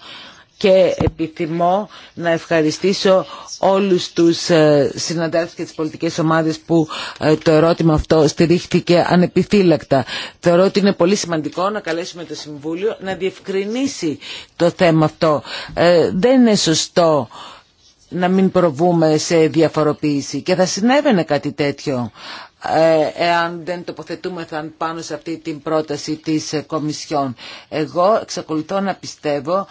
S2: και επιθυμώ να ευχαριστήσω όλους τους ε, συναντάτες και τις πολιτικές ομάδες που ε, το ερώτημα αυτό στηρίχθηκε ανεπιθύλακτα. Θεωρώ ότι είναι πολύ σημαντικό να καλέσουμε το Συμβούλιο να διευκρινίσει το θέμα αυτό. Ε, δεν είναι σωστό να μην προβούμε σε διαφοροποίηση και θα συνέβαινε κάτι τέτοιο εάν δεν τοποθετούμε πάνω σε αυτή την πρόταση της Κομισιόν. Εγώ εξακολουθώ να πιστεύω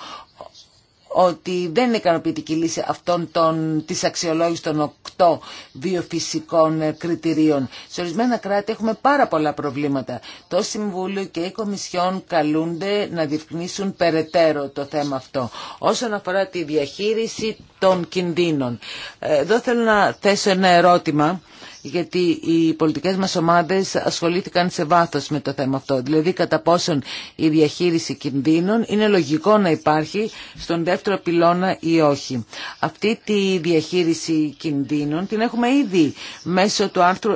S2: ότι δεν είναι ικανοποιητική λύση αυτών των, της αξιολόγησης των οκτώ βιοφυσικών ε, κριτηρίων. Σε ορισμένα κράτη έχουμε πάρα πολλά προβλήματα. Το Συμβούλιο και οι Κομισιόν καλούνται να διευκνήσουν περαιτέρω το θέμα αυτό. Όσον αφορά τη διαχείριση των κινδύνων. Ε, εδώ θέλω να θέσω ένα ερώτημα γιατί οι πολιτικές μας ομάδες ασχολήθηκαν σε βάθος με το θέμα αυτό. Δηλαδή κατά πόσον η διαχείριση κινδύνων είναι λογικό να υπάρχει στον δεύτερο πυλώνα ή όχι. Αυτή τη διαχείριση κινδύνων την έχουμε ήδη μέσω του άρθρου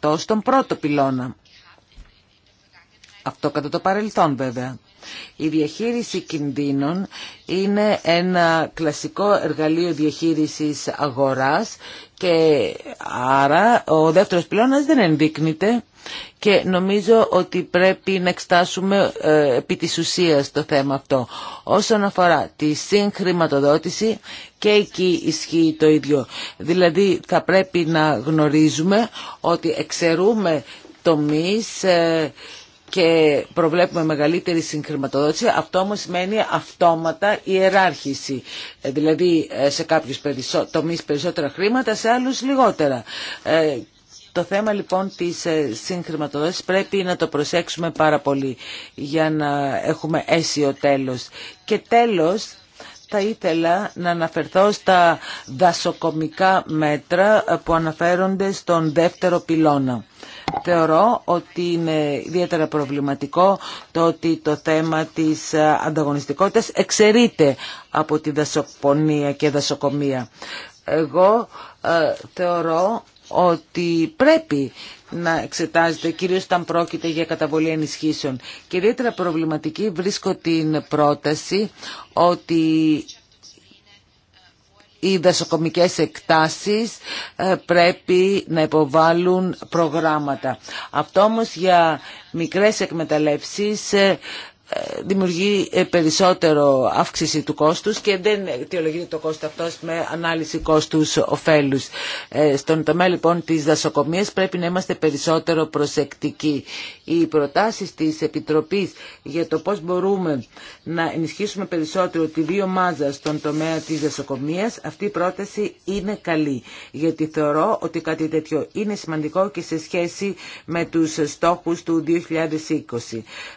S2: 68 στον πρώτο πυλώνα. Αυτό κατά το παρελθόν βέβαια. Η διαχείριση κινδύνων είναι ένα κλασικό εργαλείο διαχείρισης αγοράς και άρα ο δεύτερος πυλώνας δεν ενδείκνυται και νομίζω ότι πρέπει να εξτάσουμε ε, επί της ουσίας το θέμα αυτό. Όσον αφορά τη συγχρηματοδότηση και εκεί ισχύει το ίδιο. Δηλαδή θα πρέπει να γνωρίζουμε ότι εξαιρούμε τομείς ε, και προβλέπουμε μεγαλύτερη συγχρηματοδότηση, αυτό όμω σημαίνει αυτόματα ιεράρχηση. Ε, δηλαδή ε, σε κάποιους τομεί περισσότερα χρήματα, σε άλλου λιγότερα. Ε, το θέμα λοιπόν της συγχρηματοδότησης πρέπει να το προσέξουμε πάρα πολύ για να έχουμε αίσιο τέλος. Και τέλος θα ήθελα να αναφερθώ στα δασοκομικά μέτρα που αναφέρονται στον δεύτερο πυλώνα. Θεωρώ ότι είναι ιδιαίτερα προβληματικό το ότι το θέμα της ανταγωνιστικότητας εξαιρείται από τη δασοπονία και δασοκομεία. Εγώ ε, θεωρώ ότι πρέπει να εξετάζεται, κυρίως όταν πρόκειται για καταβολή ενισχύσεων. Και ιδιαίτερα προβληματική βρίσκω την πρόταση ότι οι δασοκομικές εκτάσεις ε, πρέπει να υποβάλουν προγράμματα. Αυτό όμως για μικρές εκμεταλλεύσεις ε, δημιουργεί ε, περισσότερο αύξηση του κόστους και δεν αιτιολογείται το κόστος αυτός με ανάλυση κόστους ωφέλους. Ε, στον τομέα λοιπόν της δασοκομείας πρέπει να είμαστε περισσότερο προσεκτικοί. Οι προτάσεις της Επιτροπής για το πώς μπορούμε να ενισχύσουμε περισσότερο τη βιομάζα στον τομέα της δασοκομείας, αυτή η πρόταση είναι καλή. Γιατί θεωρώ ότι κάτι τέτοιο είναι σημαντικό και σε σχέση με τους στόχους του 2020.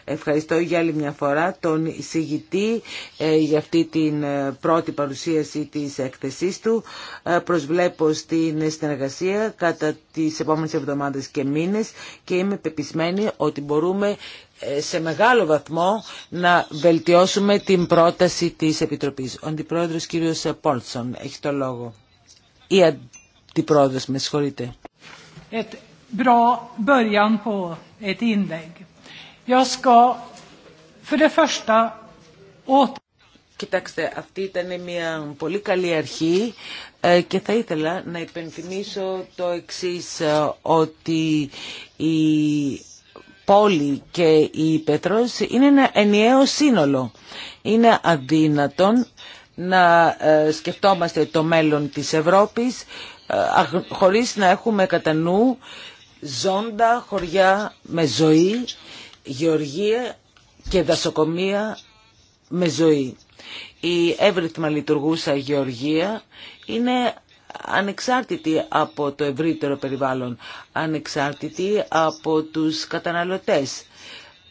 S2: Ευχαριστώ για άλλη μια φορά τον εισηγητή ε, για αυτή την ε, πρώτη παρουσίαση της έκθεσής του. Ε, προσβλέπω στην συνεργασία κατά τις επόμενες εβδομάδες και μήνες και είμαι πεπισμένη ότι μπορούμε σε μεγάλο βαθμό να βελτιώσουμε την πρόταση της Επιτροπής. Ο Αντιπρόεδρος κ. Πόλτσον έχει το λόγο. Ή Αντιπρόεδρος, με συγχωρείτε.
S1: Ett bra början
S2: Κοιτάξτε, αυτή ήταν μια πολύ καλή αρχή ε, και θα ήθελα να υπενθυμίσω το εξής, ε, ότι η πόλη και η πετρός είναι ένα ενιαίο σύνολο. Είναι αδύνατον να ε, σκεφτόμαστε το μέλλον της Ευρώπης χωρίς να έχουμε κατά νου ζώντα χωριά με ζωή, γεωργία και δασοκομεία με ζωή. Η εύρυθμα λειτουργούσα γεωργία είναι ανεξάρτητη από το ευρύτερο περιβάλλον, ανεξάρτητη από τους καταναλωτές.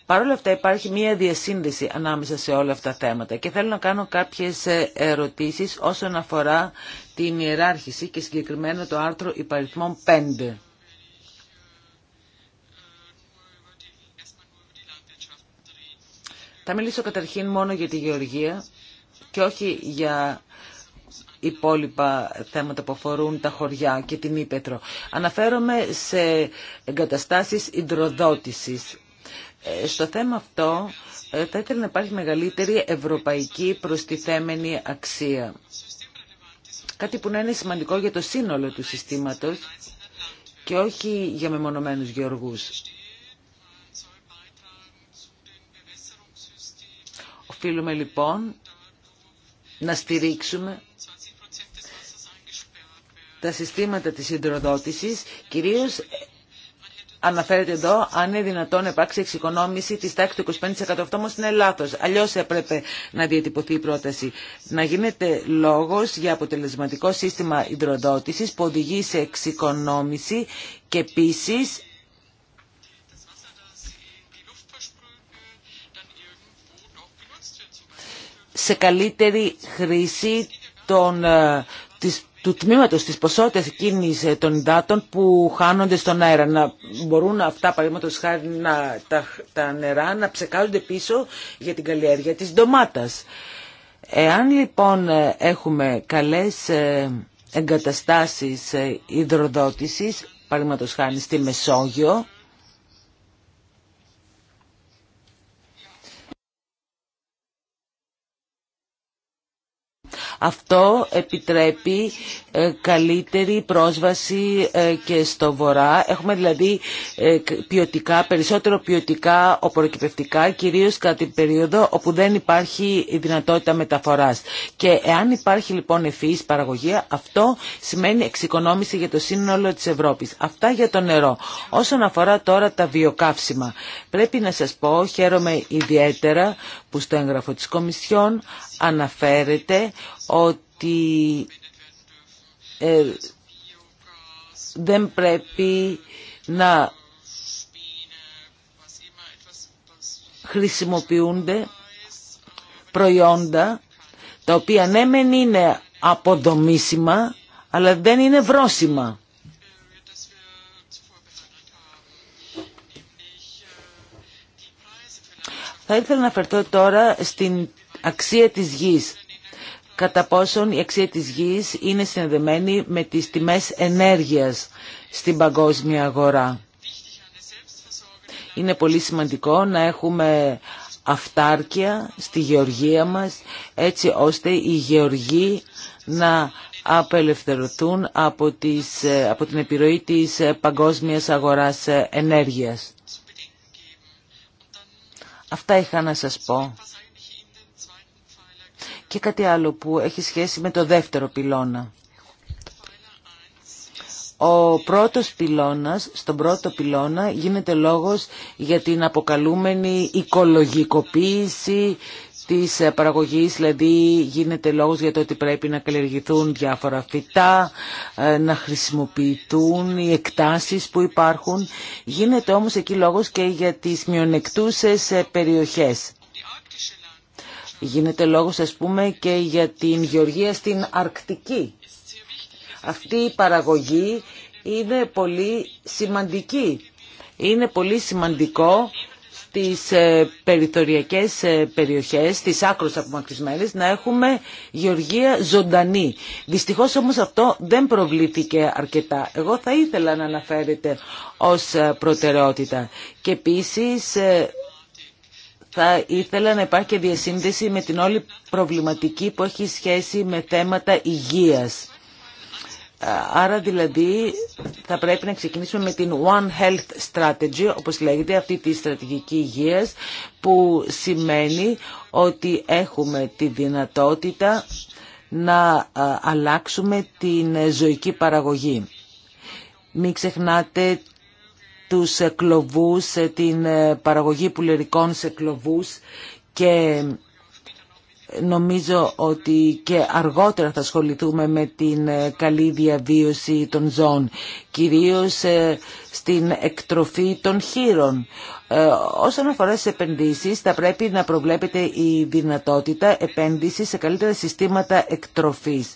S2: Παρ' όλα αυτά υπάρχει μία διασύνδεση ανάμεσα σε όλα αυτά τα θέματα και θέλω να κάνω κάποιες ε, ερωτήσεις όσον αφορά την ιεράρχηση και συγκεκριμένα το άρθρο υπαριθμών 5. Θα μιλήσω καταρχήν μόνο για τη γεωργία και όχι για υπόλοιπα θέματα που αφορούν τα χωριά και την Ήπετρο. Αναφέρομαι σε εγκαταστάσεις υδροδότησης. Ε, στο θέμα αυτό ε, θα ήθελα να υπάρχει μεγαλύτερη ευρωπαϊκή προστιθέμενη αξία. Κάτι που να είναι σημαντικό για το σύνολο του συστήματος και όχι για μεμονωμένους γεωργούς. Οφείλουμε λοιπόν να στηρίξουμε τα συστήματα της συντροδότησης, κυρίως Αναφέρεται εδώ αν είναι δυνατόν να υπάρξει εξοικονόμηση τη τάξη του 25%. Αυτό όμω είναι λάθο. Αλλιώ έπρεπε να διατυπωθεί η πρόταση. Να γίνεται λόγο για αποτελεσματικό σύστημα υδροδότηση που οδηγεί σε εξοικονόμηση και επίση σε καλύτερη χρήση των, ε, του τμήματος της ποσότητας εκείνης ε, των υδάτων που χάνονται στον αέρα. Να μπορούν αυτά, παραδείγματος χάρη, να, τα, τα νερά να ψεκάζονται πίσω για την καλλιέργεια της ντομάτας. Εάν λοιπόν ε, έχουμε καλές εγκαταστάσεις υδροδότησης, παραδείγματος χάρη στη Μεσόγειο, Αυτό επιτρέπει ε, καλύτερη πρόσβαση ε, και στο βορρά. Έχουμε δηλαδή ε, ποιοτικά, περισσότερο ποιοτικά οπωροκυπευτικά, κυρίως κατά την περίοδο όπου δεν υπάρχει η δυνατότητα μεταφοράς. Και εάν υπάρχει λοιπόν ευφυής παραγωγή, αυτό σημαίνει εξοικονόμηση για το σύνολο της Ευρώπης. Αυτά για το νερό. Όσον αφορά τώρα τα βιοκαύσιμα, πρέπει να σας πω, χαίρομαι ιδιαίτερα που στο έγγραφο της Κομισιόν αναφέρεται ότι ε, δεν πρέπει να χρησιμοποιούνται προϊόντα τα οποία ναι είναι αποδομήσιμα αλλά δεν είναι βρόσιμα. Θα ήθελα να αφαιρθώ τώρα στην αξία της γης. Κατά πόσον η αξία της γης είναι συνδεμένη με τις τιμές ενέργειας στην παγκόσμια αγορά. Είναι πολύ σημαντικό να έχουμε αυτάρκεια στη γεωργία μας, έτσι ώστε οι γεωργοί να απελευθερωθούν από, τις, από την επιρροή της παγκόσμιας αγοράς ενέργειας. Αυτά είχα να σας πω. Και κάτι άλλο που έχει σχέση με το δεύτερο πυλώνα. Ο πρώτος πυλώνας, στον πρώτο πυλώνα γίνεται λόγος για την αποκαλούμενη οικολογικοποίηση της παραγωγής, δηλαδή γίνεται λόγος για το ότι πρέπει να καλλιεργηθούν διάφορα φυτά, ε, να χρησιμοποιηθούν οι εκτάσεις που υπάρχουν. Γίνεται όμως εκεί λόγος και για τις μειονεκτούσες ε, περιοχές. Γίνεται λόγος, ας πούμε, και για την γεωργία στην Αρκτική. Αυτή η παραγωγή είναι πολύ σημαντική. Είναι πολύ σημαντικό στις ε, περιθωριακές ε, περιοχές, στις άκρως απομακρυσμένες, να έχουμε γεωργία ζωντανή. Δυστυχώς όμως αυτό δεν προβλήθηκε αρκετά. Εγώ θα ήθελα να αναφέρεται ως ε, προτεραιότητα. Και επίσης θα ήθελα να υπάρχει και διασύνδεση με την όλη προβληματική που έχει σχέση με θέματα υγείας. Άρα δηλαδή θα πρέπει να ξεκινήσουμε με την One Health Strategy, όπως λέγεται αυτή τη στρατηγική υγείας, που σημαίνει ότι έχουμε τη δυνατότητα να αλλάξουμε την ζωική παραγωγή. Μην ξεχνάτε τους κλοβούς, ε, την ε, παραγωγή πουλερικών σε και νομίζω ότι και αργότερα θα ασχοληθούμε με την ε, καλή διαβίωση των ζώων, κυρίως στην εκτροφή των χείρων. Όσον αφορά τι επενδύσεις, θα πρέπει να προβλέπεται η δυνατότητα επένδυσης σε καλύτερα συστήματα εκτροφής.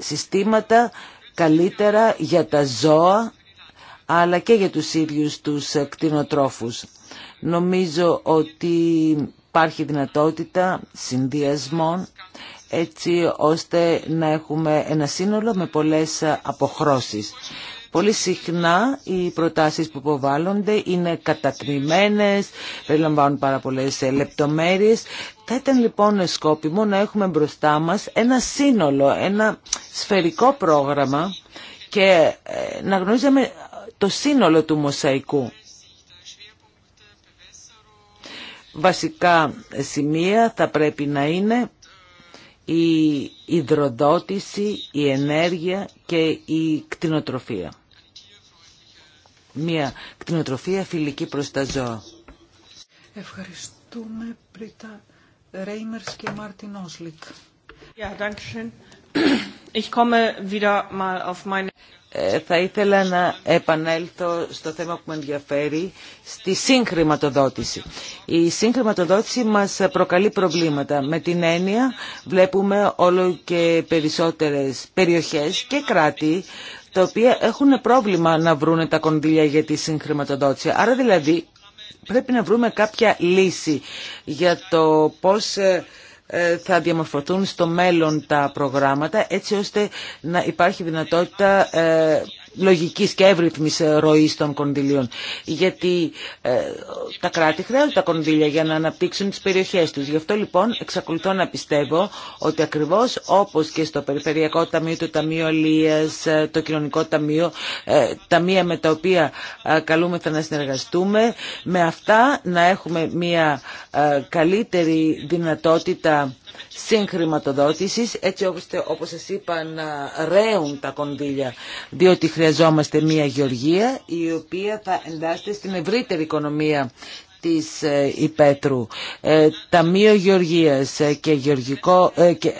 S2: Συστήματα καλύτερα για τα ζώα αλλά και για τους ίδιους τους κτηνοτρόφους. Νομίζω ότι υπάρχει δυνατότητα συνδυασμών έτσι ώστε να έχουμε ένα σύνολο με πολλές αποχρώσεις. Πολύ συχνά οι προτάσεις που υποβάλλονται είναι κατατριμμένες, περιλαμβάνουν πάρα πολλές λεπτομέρειες. Θα ήταν λοιπόν σκόπιμο να έχουμε μπροστά μας ένα σύνολο, ένα σφαιρικό πρόγραμμα και ε, να γνωρίζαμε το σύνολο του μοσαϊκού. Βασικά σημεία θα πρέπει να είναι η υδροδότηση, η ενέργεια και η κτηνοτροφία. Μία κτηνοτροφία φιλική προς τα ζώα.
S1: Ευχαριστούμε Πρίτα Ρέιμερς και Μάρτιν Όσλικ.
S2: Ε, θα ήθελα να επανέλθω στο θέμα που με ενδιαφέρει, στη συγχρηματοδότηση. Η συγχρηματοδότηση μας προκαλεί προβλήματα. Με την έννοια βλέπουμε όλο και περισσότερες περιοχές και κράτη τα οποία έχουν πρόβλημα να βρουν τα κονδύλια για τη συγχρηματοδότηση. Άρα δηλαδή πρέπει να βρούμε κάποια λύση για το πώς ε, ε, θα διαμορφωθούν στο μέλλον τα προγράμματα έτσι ώστε να υπάρχει δυνατότητα ε, λογικής και εύρυθμης ε, ροής των κονδυλίων. Γιατί ε, τα κράτη χρειάζονται τα κονδύλια για να αναπτύξουν τις περιοχές τους. Γι' αυτό λοιπόν εξακολουθώ να πιστεύω ότι ακριβώς όπως και στο Περιφερειακό Ταμείο, το Ταμείο Αλίας, ε, το Κοινωνικό Ταμείο, ταμεία με τα οποία ε, καλούμεθα να συνεργαστούμε, με αυτά να έχουμε μια καλύτερη δυνατότητα συγχρηματοδότησης έτσι ώστε όπως σας είπα να ρέουν τα κονδύλια διότι χρειαζόμαστε μια γεωργία η οποία θα εντάσσεται στην ευρύτερη οικονομία της ε, Υπέτρου ε, Ταμείο Γεωργίας ε, και, Γεωργικό, και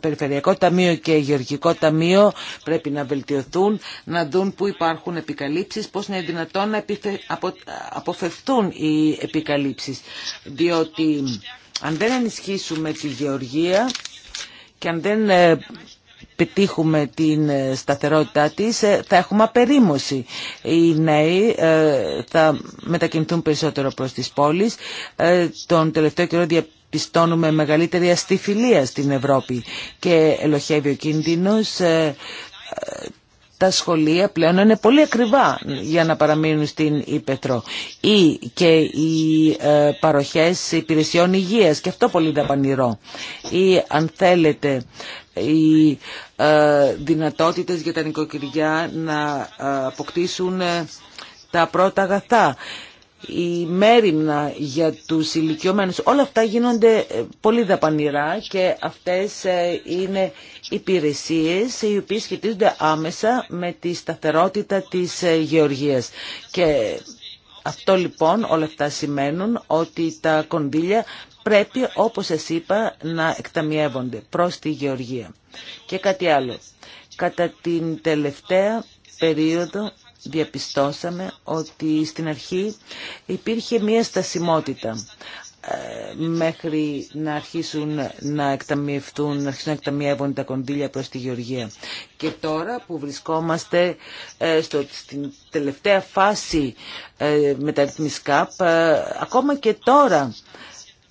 S2: Περιφερειακό Ταμείο και Γεωργικό Ταμείο πρέπει να βελτιωθούν να δουν που υπάρχουν επικαλύψεις πώς είναι δυνατόν να επιθε... αποφευθούν οι επικαλύψεις διότι αν δεν ενισχύσουμε τη γεωργία και αν δεν ε, πετύχουμε την ε, σταθερότητά της, ε, θα έχουμε απερίμωση. Οι νέοι θα μετακινηθούν περισσότερο προς τις πόλεις. Τον τελευταίο καιρό διαπιστώνουμε μεγαλύτερη αστιφιλία στην Ευρώπη και ελοχεύει ο κίνδυνος τα σχολεία πλέον είναι πολύ ακριβά για να παραμείνουν στην Ήπετρο ή και οι ε, παροχές υπηρεσιών υγείας και αυτό πολύ δαπανηρό ή αν θέλετε οι ε, δυνατότητες για τα νοικοκυριά να ε, αποκτήσουν τα πρώτα αγαθά η μέρημνα για τους ηλικιωμένους. Όλα αυτά γίνονται ε, πολύ δαπανηρά και αυτές ε, είναι υπηρεσίες οι οποίες σχετίζονται άμεσα με τη σταθερότητα της ε, γεωργίας. Και αυτό λοιπόν όλα αυτά σημαίνουν ότι τα κονδύλια πρέπει όπως σας είπα να εκταμιεύονται προς τη γεωργία. Και κάτι άλλο. Κατά την τελευταία περίοδο διαπιστώσαμε ότι στην αρχή υπήρχε μία στασιμότητα ε, μέχρι να αρχίσουν να εκταμιευτούν, να αρχίσουν να εκταμιεύουν τα κονδύλια προς τη Γεωργία. Και τώρα που βρισκόμαστε ε, στο, στην τελευταία φάση ε, μεταρρυθμής ε, ακόμα και τώρα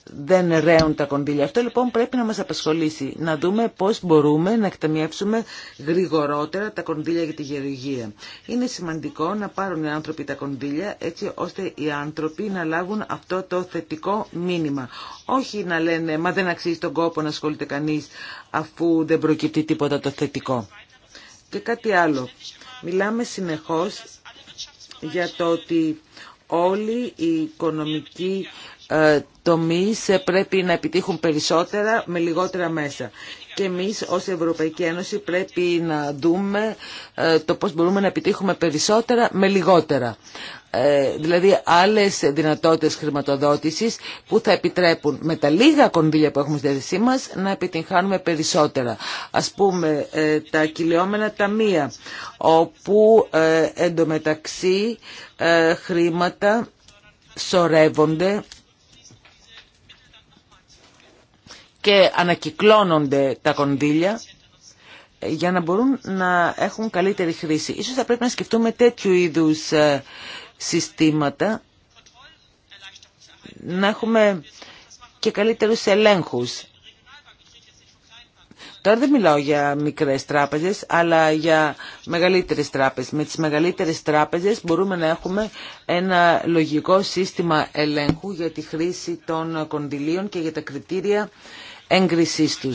S2: δεν ρέουν τα κονδύλια. Αυτό λοιπόν πρέπει να μας απασχολήσει, να δούμε πώς μπορούμε να εκταμιεύσουμε γρηγορότερα τα κονδύλια για τη γεωργία. Είναι σημαντικό να πάρουν οι άνθρωποι τα κονδύλια έτσι ώστε οι άνθρωποι να λάβουν αυτό το θετικό μήνυμα. Όχι να λένε μα δεν αξίζει τον κόπο να ασχολείται κανείς αφού δεν προκύπτει τίποτα το θετικό. Και κάτι άλλο. Μιλάμε συνεχώς για το ότι όλοι οι οικονομικοί ε, τομείς ε, πρέπει να επιτύχουν περισσότερα με λιγότερα μέσα. Και εμείς ως Ευρωπαϊκή Ένωση πρέπει να δούμε ε, το πώς μπορούμε να επιτύχουμε περισσότερα με λιγότερα. Δηλαδή άλλες δυνατότητες χρηματοδότησης που θα επιτρέπουν με τα λίγα κονδύλια που έχουμε στη διάθεσή μας να επιτυγχάνουμε περισσότερα. Ας πούμε τα κυλιόμενα ταμεία όπου εντωμεταξύ χρήματα σορεύονται και ανακυκλώνονται τα κονδύλια ε, για να μπορούν να έχουν καλύτερη χρήση. Ίσως θα πρέπει να σκεφτούμε τέτοιου είδους ε, συστήματα, να έχουμε και καλύτερους ελέγχους. Τώρα δεν μιλάω για μικρές τράπεζες, αλλά για μεγαλύτερες τράπεζες. Με τις μεγαλύτερες τράπεζες μπορούμε να έχουμε ένα λογικό σύστημα ελέγχου για τη χρήση των κονδυλίων και για τα κριτήρια Έγκρισή του.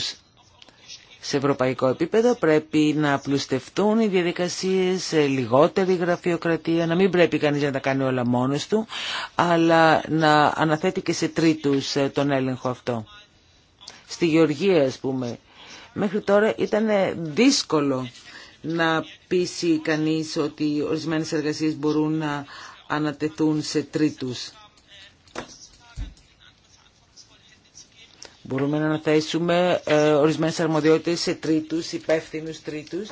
S2: σε ευρωπαϊκό επίπεδο πρέπει να πλουστευτούν οι διαδικασίες, λιγότερη γραφειοκρατία, να μην πρέπει κανείς να τα κάνει όλα μόνος του, αλλά να αναθέτει και σε τρίτους ε, τον έλεγχο αυτό. Στη Γεωργία, ας πούμε, μέχρι τώρα ήταν δύσκολο να πείσει κανείς ότι ορισμένες εργασίες μπορούν να ανατεθούν σε τρίτους. Μπορούμε να θέσουμε ε, ορισμένες αρμοδιότητες σε τρίτους, υπεύθυνου τρίτους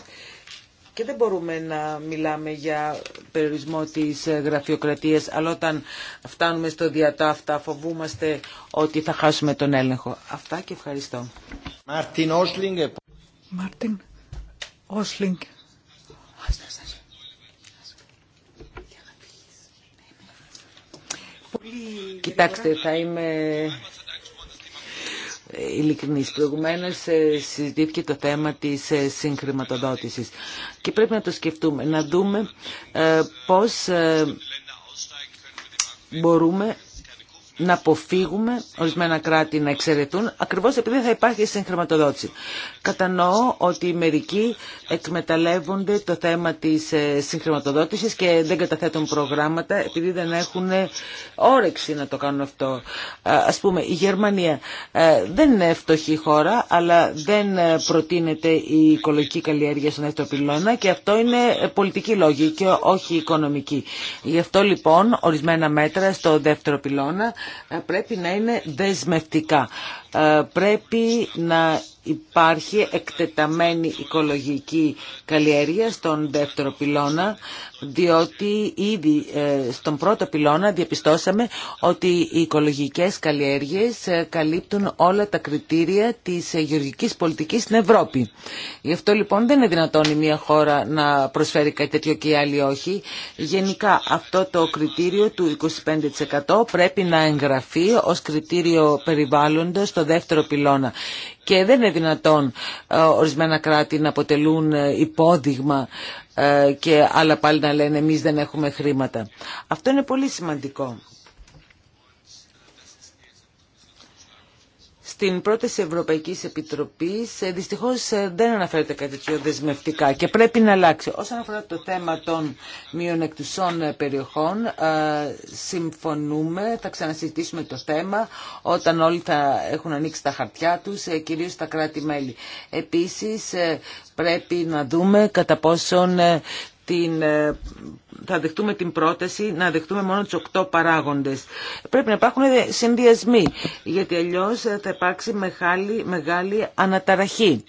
S2: και δεν μπορούμε να μιλάμε για περιορισμό της ε, γραφειοκρατίας, αλλά όταν φτάνουμε στο διατάφτα φοβούμαστε ότι θα χάσουμε τον έλεγχο. Αυτά και ευχαριστώ. Μάρτιν Όσλινγκ. Μάρτιν Όσλινγκ.
S1: Κοιτάξτε, θα
S2: είμαι ειλικρινής. Προηγουμένως ε, συζητήθηκε το θέμα της ε, συγχρηματοδότησης και πρέπει να το σκεφτούμε, να δούμε ε, πώς μπορούμε να αποφύγουμε ορισμένα κράτη να εξαιρεθούν ακριβώς επειδή θα υπάρχει συγχρηματοδότηση. Κατανοώ ότι μερικοί εκμεταλλεύονται το θέμα της ε, συγχρηματοδότησης και δεν καταθέτουν προγράμματα επειδή δεν έχουν ε, όρεξη να το κάνουν αυτό. Ας πούμε η Γερμανία ε, δεν είναι φτωχή χώρα αλλά δεν προτείνεται η οικολογική καλλιέργεια στον δεύτερο πυλώνα και αυτό είναι πολιτική λόγη και όχι οικονομική. Γι' αυτό λοιπόν ορισμένα μέτρα στο δεύτερο πυλώνα πρέπει να είναι δεσμευτικά. Ε, πρέπει να υπάρχει εκτεταμένη οικολογική καλλιέργεια στον δεύτερο πυλώνα διότι ήδη ε, στον πρώτο πυλώνα διαπιστώσαμε ότι οι οικολογικές καλλιέργειες ε, καλύπτουν όλα τα κριτήρια της γεωργικής πολιτικής στην Ευρώπη. Γι' αυτό λοιπόν δεν είναι δυνατόν η μία χώρα να προσφέρει κάτι τέτοιο και η άλλη όχι. Γενικά αυτό το κριτήριο του 25% πρέπει να εγγραφεί ως κριτήριο περιβάλλοντος δεύτερο πυλώνα. Και δεν είναι δυνατόν ε, ορισμένα κράτη να αποτελούν ε, υπόδειγμα ε, και άλλα πάλι να λένε εμείς δεν έχουμε χρήματα. Αυτό είναι πολύ σημαντικό. Στην πρόταση Ευρωπαϊκής Επιτροπής ε, δυστυχώς ε, δεν αναφέρεται κάτι τέτοιο δεσμευτικά και πρέπει να αλλάξει. Όσον αφορά το θέμα των μειονεκτουσών ε, περιοχών, συμφωνούμε, θα ξανασυζητήσουμε το θέμα όταν όλοι θα έχουν ανοίξει τα χαρτιά τους, κυρίως τα κράτη-μέλη. Επίσης πρέπει να δούμε κατά πόσον την, ε, θα δεχτούμε την πρόταση να δεχτούμε μόνο τους οκτώ παράγοντες. Πρέπει να υπάρχουν συνδυασμοί, γιατί αλλιώς θα υπάρξει μεγάλη, μεγάλη αναταραχή.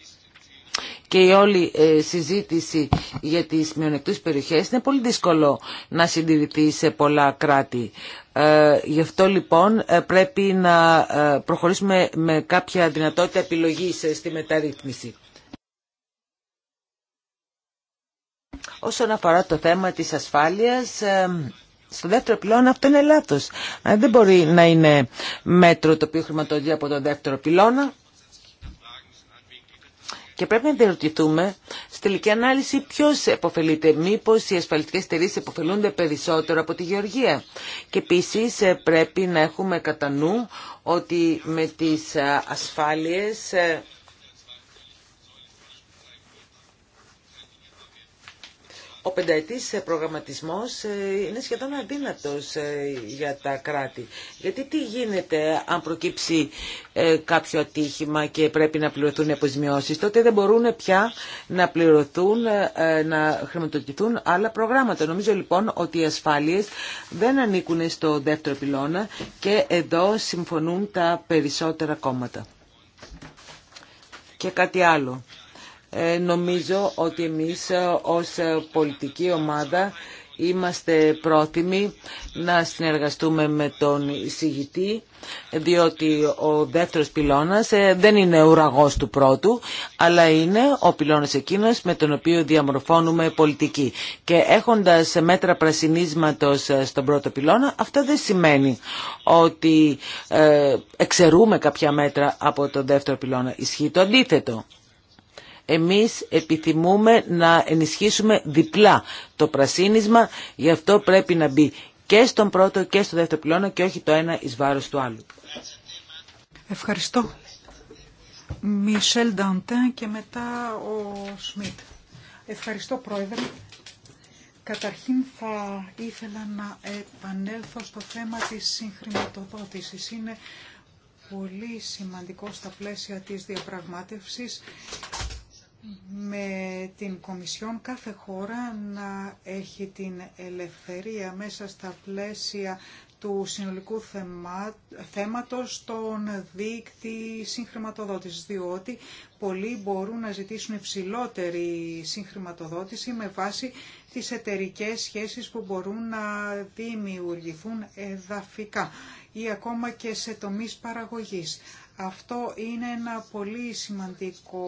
S2: Και η όλη ε, συζήτηση για τις μειονεκτούς περιοχές είναι πολύ δύσκολο να συντηρηθεί σε πολλά κράτη. Ε, γι' αυτό λοιπόν πρέπει να προχωρήσουμε με κάποια δυνατότητα επιλογής στη μεταρρύθμιση. Όσον αφορά το θέμα της ασφάλειας, ε, στο δεύτερο πυλώνα αυτό είναι λάθος. Ε, δεν μπορεί να είναι μέτρο το οποίο χρηματοδοτεί από τον δεύτερο πυλώνα. Και πρέπει να διερωτηθούμε στη τελική ανάλυση ποιο επωφελείται. Μήπω οι ασφαλιστικέ εταιρείε επωφελούνται περισσότερο από τη γεωργία. Και επίση ε, πρέπει να έχουμε κατά νου ότι με τι ασφάλειες... ο πενταετής ε, προγραμματισμός ε, είναι σχεδόν αδύνατος ε, για τα κράτη. Γιατί τι γίνεται αν προκύψει κάποιο ατύχημα και πρέπει να πληρωθούν αποζημιώσεις. Τότε δεν μπορούν πια να πληρωθούν, να χρηματοδοτηθούν άλλα προγράμματα. Νομίζω λοιπόν ότι οι ασφάλειες δεν ανήκουν στο δεύτερο πυλώνα και εδώ συμφωνούν τα περισσότερα κόμματα. Και κάτι άλλο. Ε, νομίζω ότι εμείς ε, ως πολιτική ομάδα είμαστε πρόθυμοι να συνεργαστούμε με τον εισηγητή διότι ο δεύτερος πυλώνας ε, δεν είναι ουραγός του πρώτου αλλά είναι ο πυλώνας εκείνος με τον οποίο διαμορφώνουμε πολιτική και έχοντας μέτρα πρασινίσματος στον πρώτο πυλώνα αυτό δεν σημαίνει ότι εξαιρούμε κάποια μέτρα από τον δεύτερο πυλώνα ισχύει το αντίθετο εμείς επιθυμούμε να ενισχύσουμε διπλά το πρασίνισμα, γι' αυτό πρέπει να μπει και στον πρώτο και στο δεύτερο πυλώνα και όχι το ένα εις βάρος του άλλου.
S1: Ευχαριστώ. Μισελ Νταντέν και μετά ο Σμιτ. Ευχαριστώ Πρόεδρε. Καταρχήν θα ήθελα να επανέλθω στο θέμα της συγχρηματοδότησης. Είναι πολύ σημαντικό στα πλαίσια της διαπραγμάτευσης με την Κομισιόν κάθε χώρα να έχει την ελευθερία μέσα στα πλαίσια του συνολικού θεμά, θέματος των δίκτυ συγχρηματοδότησης, διότι πολλοί μπορούν να ζητήσουν υψηλότερη συγχρηματοδότηση με βάση τις εταιρικές σχέσεις που μπορούν να δημιουργηθούν εδαφικά ή ακόμα και σε τομείς παραγωγής. Αυτό είναι ένα πολύ σημαντικό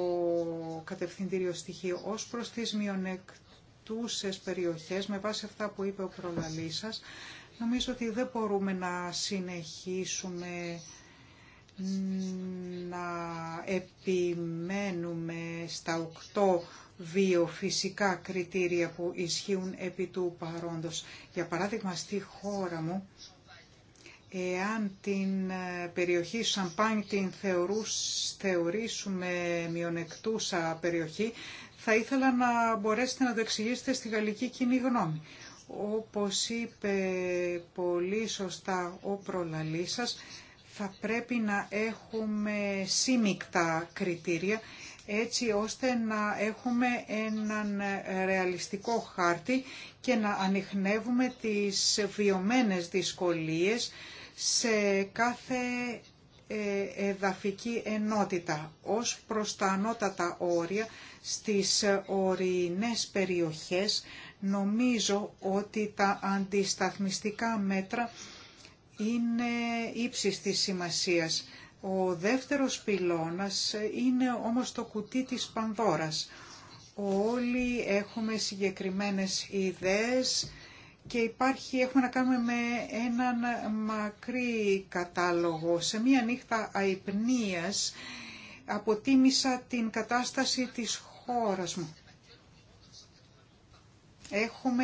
S1: κατευθυντήριο στοιχείο ως προς τις μειονεκτούσες περιοχές με βάση αυτά που είπε ο προλαλής σας. Νομίζω ότι δεν μπορούμε να συνεχίσουμε να επιμένουμε στα οκτώ βιοφυσικά κριτήρια που ισχύουν επί του παρόντος. Για παράδειγμα, στη χώρα μου Εάν την ε, περιοχή Σαμπάνι την θεωρήσουμε μειονεκτούσα περιοχή, θα ήθελα να μπορέσετε να το εξηγήσετε στη γαλλική κοινή γνώμη. Όπως είπε πολύ σωστά ο προλαλής σας, θα πρέπει να έχουμε σύμικτα κριτήρια έτσι ώστε να έχουμε έναν ρεαλιστικό χάρτη και να ανοιχνεύουμε τις βιωμένες δυσκολίες σε κάθε ε, εδαφική ενότητα ως προς τα ανώτατα όρια στις ορεινές περιοχές νομίζω ότι τα αντισταθμιστικά μέτρα είναι ύψης της σημασίας. Ο δεύτερος πυλώνας είναι όμως το κουτί της Πανδώρας. Όλοι έχουμε συγκεκριμένες ιδέες και υπάρχει, έχουμε να κάνουμε με έναν μακρύ κατάλογο. Σε μία νύχτα αϊπνίας αποτίμησα την κατάσταση της χώρας μου. Έχουμε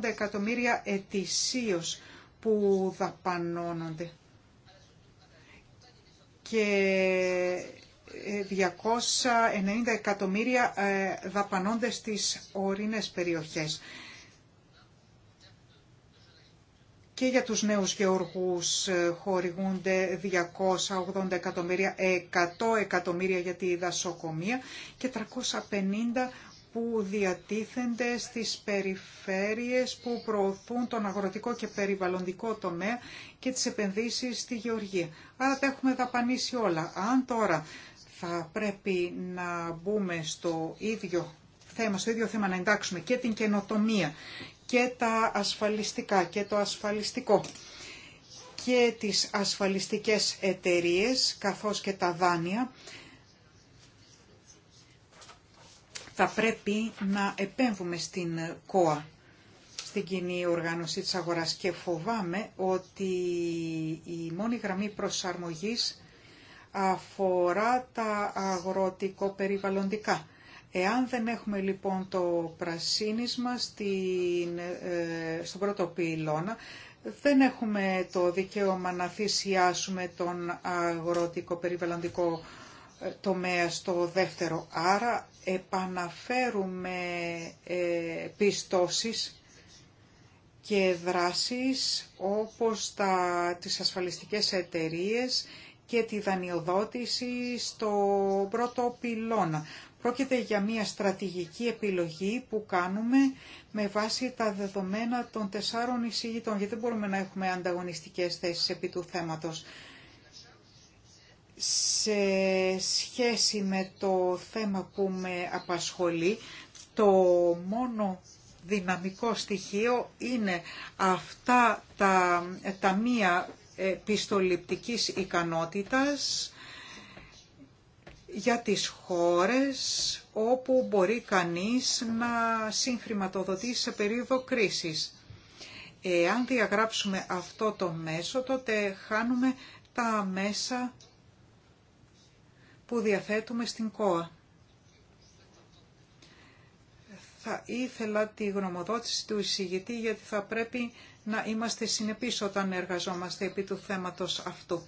S1: 980 εκατομμύρια ετησίως που δαπανώνονται και 290 ε, εκατομμύρια ε, δαπανώνται στις ορεινές περιοχές. και για τους νέους γεωργούς ε, χορηγούνται 280 εκατομμύρια, 100 εκατομμύρια για τη δασοκομεία και 350 που διατίθενται στις περιφέρειες που προωθούν τον αγροτικό και περιβαλλοντικό τομέα και τις επενδύσεις στη γεωργία. Άρα τα έχουμε δαπανίσει όλα. Αν τώρα θα πρέπει να μπούμε στο ίδιο θέμα, στο ίδιο θέμα να εντάξουμε και την καινοτομία και τα ασφαλιστικά και το ασφαλιστικό και τις ασφαλιστικές εταιρείες καθώς και τα δάνεια θα πρέπει να επέμβουμε στην ΚΟΑ, στην κοινή οργάνωση της αγοράς και φοβάμαι ότι η μόνη γραμμή προσαρμογής αφορά τα αγροτικό περιβαλλοντικά. Εάν δεν έχουμε λοιπόν το πρασίνισμα στην, ε, στον πρώτο πυλώνα, δεν έχουμε το δικαίωμα να θυσιάσουμε τον αγροτικό περιβαλλοντικό ε, τομέα στο δεύτερο. Άρα επαναφέρουμε ε, πιστώσεις και δράσεις όπως τα, τις ασφαλιστικές εταιρείες και τη δανειοδότηση στο πρώτο πυλώνα Πρόκειται για μια στρατηγική επιλογή που κάνουμε με βάση τα δεδομένα των τεσσάρων εισηγητών, γιατί δεν μπορούμε να έχουμε ανταγωνιστικές θέσεις επί του θέματος. Σε σχέση με το θέμα που με απασχολεί, το μόνο δυναμικό στοιχείο είναι αυτά τα μία πιστοληπτικής ικανότητας για τις χώρες όπου μπορεί κανείς να συγχρηματοδοτεί σε περίοδο κρίσης. Εάν διαγράψουμε αυτό το μέσο, τότε χάνουμε τα μέσα που διαθέτουμε στην ΚΟΑ. Θα ήθελα τη γνωμοδότηση του εισηγητή γιατί θα πρέπει να είμαστε συνεπείς όταν εργαζόμαστε επί του θέματος αυτού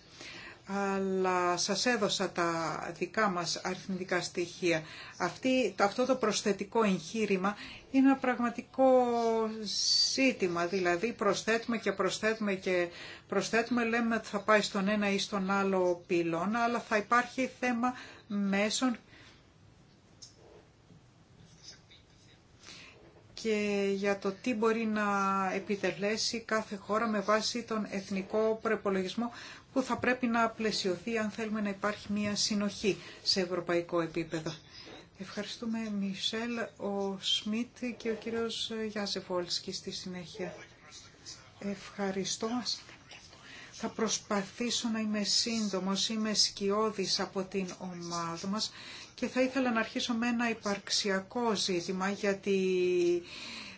S1: αλλά σας έδωσα τα δικά μας αριθμητικά στοιχεία. Αυτή, αυτό το προσθετικό εγχείρημα είναι ένα πραγματικό ζήτημα, δηλαδή προσθέτουμε και προσθέτουμε και προσθέτουμε, λέμε ότι θα πάει στον ένα ή στον άλλο πυλώνα, αλλά θα υπάρχει θέμα μέσων και για το τι μπορεί να επιτελέσει κάθε χώρα με βάση τον εθνικό προπολογισμό που θα πρέπει να πλαισιωθεί αν θέλουμε να υπάρχει μια συνοχή σε ευρωπαϊκό επίπεδο. Ευχαριστούμε Μισελ, ο Σμιτ και ο κύριος Γιάζεβόλσκι στη συνέχεια. Ευχαριστώ. Θα προσπαθήσω να είμαι σύντομος, είμαι σκιώδης από την ομάδα μας και θα ήθελα να αρχίσω με ένα υπαρξιακό ζήτημα γιατί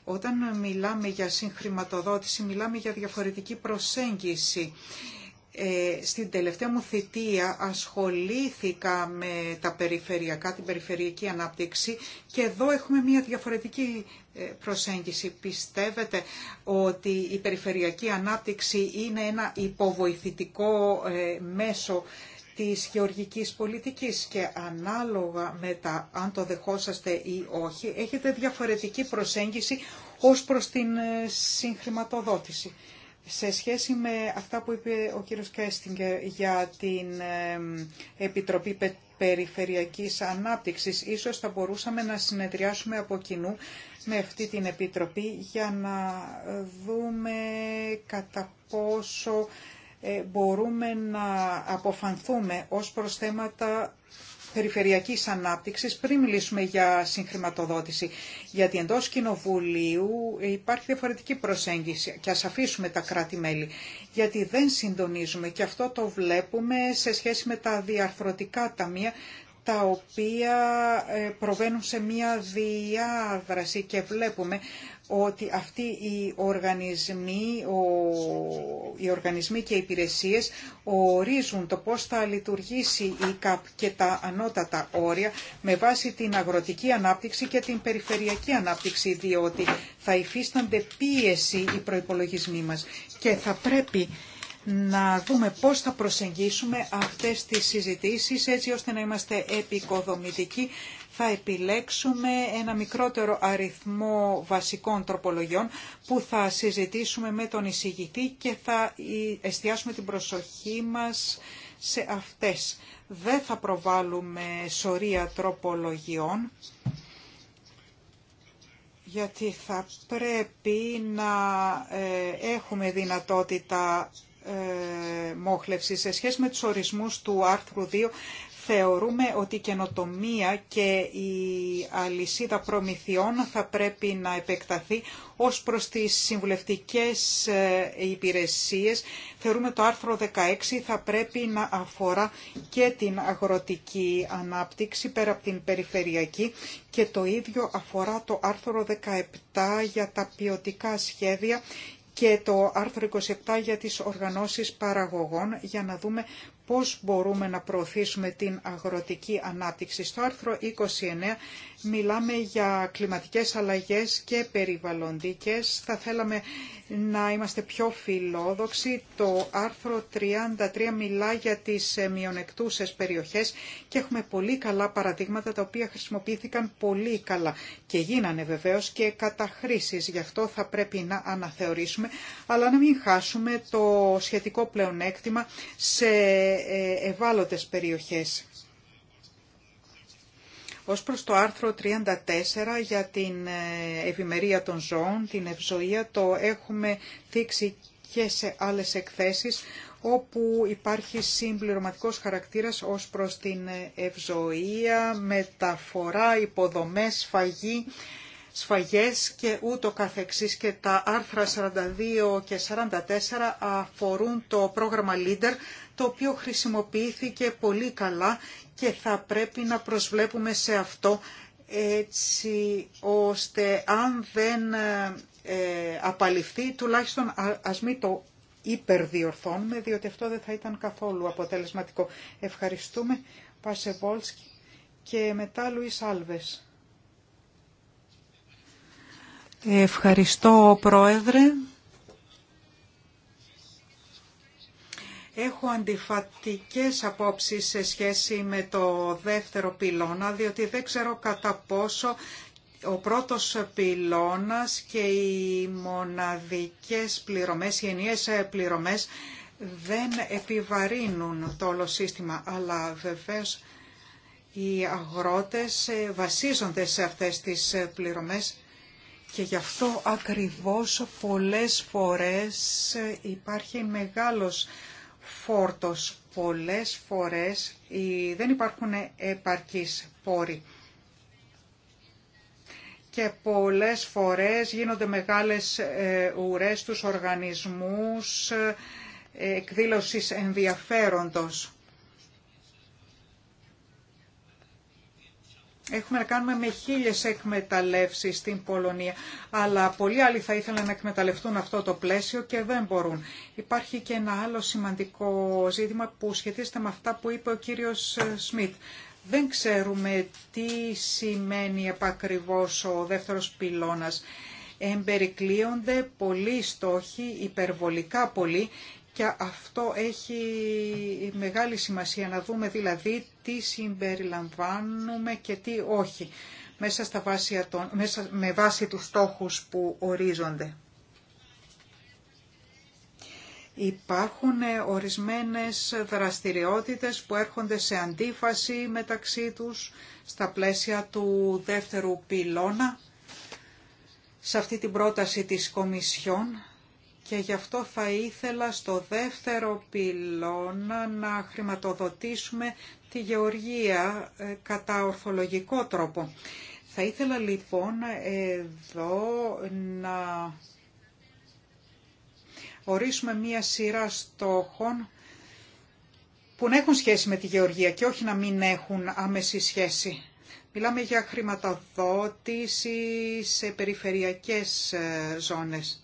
S1: όταν μιλάμε για συγχρηματοδότηση μιλάμε για διαφορετική προσέγγιση ε, στην τελευταία μου θητεία ασχολήθηκα με τα περιφερειακά, την περιφερειακή ανάπτυξη και εδώ έχουμε μια διαφορετική ε, προσέγγιση. Πιστεύετε ότι η περιφερειακή ανάπτυξη είναι ένα υποβοηθητικό ε, μέσο της γεωργικής πολιτικής και ανάλογα με τα αν το δεχόσαστε ή όχι έχετε διαφορετική προσέγγιση ως προς την συγχρηματοδότηση σε σχέση με αυτά που είπε ο κύριος Κέστιγκερ για την Επιτροπή Περιφερειακής Ανάπτυξης, ίσως θα μπορούσαμε να συνεδριάσουμε από κοινού με αυτή την Επιτροπή για να δούμε κατά πόσο ε, μπορούμε να αποφανθούμε ως προς θέματα περιφερειακής ανάπτυξης πριν μιλήσουμε για συγχρηματοδότηση. Γιατί εντός Κοινοβουλίου υπάρχει διαφορετική προσέγγιση και ας αφήσουμε τα κράτη-μέλη. Γιατί δεν συντονίζουμε και αυτό το βλέπουμε σε σχέση με τα διαρθρωτικά ταμεία τα οποία ε, προβαίνουν σε μία διάδραση και βλέπουμε ότι αυτοί οι οργανισμοί, ο, οι οργανισμοί και οι υπηρεσίες ορίζουν το πώς θα λειτουργήσει η ΚΑΠ και τα ανώτατα όρια με βάση την αγροτική ανάπτυξη και την περιφερειακή ανάπτυξη διότι θα υφίστανται πίεση οι προϋπολογισμοί μας και θα πρέπει να δούμε πώς θα προσεγγίσουμε αυτές τις συζητήσεις έτσι ώστε να είμαστε επικοδομητικοί. Θα επιλέξουμε ένα μικρότερο αριθμό βασικών τροπολογιών που θα συζητήσουμε με τον εισηγητή και θα εστιάσουμε την προσοχή μας σε αυτές. Δεν θα προβάλλουμε σωρία τροπολογιών γιατί θα πρέπει να ε, έχουμε δυνατότητα μόχλευση. Σε σχέση με τους ορισμούς του άρθρου 2, θεωρούμε ότι η καινοτομία και η αλυσίδα προμηθειών θα πρέπει να επεκταθεί ως προς τις συμβουλευτικές ε, υπηρεσίες. Θεωρούμε το άρθρο 16 θα πρέπει να αφορά και την αγροτική ανάπτυξη πέρα από την περιφερειακή και το ίδιο αφορά το άρθρο 17 για τα ποιοτικά σχέδια και το άρθρο 27 για τις οργανώσεις παραγωγών για να δούμε πώς μπορούμε να προωθήσουμε την αγροτική ανάπτυξη. Στο άρθρο 29 Μιλάμε για κλιματικές αλλαγές και περιβαλλοντικές. Θα θέλαμε να είμαστε πιο φιλόδοξοι. Το άρθρο 33 μιλά για τις ε, μειονεκτούσες περιοχές και έχουμε πολύ καλά παραδείγματα τα οποία χρησιμοποιήθηκαν πολύ καλά και γίνανε βεβαίως και καταχρήσεις. Γι' αυτό θα πρέπει να αναθεωρήσουμε, αλλά να μην χάσουμε το σχετικό πλεονέκτημα σε ε, ευάλωτες περιοχές. Ως προς το άρθρο 34 για την ε, ευημερία των ζώων, την ευζοία, το έχουμε δείξει και σε άλλες εκθέσεις όπου υπάρχει συμπληρωματικός χαρακτήρας ως προς την ε, ευζοία, μεταφορά, υποδομές, σφαγή, σφαγές και ούτω καθεξής και τα άρθρα 42 και 44 αφορούν το πρόγραμμα Leader το οποίο χρησιμοποιήθηκε πολύ καλά και θα πρέπει να προσβλέπουμε σε αυτό έτσι ώστε αν δεν ε, απαλληφθεί τουλάχιστον ας μην το υπερδιορθώνουμε διότι αυτό δεν θα ήταν καθόλου αποτελεσματικό. Ευχαριστούμε Πασεβόλσκι και μετά Λουίς Άλβες. Ευχαριστώ Πρόεδρε. Έχω αντιφατικές απόψεις σε σχέση με το δεύτερο πυλώνα, διότι δεν ξέρω κατά πόσο ο πρώτος πυλώνας και οι μοναδικές πληρωμές, οι ενιαίες πληρωμές δεν επιβαρύνουν το όλο σύστημα, αλλά βεβαίως οι αγρότες βασίζονται σε αυτές τις πληρωμές και γι' αυτό ακριβώς πολλές φορές υπάρχει μεγάλος φόρτος. Πολλές φορές δεν υπάρχουν επαρκείς πόροι. Και πολλές φορές γίνονται μεγάλες ε, ουρές τους οργανισμούς ε, εκδήλωσης ενδιαφέροντος Έχουμε να κάνουμε με χίλιες εκμεταλλεύσεις στην Πολωνία, αλλά πολλοί άλλοι θα ήθελαν να εκμεταλλευτούν αυτό το πλαίσιο και δεν μπορούν. Υπάρχει και ένα άλλο σημαντικό ζήτημα που σχετίζεται με αυτά που είπε ο κύριος ε, Σμιτ. Δεν ξέρουμε τι σημαίνει επακριβώς ο δεύτερος πυλώνας εμπερικλείονται πολλοί στόχοι, υπερβολικά πολλοί και αυτό έχει μεγάλη σημασία να δούμε δηλαδή τι συμπεριλαμβάνουμε και τι όχι μέσα, στα βάσια μέσα με βάση τους στόχους που ορίζονται. Υπάρχουν ε, ορισμένες δραστηριότητες που έρχονται σε αντίφαση μεταξύ τους στα πλαίσια του δεύτερου πυλώνα. Σε αυτή την πρόταση της Κομισιόν και γι' αυτό θα ήθελα στο δεύτερο πυλώνα να χρηματοδοτήσουμε τη γεωργία ε, κατά ορθολογικό τρόπο. Θα ήθελα λοιπόν εδώ να ορίσουμε μία σειρά στόχων που να έχουν σχέση με τη γεωργία και όχι να μην έχουν άμεση σχέση. Μιλάμε για χρηματοδότηση σε περιφερειακές ε, ζώνες.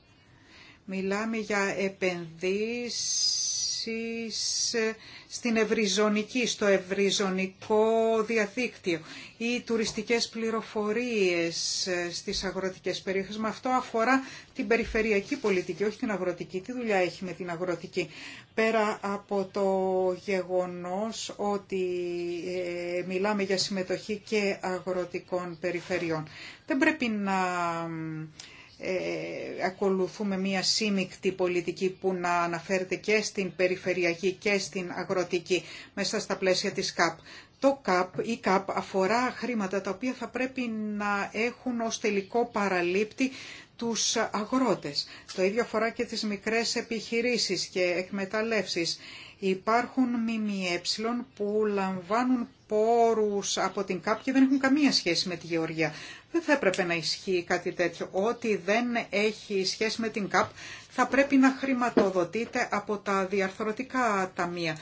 S1: Μιλάμε για επενδύσεις στην ευρυζωνική, στο ευρυζωνικό διαδίκτυο ή τουριστικές πληροφορίες στις αγροτικές περιοχές. Με αυτό αφορά την περιφερειακή πολιτική, όχι την αγροτική. Τι δουλειά έχει με την αγροτική. Πέρα από το γεγονός ότι ε, μιλάμε για συμμετοχή και αγροτικών περιφερειών. Δεν πρέπει να ε, ακολουθούμε μία σύμικτη πολιτική που να αναφέρεται και στην περιφερειακή και στην αγροτική μέσα στα πλαίσια της ΚΑΠ. Το ΚΑΠ ή ΚΑΠ αφορά χρήματα τα οποία θα πρέπει να έχουν ως τελικό παραλήπτη τους αγρότες. Το ίδιο αφορά και τις μικρές επιχειρήσεις και εκμεταλλεύσεις. Υπάρχουν ΜΜΕ που λαμβάνουν πόρους από την ΚΑΠ και δεν έχουν καμία σχέση με τη γεωργία. Δεν θα έπρεπε να ισχύει κάτι τέτοιο. Ό,τι δεν έχει σχέση με την ΚΑΠ θα πρέπει να χρηματοδοτείται από τα διαρθρωτικά ταμεία.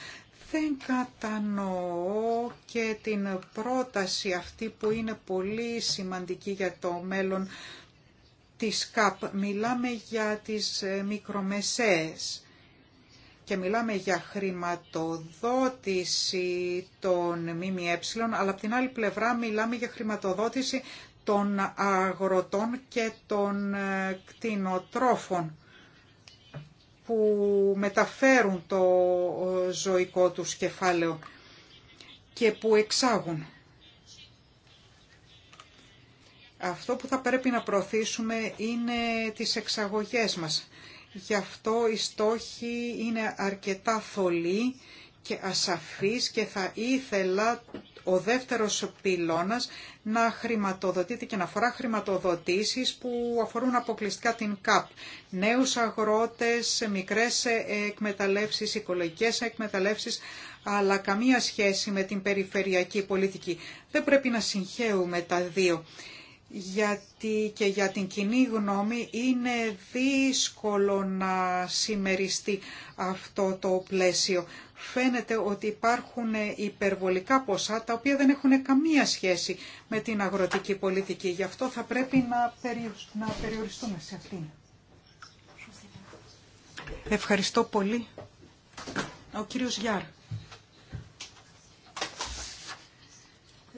S1: Δεν κατανοώ και την πρόταση αυτή που είναι πολύ σημαντική για το μέλλον της ΚΑΠ. Μιλάμε για τις μικρομεσαίες και μιλάμε για χρηματοδότηση των ΜΜΕ, αλλά από την άλλη πλευρά μιλάμε για χρηματοδότηση των αγροτών και των ε, κτηνοτρόφων που μεταφέρουν το ζωικό τους κεφάλαιο και που εξάγουν. Αυτό που θα πρέπει να προωθήσουμε είναι τις εξαγωγές μας Γι' αυτό οι στόχοι είναι αρκετά θολή και ασαφείς και θα ήθελα ο δεύτερος πυλώνας να χρηματοδοτείται και να αφορά χρηματοδοτήσεις που αφορούν αποκλειστικά την ΚΑΠ. Νέους αγρότες, μικρές εκμεταλλεύσεις, οικολογικές εκμεταλλεύσεις, αλλά καμία σχέση με την περιφερειακή πολιτική. Δεν πρέπει να συγχαίουμε τα δύο γιατί και για την κοινή γνώμη είναι δύσκολο να συμμεριστεί αυτό το πλαίσιο. Φαίνεται ότι υπάρχουν υπερβολικά ποσά τα οποία δεν έχουν καμία σχέση με την αγροτική πολιτική. Γι' αυτό θα πρέπει να, να περιοριστούμε σε αυτήν. Ευχαριστώ πολύ. Ο κύριος Γιάρ.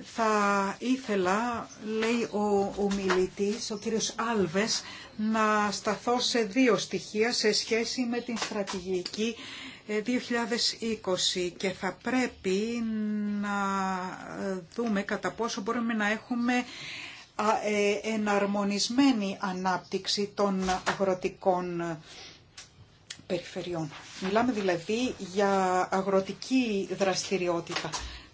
S1: Θα ήθελα, λέει ο ομιλητής, ο κύριος Άλβες, να σταθώ σε δύο στοιχεία σε σχέση με την στρατηγική 2020 ε, και θα πρέπει να ε, δούμε κατά πόσο μπορούμε να έχουμε ε, εναρμονισμένη ανάπτυξη των αγροτικών περιφερειών. Μιλάμε δηλαδή για αγροτική δραστηριότητα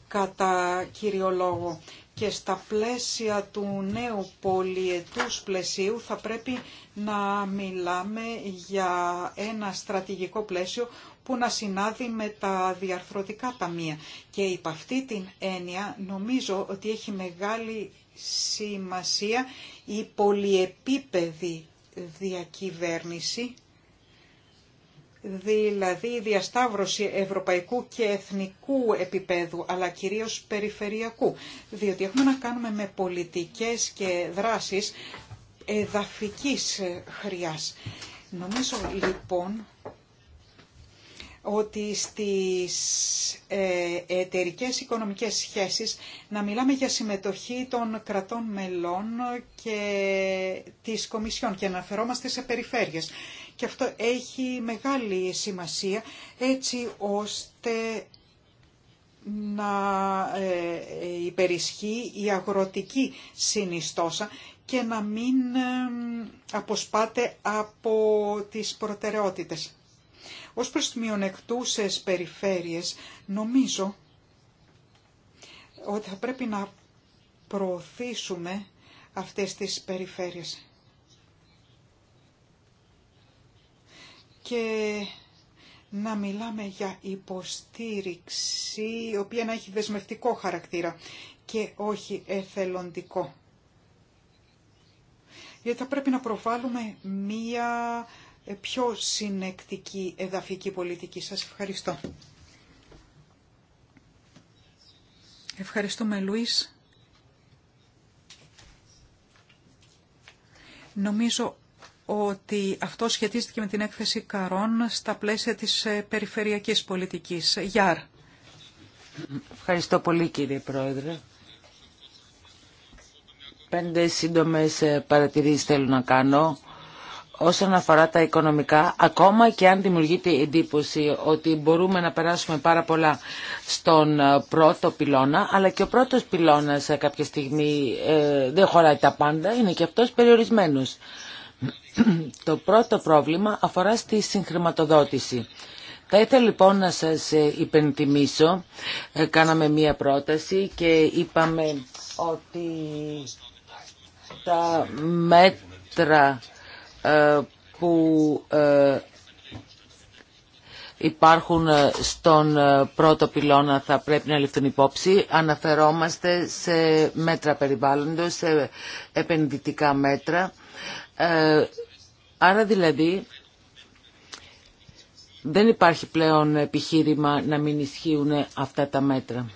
S1: κατά κύριο λόγο. Και στα πλαίσια του νέου πολιετούς πλαισίου θα πρέπει να μιλάμε για ένα στρατηγικό πλαίσιο που να συνάδει με τα διαρθρωτικά ταμεία. Και υπ' αυτή την έννοια νομίζω ότι έχει μεγάλη σημασία η πολυεπίπεδη διακυβέρνηση δηλαδή η διασταύρωση ευρωπαϊκού και εθνικού επίπεδου, αλλά κυρίως περιφερειακού, διότι έχουμε να κάνουμε με πολιτικές και δράσεις εδαφικής χρειάς. Νομίζω λοιπόν ότι στις ε, εταιρικέ οικονομικές σχέσεις να μιλάμε για συμμετοχή των κρατών μελών και της Κομισιόν και να αναφερόμαστε σε περιφέρειες και αυτό έχει μεγάλη σημασία έτσι ώστε να ε, ε, υπερισχύει η αγροτική συνιστόσα και να μην ε, αποσπάται από τις προτεραιότητες. Ως προς τις μειονεκτούσες περιφέρειες, νομίζω ότι θα πρέπει να προωθήσουμε αυτές τις περιφέρειες. και να μιλάμε για υποστήριξη η οποία να έχει δεσμευτικό χαρακτήρα και όχι εθελοντικό. Γιατί θα πρέπει να προβάλλουμε μία πιο συνεκτική εδαφική πολιτική. Σας ευχαριστώ. Ευχαριστούμε Λουίς. Νομίζω ότι αυτό σχετίστηκε με την έκθεση Καρών στα πλαίσια της ε, περιφερειακής πολιτικής. Γιάρ.
S2: Ευχαριστώ πολύ κύριε Πρόεδρε. Πέντε σύντομες ε, παρατηρήσεις θέλω να κάνω όσον αφορά τα οικονομικά, ακόμα και αν δημιουργείται η εντύπωση ότι μπορούμε να περάσουμε πάρα πολλά στον ε, πρώτο πυλώνα, αλλά και ο πρώτος πυλώνας κάποια στιγμή δεν χωράει τα πάντα, είναι και αυτός περιορισμένος. Το πρώτο πρόβλημα αφορά στη συγχρηματοδότηση. Θα ήθελα λοιπόν να σας ε, υπενθυμίσω, ε, κάναμε μία πρόταση και είπαμε ότι τα μέτρα ε, που υπάρχουν στον πρώτο πυλώνα θα πρέπει να ληφθούν υπόψη. Αναφερόμαστε σε μέτρα περιβάλλοντος, σε επενδυτικά μέτρα ε, άρα δηλαδή δεν υπάρχει πλέον επιχείρημα να μην ισχύουν αυτά τα μέτρα.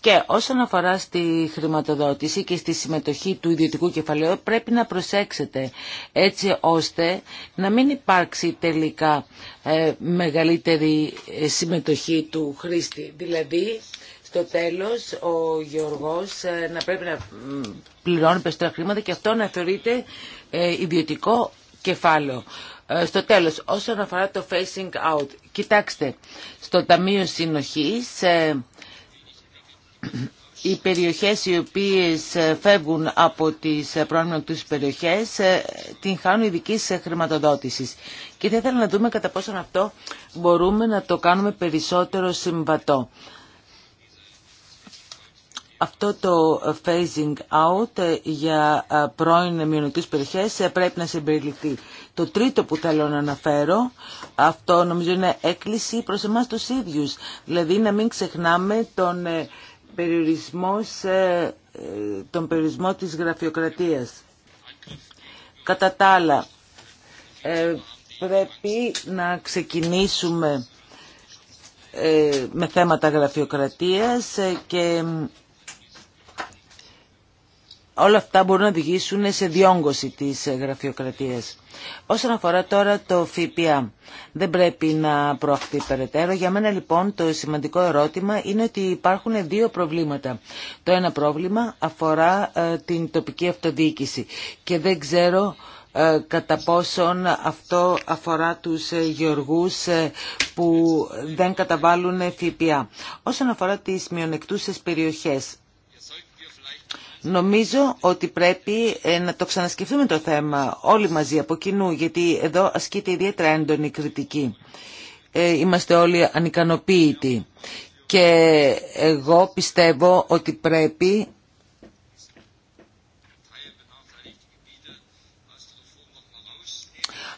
S2: Και όσον αφορά στη χρηματοδότηση και στη συμμετοχή του ιδιωτικού κεφαλαίου πρέπει να προσέξετε έτσι ώστε να μην υπάρξει τελικά ε, μεγαλύτερη ε, συμμετοχή του χρήστη. Δηλαδή στο τέλος ο Γεωργός ε, να πρέπει να πληρώνει περισσότερα χρήματα και αυτό να θεωρείται ε, ιδιωτικό κεφάλαιο. Ε, στο τέλος, όσον αφορά το facing out, κοιτάξτε, στο Ταμείο Συνοχής οι περιοχές οι οποίες φεύγουν από τις τους περιοχές την χάνουν ειδική χρηματοδότησης. Και θα ήθελα να δούμε κατά πόσο αυτό μπορούμε να το κάνουμε περισσότερο συμβατό αυτό το phasing out ε, για ε, πρώην μειονοτικές περιοχές ε, πρέπει να συμπεριληφθεί. Το τρίτο που θέλω να αναφέρω, αυτό νομίζω είναι έκκληση προς εμάς τους ίδιους. Δηλαδή να μην ξεχνάμε τον περιορισμό, τον της γραφειοκρατίας. Κατά τα άλλα, πρέπει να ξεκινήσουμε με θέματα γραφειοκρατίας και όλα αυτά μπορούν να οδηγήσουν σε διόγκωση της γραφειοκρατίας. Όσον αφορά τώρα το ΦΠΑ, δεν πρέπει να προαχθεί περαιτέρω. Για μένα λοιπόν το σημαντικό ερώτημα είναι ότι υπάρχουν δύο προβλήματα. Το ένα πρόβλημα αφορά ε, την τοπική αυτοδιοίκηση και δεν ξέρω ε, κατά πόσον αυτό αφορά τους ε, γεωργούς που δεν καταβάλουν ΦΠΑ. Όσον αφορά τις μειονεκτούσες περιοχές, Νομίζω ότι πρέπει ε, να το ξανασκεφτούμε το θέμα όλοι μαζί από κοινού, γιατί εδώ ασκείται ιδιαίτερα έντονη κριτική. Ε, είμαστε όλοι ανικανοποίητοι και εγώ πιστεύω ότι πρέπει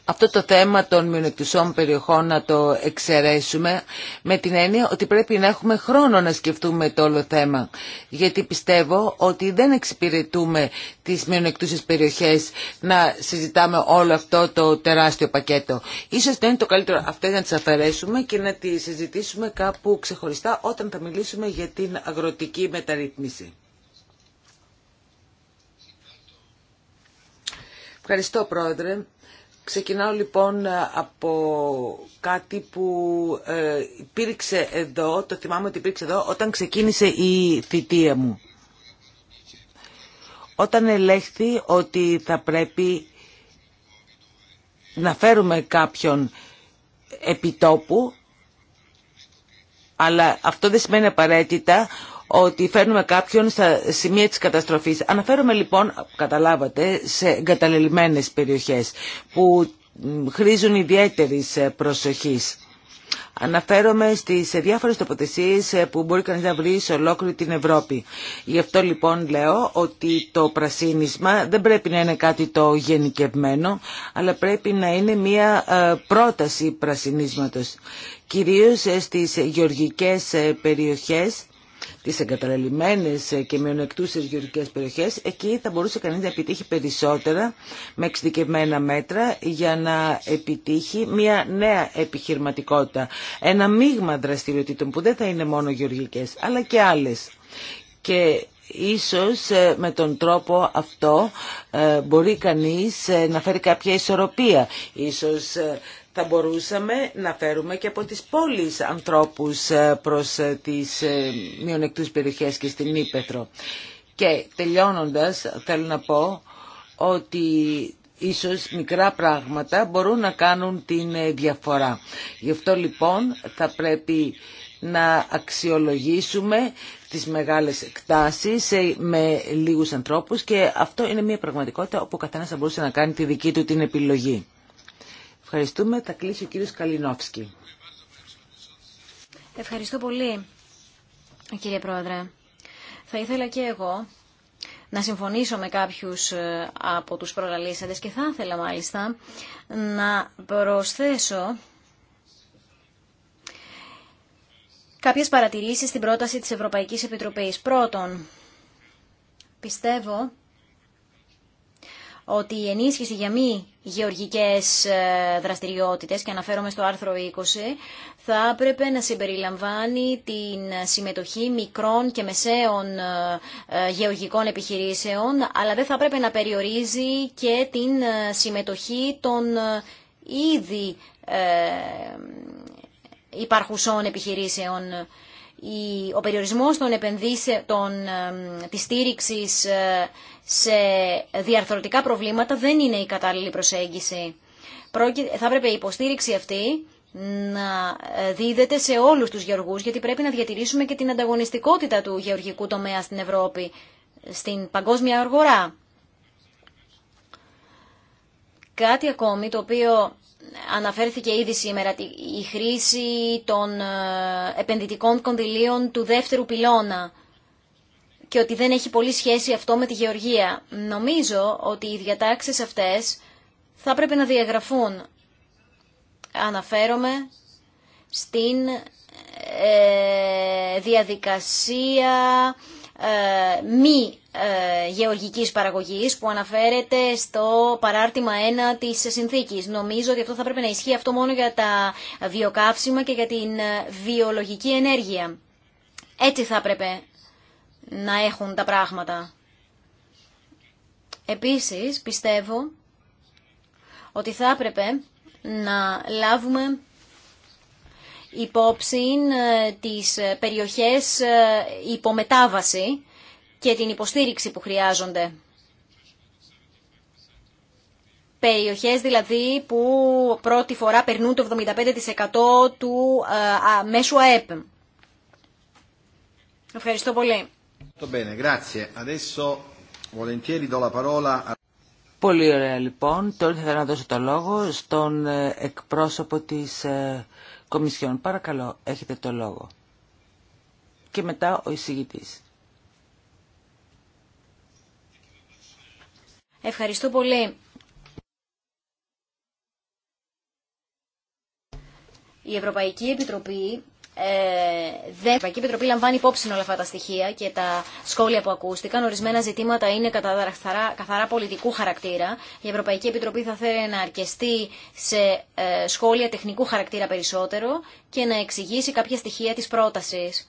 S2: αυτό το θέμα των μειονεκτουσών περιοχών να το εξαιρέσουμε με την έννοια ότι πρέπει να έχουμε χρόνο να σκεφτούμε το όλο θέμα. Γιατί πιστεύω ότι δεν εξυπηρετούμε τις μειονεκτούσες περιοχές να συζητάμε όλο αυτό το τεράστιο πακέτο. Ίσως δεν είναι το καλύτερο αυτές να τις αφαιρέσουμε και να τις συζητήσουμε κάπου ξεχωριστά όταν θα μιλήσουμε για την αγροτική μεταρρύθμιση. Ευχαριστώ πρόεδρε. Ξεκινάω λοιπόν ε, από κάτι που ε, υπήρξε εδώ, το θυμάμαι ότι υπήρξε εδώ, όταν ξεκίνησε η θητεία μου. Όταν ελέγχθη ότι θα πρέπει να φέρουμε κάποιον επιτόπου, αλλά αυτό δεν σημαίνει απαραίτητα ότι φέρνουμε κάποιον στα σημεία της καταστροφής. Αναφέρομαι λοιπόν, καταλάβατε, σε εγκαταλελειμμένες περιοχές που χρήζουν ιδιαίτερης ε, προσοχής. Αναφέρομαι στις ε, διάφορες τοποθεσίες ε, που μπορεί κανείς να βρει σε ολόκληρη την Ευρώπη. Γι' αυτό λοιπόν λέω ότι το πρασίνισμα δεν πρέπει να είναι κάτι το γενικευμένο, αλλά πρέπει να είναι μια πρόταση πρασινίσματος. Κυρίως στις γεωργικές περιοχές τις εγκαταλελειμμένες και μειονεκτούσες γεωργικές περιοχές, εκεί θα μπορούσε κανείς να επιτύχει περισσότερα με εξειδικευμένα μέτρα για να επιτύχει μια νέα επιχειρηματικότητα. Ένα μείγμα δραστηριοτήτων που δεν θα είναι μόνο γεωργικές, αλλά και άλλες. Και Ίσως ε, με τον τρόπο αυτό ε, μπορεί κανείς ε, να φέρει κάποια ισορροπία. Ίσως θα μπορούσαμε να φέρουμε και από τις πόλεις ανθρώπους ε, προς ε, τις ε, μειονεκτούς περιοχές και στην Ήπεθρο. Και τελειώνοντας θέλω να πω ότι ίσως μικρά πράγματα μπορούν να κάνουν την διαφορά. Γι' αυτό λοιπόν θα πρέπει να αξιολογήσουμε τις μεγάλες εκτάσεις με λίγους ανθρώπους και αυτό είναι μια πραγματικότητα όπου ο καθένας θα μπορούσε να κάνει τη δική του την επιλογή. Ευχαριστούμε. Θα κλείσει ο κύριος Καλινόφσκι.
S3: Ευχαριστώ πολύ, κύριε Πρόεδρε. Θα ήθελα και εγώ να συμφωνήσω με κάποιους ε, από τους προλαλήσαντες και θα ήθελα μάλιστα να προσθέσω κάποιες παρατηρήσεις στην πρόταση της Ευρωπαϊκής Επιτροπής. Πρώτον, πιστεύω ότι η ενίσχυση για μη γεωργικές δραστηριότητες, και αναφέρομαι στο άρθρο 20, θα έπρεπε να συμπεριλαμβάνει την συμμετοχή μικρών και μεσαίων γεωργικών επιχειρήσεων, αλλά δεν θα έπρεπε να περιορίζει και την συμμετοχή των ήδη υπαρχουσών επιχειρήσεων ο περιορισμός των επενδύσεων της στήριξης ε, σε διαρθρωτικά προβλήματα δεν είναι η κατάλληλη προσέγγιση. Θα έπρεπε η υποστήριξη αυτή να ε, δίδεται σε όλους τους γεωργούς, γιατί πρέπει να διατηρήσουμε και την ανταγωνιστικότητα του γεωργικού τομέα στην Ευρώπη, στην παγκόσμια αγορά. Κάτι ακόμη το οποίο αναφέρθηκε ήδη σήμερα η χρήση των ε, επενδυτικών κονδυλίων του δεύτερου πυλώνα και ότι δεν έχει πολύ σχέση αυτό με τη γεωργία. Νομίζω ότι οι διατάξεις αυτές θα πρέπει να διαγραφούν. Αναφέρομαι στην ε, διαδικασία ε, μη ε, γεωργικής παραγωγής που αναφέρεται στο παράρτημα 1 της συνθήκης. Νομίζω ότι αυτό θα πρέπει να ισχύει αυτό μόνο για τα βιοκαύσιμα και για την ε, βιολογική ενέργεια. Έτσι θα έπρεπε να έχουν τα πράγματα. Επίσης πιστεύω ότι θα έπρεπε να λάβουμε υπόψη ε, τις ε, περιοχές ε, υπομετάβαση και την υποστήριξη που χρειάζονται. Περιοχές δηλαδή που πρώτη φορά περνούν το 75% του μέσου ΑΕΠ. Ευχαριστώ πολύ.
S2: Πολύ ωραία λοιπόν. Τώρα θα να δώσω το λόγο στον εκπρόσωπο της Κομισιόν, παρακαλώ, έχετε το λόγο. Και μετά ο εισηγητής.
S3: Ευχαριστώ πολύ. Η Ευρωπαϊκή Επιτροπή ε, η Ευρωπαϊκή Επιτροπή λαμβάνει υπόψη όλα αυτά τα στοιχεία και τα σχόλια που ακούστηκαν. Ορισμένα ζητήματα είναι κατά καθαρά πολιτικού χαρακτήρα. Η Ευρωπαϊκή Επιτροπή θα θέλει να αρκεστεί σε ε, σχόλια τεχνικού χαρακτήρα περισσότερο και να εξηγήσει κάποια στοιχεία της πρότασης.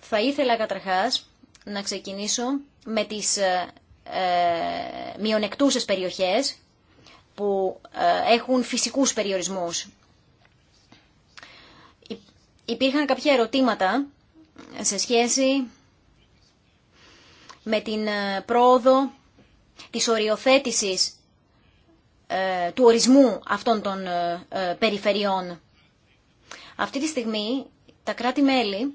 S3: Θα ήθελα καταρχάς να ξεκινήσω με τις ε, ε μειονεκτούσες περιοχές που έχουν φυσικούς περιορισμούς υπήρχαν κάποια ερωτήματα σε σχέση με την ε, πρόοδο της οριοθέτησης ε, του ορισμού αυτών των ε, περιφερειών. Αυτή τη στιγμή τα κράτη-μέλη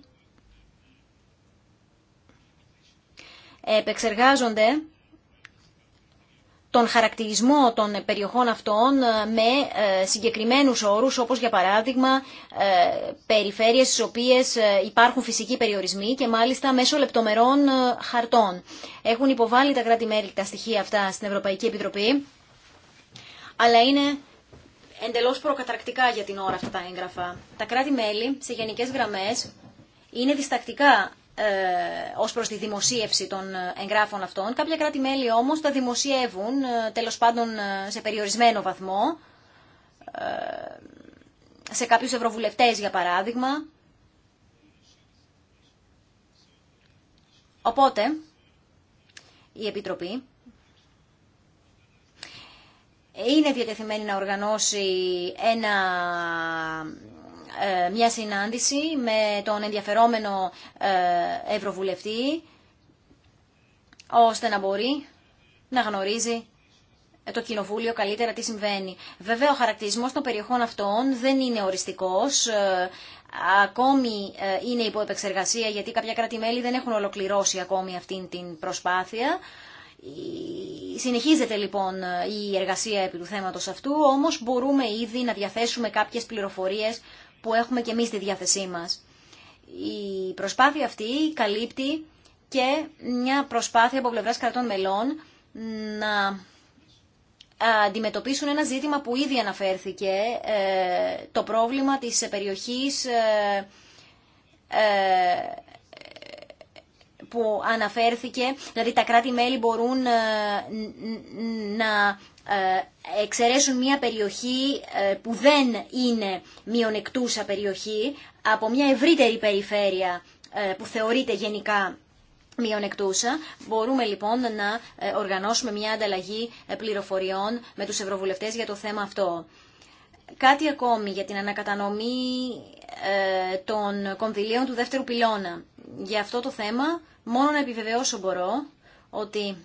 S3: επεξεργάζονται τον χαρακτηρισμό των ε, περιοχών αυτών ε, με ε, συγκεκριμένους όρους, όπως για παράδειγμα περιφέρειες στις οποίες υπάρχουν φυσικοί περιορισμοί και μάλιστα μέσω λεπτομερών χαρτών. Έχουν υποβάλει τα κράτη-μέλη τα στοιχεία αυτά στην Ευρωπαϊκή Επιτροπή, αλλά είναι εντελώς προκαταρκτικά για την ώρα αυτά τα έγγραφα. Τα κράτη-μέλη σε γενικές γραμμές είναι διστακτικά ε, ως προς τη δημοσίευση των ε, εγγράφων αυτών. Κάποια κράτη-μέλη όμως τα δημοσιεύουν, ε, τέλος πάντων ε, σε περιορισμένο βαθμό, σε κάποιους ευρωβουλευτές για παράδειγμα. Οπότε, η Επιτροπή είναι διατεθειμένη να οργανώσει ένα ε, μια συνάντηση με τον ενδιαφερόμενο ε, Ευρωβουλευτή ώστε να μπορεί να γνωρίζει ε, το κοινοβούλιο καλύτερα τι συμβαίνει. Βέβαια ο χαρακτηρισμός των περιοχών αυτών δεν είναι οριστικός. Ακόμη είναι υπό επεξεργασία γιατί κάποια κράτη-μέλη δεν έχουν ολοκληρώσει ακόμη αυτή την προσπάθεια. Συνεχίζεται λοιπόν η εργασία επί του θέματος αυτού, όμως μπορούμε ήδη να διαθέσουμε κάποιες πληροφορίες που έχουμε και εμείς στη διάθεσή μας. Η προσπάθεια αυτή καλύπτει και μια προσπάθεια από πλευράς κρατών μελών να ε, αντιμετωπίσουν ένα ζήτημα που ήδη αναφέρθηκε, ε, το πρόβλημα της περιοχής ε, που αναφέρθηκε, δηλαδή τα κράτη-μέλη μπορούν να ε, εξαιρέσουν μια περιοχή ε, που δεν είναι μειονεκτούσα περιοχή από μια ευρύτερη περιφέρεια ε, που θεωρείται γενικά μειονεκτούσα. Μπορούμε λοιπόν να οργανώσουμε μια ανταλλαγή πληροφοριών με τους ευρωβουλευτές για το θέμα αυτό. Κάτι ακόμη για την ανακατανομή των κονδυλίων του δεύτερου πυλώνα. Για αυτό το θέμα μόνο να επιβεβαιώσω μπορώ ότι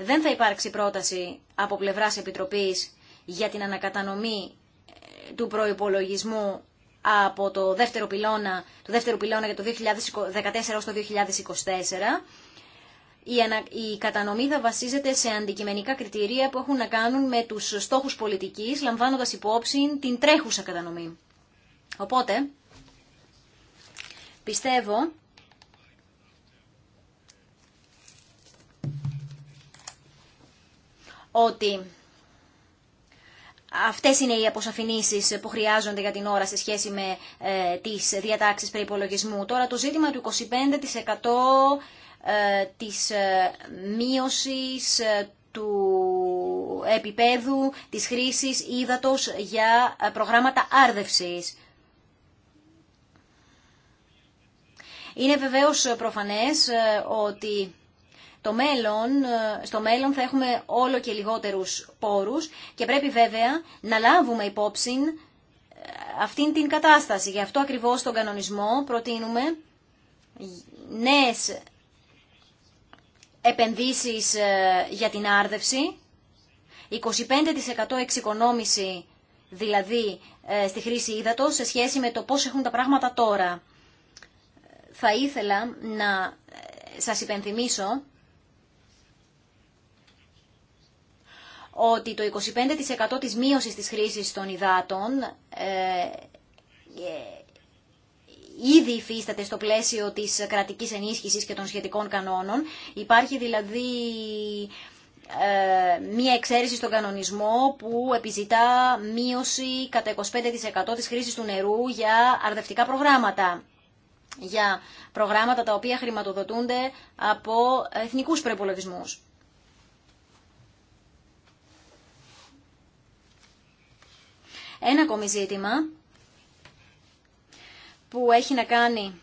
S3: δεν θα υπάρξει πρόταση από πλευρά Επιτροπής για την ανακατανομή ε, του προϋπολογισμού από το δεύτερο πυλώνα, το δεύτερο πυλώνα για το 2014 ως το 2024. Η, η κατανομή θα βασίζεται σε αντικειμενικά κριτήρια που έχουν να κάνουν με τους στόχους πολιτικής, λαμβάνοντας υπόψη την τρέχουσα κατανομή. Οπότε, πιστεύω ότι αυτές είναι οι αποσαφηνίσεις που χρειάζονται για την ώρα σε σχέση με ε, τις διατάξεις Τώρα το ζήτημα του 25% ε, της ε, ε, του επίπεδου της χρήσης ύδατος για προγράμματα άρδευσης. Είναι βεβαίως προφανές ότι μέλλον, ε, στο μέλλον θα έχουμε όλο και λιγότερους πόρους και πρέπει βέβαια να λάβουμε υπόψη ε, αυτήν την κατάσταση. Γι' αυτό ακριβώς τον κανονισμό προτείνουμε νέες επενδύσεις ε, για την άρδευση, 25% εξοικονόμηση δηλαδή στη χρήση ύδατος σε σχέση με το πώς έχουν τα πράγματα τώρα. Θα ήθελα να σας υπενθυμίσω ότι το 25% της μείωσης της χρήσης των υδάτων ε, ε, ήδη υφίσταται στο πλαίσιο της κρατικής ενίσχυσης και των σχετικών κανόνων. Υπάρχει δηλαδή ε, μία εξαίρεση στον κανονισμό που επιζητά μείωση κατά 25% της χρήσης του νερού για αρδευτικά προγράμματα. Για προγράμματα τα οποία χρηματοδοτούνται από εθνικούς προπολογισμού. Ένα ακόμη ζήτημα που έχει να κάνει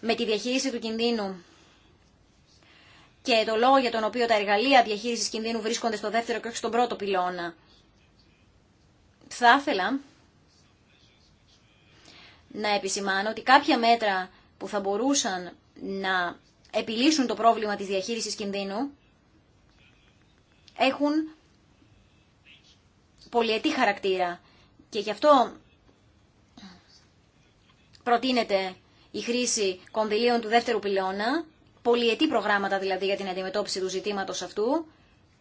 S3: με τη διαχείριση του κινδύνου και το λόγο για τον οποίο τα εργαλεία διαχείρισης κινδύνου βρίσκονται στο δεύτερο και όχι στον πρώτο πυλώνα. Θα ήθελα να επισημάνω ότι κάποια μέτρα που θα μπορούσαν να επιλύσουν το πρόβλημα της διαχείρισης κινδύνου έχουν πολυετή χαρακτήρα και γι' αυτό προτείνεται η χρήση κονδυλίων του δεύτερου πυλώνα, πολυετή προγράμματα δηλαδή για την αντιμετώπιση του ζητήματος αυτού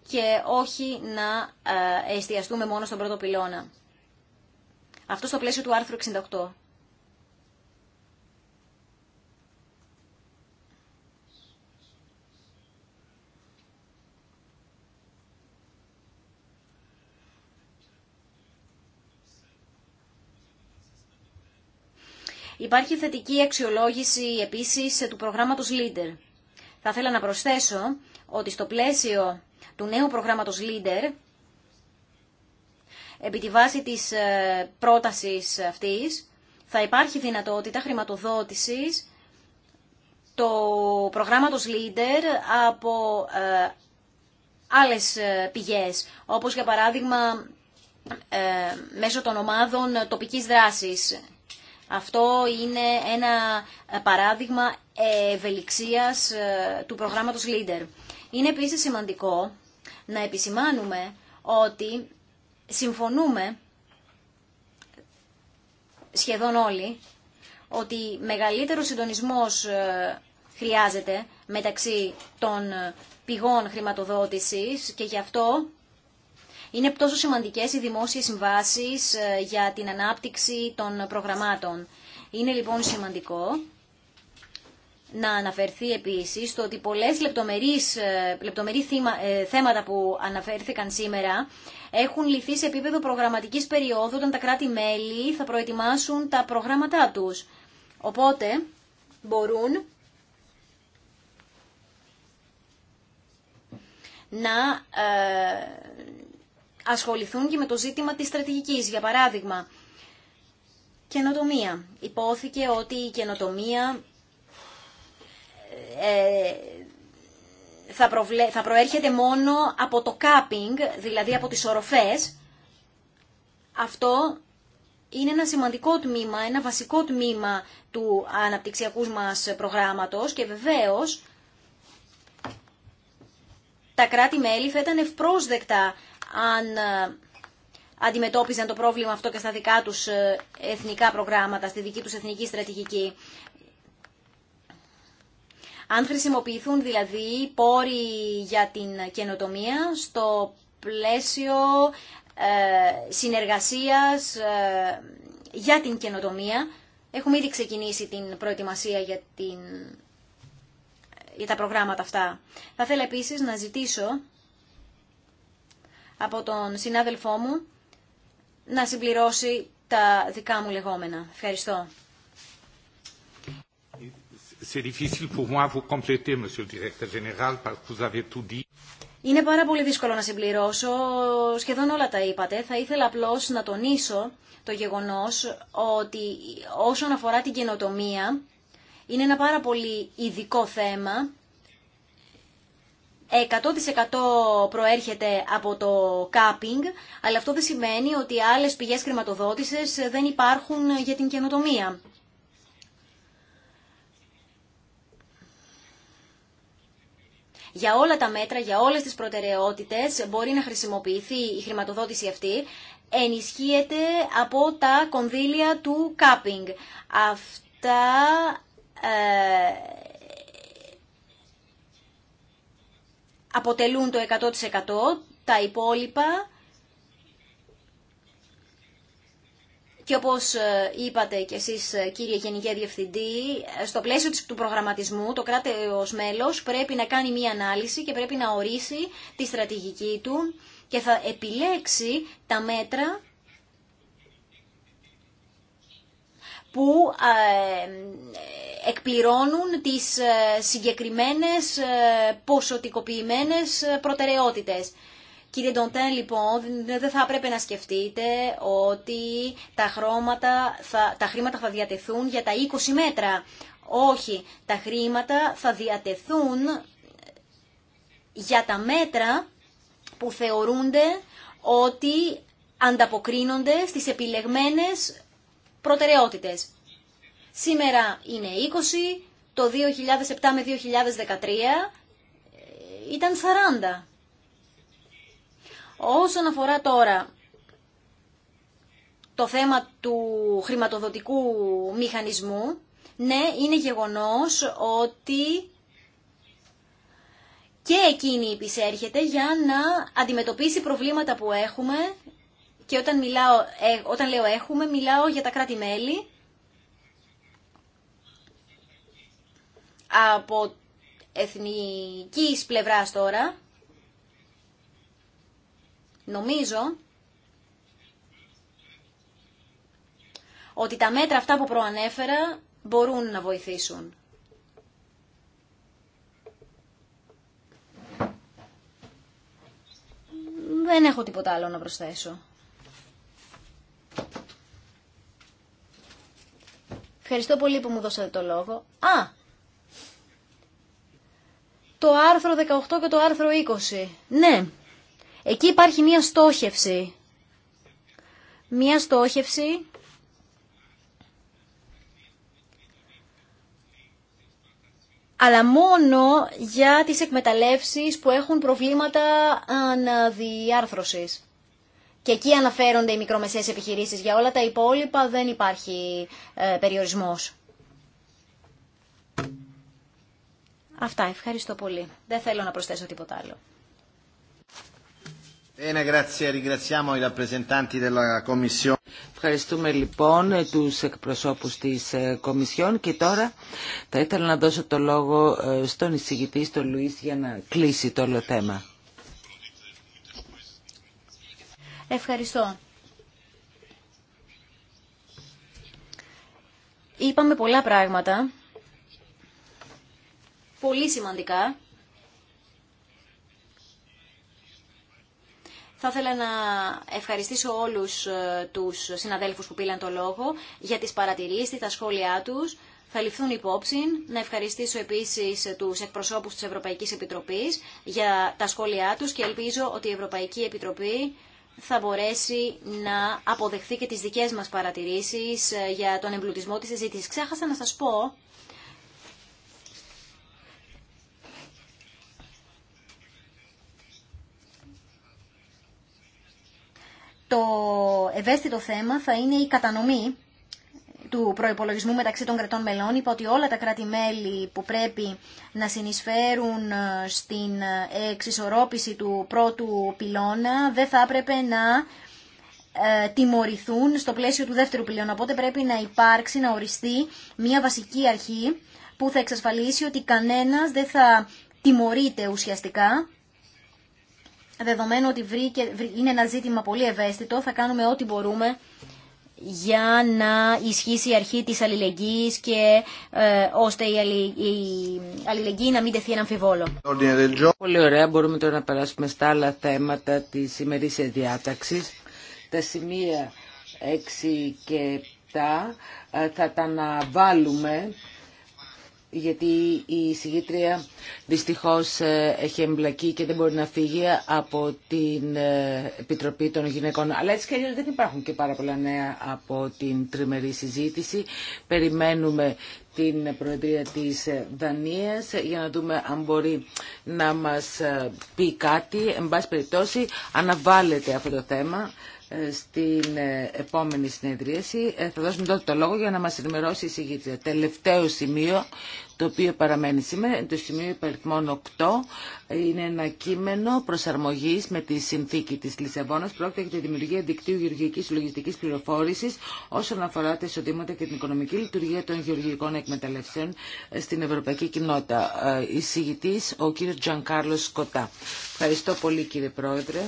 S3: και όχι να ε, εστιαστούμε μόνο στον πρώτο πυλώνα. Αυτό στο πλαίσιο του άρθρου 68. Υπάρχει θετική αξιολόγηση επίσης του προγράμματος Leader. Θα ήθελα να προσθέσω ότι στο πλαίσιο του νέου προγράμματος Leader, επί τη βάση της ε, πρότασης αυτής, θα υπάρχει δυνατότητα χρηματοδότησης το προγράμματος Leader από ε, άλλες ε, πηγές, όπως για παράδειγμα μέσω των ομάδων τοπικής δράσης. Αυτό είναι ένα παράδειγμα ευελιξίας ε, του προγράμματος Leader. Είναι επίσης σημαντικό να επισημάνουμε ότι συμφωνούμε σχεδόν όλοι ότι μεγαλύτερο συντονισμός ε, χρειάζεται μεταξύ των ε, πηγών χρηματοδότησης και γι' αυτό είναι τόσο σημαντικές οι δημόσιες συμβάσεις ε, για την ανάπτυξη των προγραμμάτων. Είναι λοιπόν σημαντικό να αναφερθεί επίσης το ότι πολλές λεπτομερείς, ε, λεπτομερή ε, θέματα που αναφέρθηκαν σήμερα έχουν λυθεί σε επίπεδο προγραμματικής περίοδου όταν τα κράτη-μέλη θα προετοιμάσουν τα προγράμματά τους. Οπότε μπορούν να, ασχοληθούν και με το ζήτημα της στρατηγικής. Για παράδειγμα, καινοτομία. Υπόθηκε ότι η καινοτομία ε, θα, θα προέρχεται μόνο από το κάπινγκ, δηλαδή από τις οροφές. Αυτό είναι ένα σημαντικό τμήμα, ένα βασικό τμήμα του αναπτυξιακού μας προγράμματος και βεβαίως τα κράτη-μέλη θα ήταν ευπρόσδεκτα αν ε, αντιμετώπιζαν το πρόβλημα αυτό και στα δικά τους ε, εθνικά προγράμματα, στη δική τους εθνική στρατηγική. Αν χρησιμοποιηθούν δηλαδή πόροι για την καινοτομία στο πλαίσιο ε, συνεργασίας για την καινοτομία. Έχουμε ήδη ξεκινήσει την προετοιμασία για, την... για τα προγράμματα αυτά. Θα ήθελα επίσης να ζητήσω από τον συνάδελφό μου να συμπληρώσει τα δικά μου λεγόμενα. Ευχαριστώ. Είναι πάρα πολύ δύσκολο να συμπληρώσω. Σχεδόν όλα τα είπατε. Θα ήθελα απλώς να τονίσω το γεγονός ότι όσον αφορά την καινοτομία είναι ένα πάρα πολύ ειδικό θέμα 100% προέρχεται από το κάπινγκ, αλλά αυτό δεν σημαίνει ότι άλλες πηγές χρηματοδότησης δεν υπάρχουν για την καινοτομία. Για όλα τα μέτρα, για όλες τις προτεραιότητες μπορεί να χρησιμοποιηθεί η χρηματοδότηση αυτή, ενισχύεται από τα κονδύλια του κάπινγκ. Αυτά ε, αποτελούν το 100%, τα υπόλοιπα Και όπως ε, είπατε και εσείς ε, κύριε Γενική Διευθυντή, ε, στο πλαίσιο του προγραμματισμού το κράτος μέλος πρέπει να κάνει μία ανάλυση και πρέπει να ορίσει τη στρατηγική του και θα επιλέξει τα μέτρα που ε, ε, εκπληρώνουν τις ε, συγκεκριμένες ποσοτικοποιημένες προτεραιότητες. Κύριε Ντοντέν, λοιπόν, δεν θα έπρεπε να σκεφτείτε ότι τα, χρώματα θα, τα χρήματα θα διατεθούν για τα 20 μέτρα. Όχι, τα χρήματα θα διατεθούν για τα μέτρα που θεωρούνται ότι ανταποκρίνονται στις επιλεγμένες προτεραιότητες. Σήμερα είναι 20, το 2007 με 2013 ε, ήταν 40. Όσον αφορά τώρα το θέμα του χρηματοδοτικού μηχανισμού, ναι, είναι γεγονός ότι και εκείνη υπησέρχεται για να αντιμετωπίσει προβλήματα που έχουμε και όταν, μιλάω, ε, όταν λέω έχουμε, μιλάω για τα κράτη-μέλη. Από εθνικής πλευράς τώρα, νομίζω ότι τα μέτρα αυτά που προανέφερα μπορούν να βοηθήσουν. Δεν έχω τίποτα άλλο να προσθέσω. Ευχαριστώ πολύ που μου δώσατε το λόγο. Α! Το άρθρο 18 και το άρθρο 20. Ναι. Εκεί υπάρχει μία στόχευση. Μία στόχευση αλλά μόνο για τις εκμεταλλεύσεις που έχουν προβλήματα αναδιάρθρωσης και εκεί αναφέρονται οι μικρομεσαίες επιχειρήσεις. Για όλα τα υπόλοιπα δεν υπάρχει ε, περιορισμός. Αυτά, ευχαριστώ πολύ. Δεν θέλω να προσθέσω τίποτα άλλο.
S2: Ευχαριστούμε λοιπόν τους εκπροσώπους της ε, Κομισιόν και τώρα θα ήθελα να δώσω το λόγο ε, στον εισηγητή, στον Λουίς, για να κλείσει το όλο θέμα.
S3: Ευχαριστώ. Είπαμε πολλά πράγματα, πολύ σημαντικά. Θα ήθελα να ευχαριστήσω όλους ε, τους συναδέλφους που πήλαν το λόγο για τις παρατηρήσεις, τα σχόλιά τους. Θα ληφθούν υπόψη. Να ευχαριστήσω επίσης ε, τους εκπροσώπους της Ευρωπαϊκής Επιτροπής για τα σχόλιά τους και ελπίζω ότι η Ευρωπαϊκή Επιτροπή θα μπορέσει να αποδεχθεί και τις δικές μας παρατηρήσεις ε, για τον εμπλουτισμό της συζήτηση. Ξέχασα να σας πω το ευαίσθητο θέμα θα είναι η κατανομή του προϋπολογισμού μεταξύ των κρατών μελών είπε ότι όλα τα κράτη-μέλη που πρέπει να συνεισφέρουν ε, στην ε, εξισορρόπηση του πρώτου πυλώνα δεν θα έπρεπε να ε, τιμωρηθούν στο πλαίσιο του δεύτερου πυλώνα. Οπότε πρέπει να υπάρξει, να οριστεί μια βασική αρχή που θα εξασφαλίσει ότι κανένας δεν θα τιμωρείται ουσιαστικά δεδομένου ότι είναι ένα ζήτημα πολύ ευαίσθητο, θα κάνουμε ό,τι μπορούμε για να ισχύσει η αρχή της αλληλεγγύης και ε, ώστε η, αλληλεγγύη να μην τεθεί ένα αμφιβόλο.
S2: Πολύ ωραία, μπορούμε τώρα να περάσουμε στα άλλα θέματα της σημερινής διάταξης.
S3: Τα σημεία 6 και
S2: 7 ε, θα τα αναβάλουμε γιατί η συγγήτρια δυστυχώς ε, έχει εμπλακεί και δεν μπορεί να φύγει από την ε, Επιτροπή των Γυναικών. Αλλά έτσι και δεν υπάρχουν και πάρα πολλά νέα από την τριμερή συζήτηση. Περιμένουμε την Προεδρία της Δανίας για να δούμε αν μπορεί να μας ε, πει κάτι. Εν πάση περιπτώσει αναβάλλεται αυτό το θέμα στην ε, επόμενη συνεδρίαση. Ε, θα δώσουμε τότε το λόγο για να μας ενημερώσει η Τελευταίο σημείο το οποίο παραμένει σήμερα, το σημείο υπαριθμών 8, είναι ένα κείμενο προσαρμογής με τη συνθήκη της Λισαβόνας. Πρόκειται για τη δημιουργία δικτύου γεωργικής λογιστικής πληροφόρησης όσον αφορά τα εισοδήματα και την οικονομική λειτουργία των γεωργικών εκμεταλλεύσεων ε, στην Ευρωπαϊκή Κοινότητα. Εισηγητής ο κύριος Τζανκάρλος Σκοτά. Ευχαριστώ πολύ κύριε Πρόεδρε.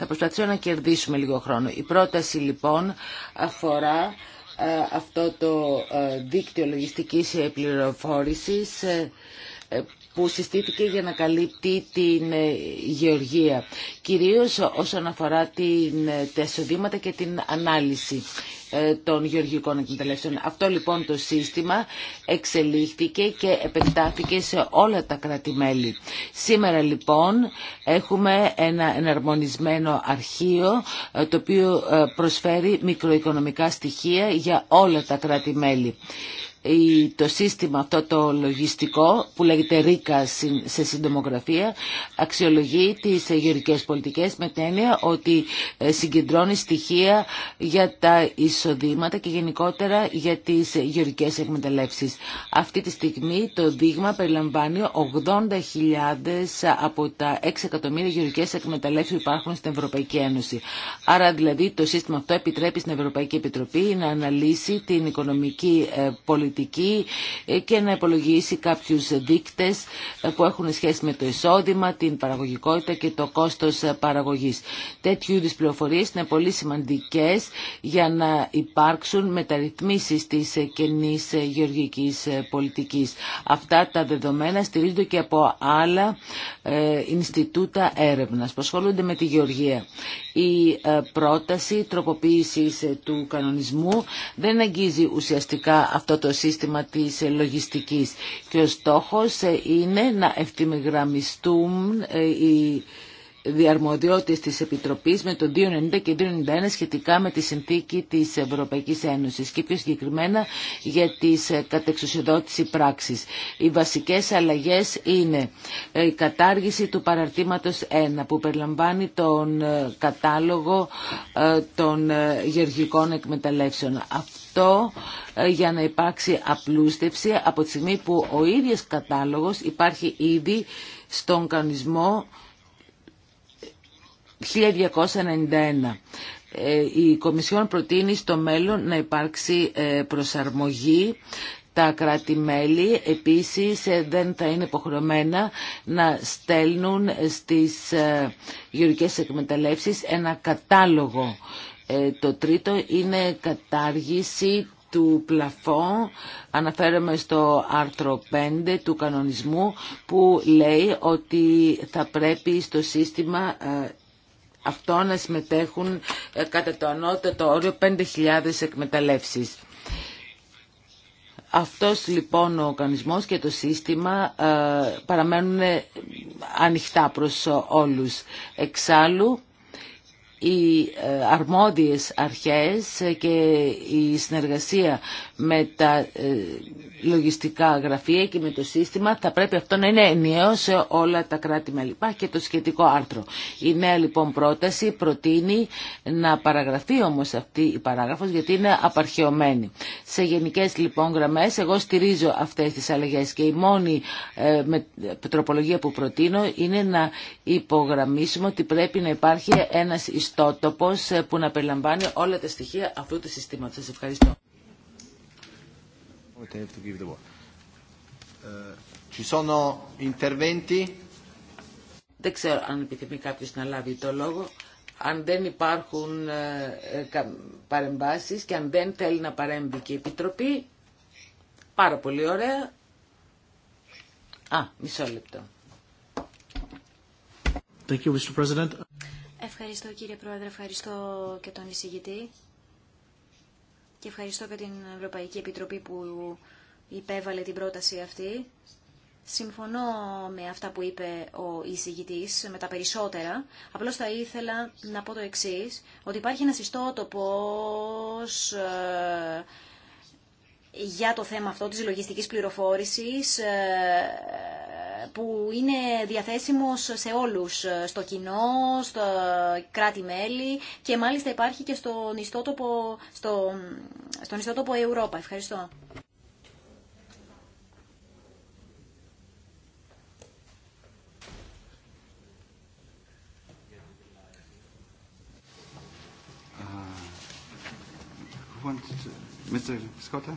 S2: Θα προσπαθήσω να κερδίσουμε λίγο χρόνο. Η πρόταση λοιπόν αφορά ε, αυτό το ε, δίκτυο λογιστικής ε, πληροφόρησης που συστήθηκε για να καλύπτει την ε, γεωργία, κυρίως όσον αφορά την, ε, τα εισοδήματα και την ανάλυση ε, των γεωργικών εκμεταλλεύσεων. Αυτό λοιπόν το σύστημα εξελίχθηκε και επεκτάθηκε σε όλα τα κράτη-μέλη. Σήμερα λοιπόν έχουμε ένα εναρμονισμένο αρχείο το οποίο προσφέρει μικροοικονομικά στοιχεία για όλα τα κράτη-μέλη το σύστημα αυτό το λογιστικό που λέγεται ρίκα σε συντομογραφία αξιολογεί τις γεωρικές πολιτικές με την έννοια ότι ε, συγκεντρώνει στοιχεία για τα εισοδήματα και γενικότερα για τις γεωρικές εκμεταλλεύσεις. Αυτή τη στιγμή το δείγμα περιλαμβάνει 80.000 από τα 6 εκατομμύρια γεωρικές εκμεταλλεύσεις που υπάρχουν στην Ευρωπαϊκή Ένωση. Άρα δηλαδή το σύστημα αυτό επιτρέπει στην Ευρωπαϊκή Επιτροπή να αναλύσει την οικονομική ε, πολιτική πολιτική ε, και να υπολογίσει κάποιους δείκτες ε, που έχουν σχέση με το εισόδημα, την παραγωγικότητα και το κόστος ε, παραγωγής. Τέτοιου είδους πληροφορίες είναι πολύ σημαντικές για να υπάρξουν μεταρρυθμίσεις της καινής γεωργικής πολιτικής. Αυτά τα δεδομένα στηρίζονται και από άλλα Ινστιτούτα έρευνας που ασχολούνται με τη γεωργία. Η πρόταση τροποποίησης του κανονισμού δεν αγγίζει ουσιαστικά αυτό το σύστημα της λογιστικής και ο στόχος ε, είναι να ευθυμεγραμμιστούν ε, οι διαρμοδιότητες της Επιτροπής με το 290 και 291 σχετικά με τη συνθήκη της Ευρωπαϊκής Ένωσης και πιο συγκεκριμένα για τις ε, κατεξουσιοδότηση πράξης. Οι βασικές αλλαγές είναι η κατάργηση του παραρτήματος 1 που περιλαμβάνει τον κατάλογο των γεωργικών εκμεταλλεύσεων αυτό ε, για να υπάρξει απλούστευση από τη στιγμή που ο ίδιος κατάλογος υπάρχει ήδη στον κανονισμό 1291. Ε, η Κομισιόν προτείνει στο μέλλον να υπάρξει ε, προσαρμογή τα κράτη-μέλη επίσης δεν θα είναι υποχρεωμένα να στέλνουν στις γεωργικές εκμεταλλεύσεις ένα κατάλογο ε, το τρίτο είναι κατάργηση του πλαφών αναφέρομαι στο άρθρο 5 του κανονισμού που λέει ότι θα πρέπει στο σύστημα ε, αυτό να συμμετέχουν ε, κατά το ανώτατο όριο 5.000 εκμεταλλεύσεις. Αυτός λοιπόν ο κανονισμός και το σύστημα παραμένουν ανοιχτά προς όλους. Εξάλλου οι ε, αρμόδιες αρχές και η συνεργασία με τα ε, λογιστικά γραφεία και με το σύστημα θα πρέπει αυτό να είναι ενιαίο σε όλα τα κράτη με λοιπά και το σχετικό άρθρο. Η νέα λοιπόν πρόταση προτείνει να παραγραφεί όμως αυτή η παράγραφος γιατί είναι απαρχαιωμένη. Σε γενικές λοιπόν γραμμές εγώ στηρίζω αυτές τις αλλαγές και η μόνη ε, με, τροπολογία που προτείνω είναι να υπογραμμίσουμε ότι πρέπει να υπάρχει ένας ιστότοπος ε, που να περιλαμβάνει όλα τα στοιχεία αυτού του συστήματος. Σας ευχαριστώ. Ε, δεν ξέρω αν επιθυμεί κάποιος να λάβει το λόγο. Αν δεν υπάρχουν ε, παρεμβάσεις και αν δεν θέλει να παρέμβει και η Επιτροπή, πάρα πολύ ωραία. Α, μισό λεπτό.
S4: Thank you, Mr.
S3: Ευχαριστώ κύριε Πρόεδρε, ευχαριστώ και τον εισηγητή και ευχαριστώ και την Ευρωπαϊκή Επιτροπή που υπέβαλε την πρόταση αυτή. Συμφωνώ με αυτά που είπε ο εισηγητής, με τα περισσότερα. Απλώς θα ήθελα να πω το εξής, ότι υπάρχει ένας ιστότοπος ε, για το θέμα αυτό της λογιστικής πληροφόρησης ε, που είναι διαθέσιμος σε όλους, στο κοινό, στο κράτη-μέλη και μάλιστα υπάρχει και στον ιστότοπο, στο, στον ιστότοπο Ευρώπα. Ευχαριστώ.
S4: Uh, Mr.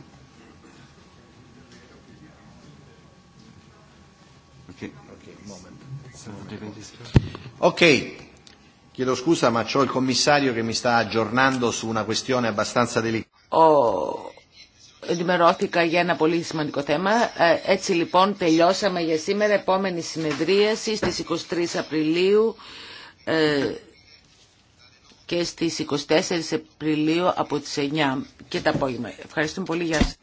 S4: Ok, chiedo scusa ma c'ho il commissario che mi sta aggiornando su una questione abbastanza delicata.
S2: Ενημερώθηκα για ένα πολύ σημαντικό θέμα. Έτσι λοιπόν τελειώσαμε για σήμερα. Επόμενη συνεδρίαση στις 23 Απριλίου και στις 24 Απριλίου από τις 9 και τα απόγευμα. Ευχαριστούμε πολύ. Γεια σας.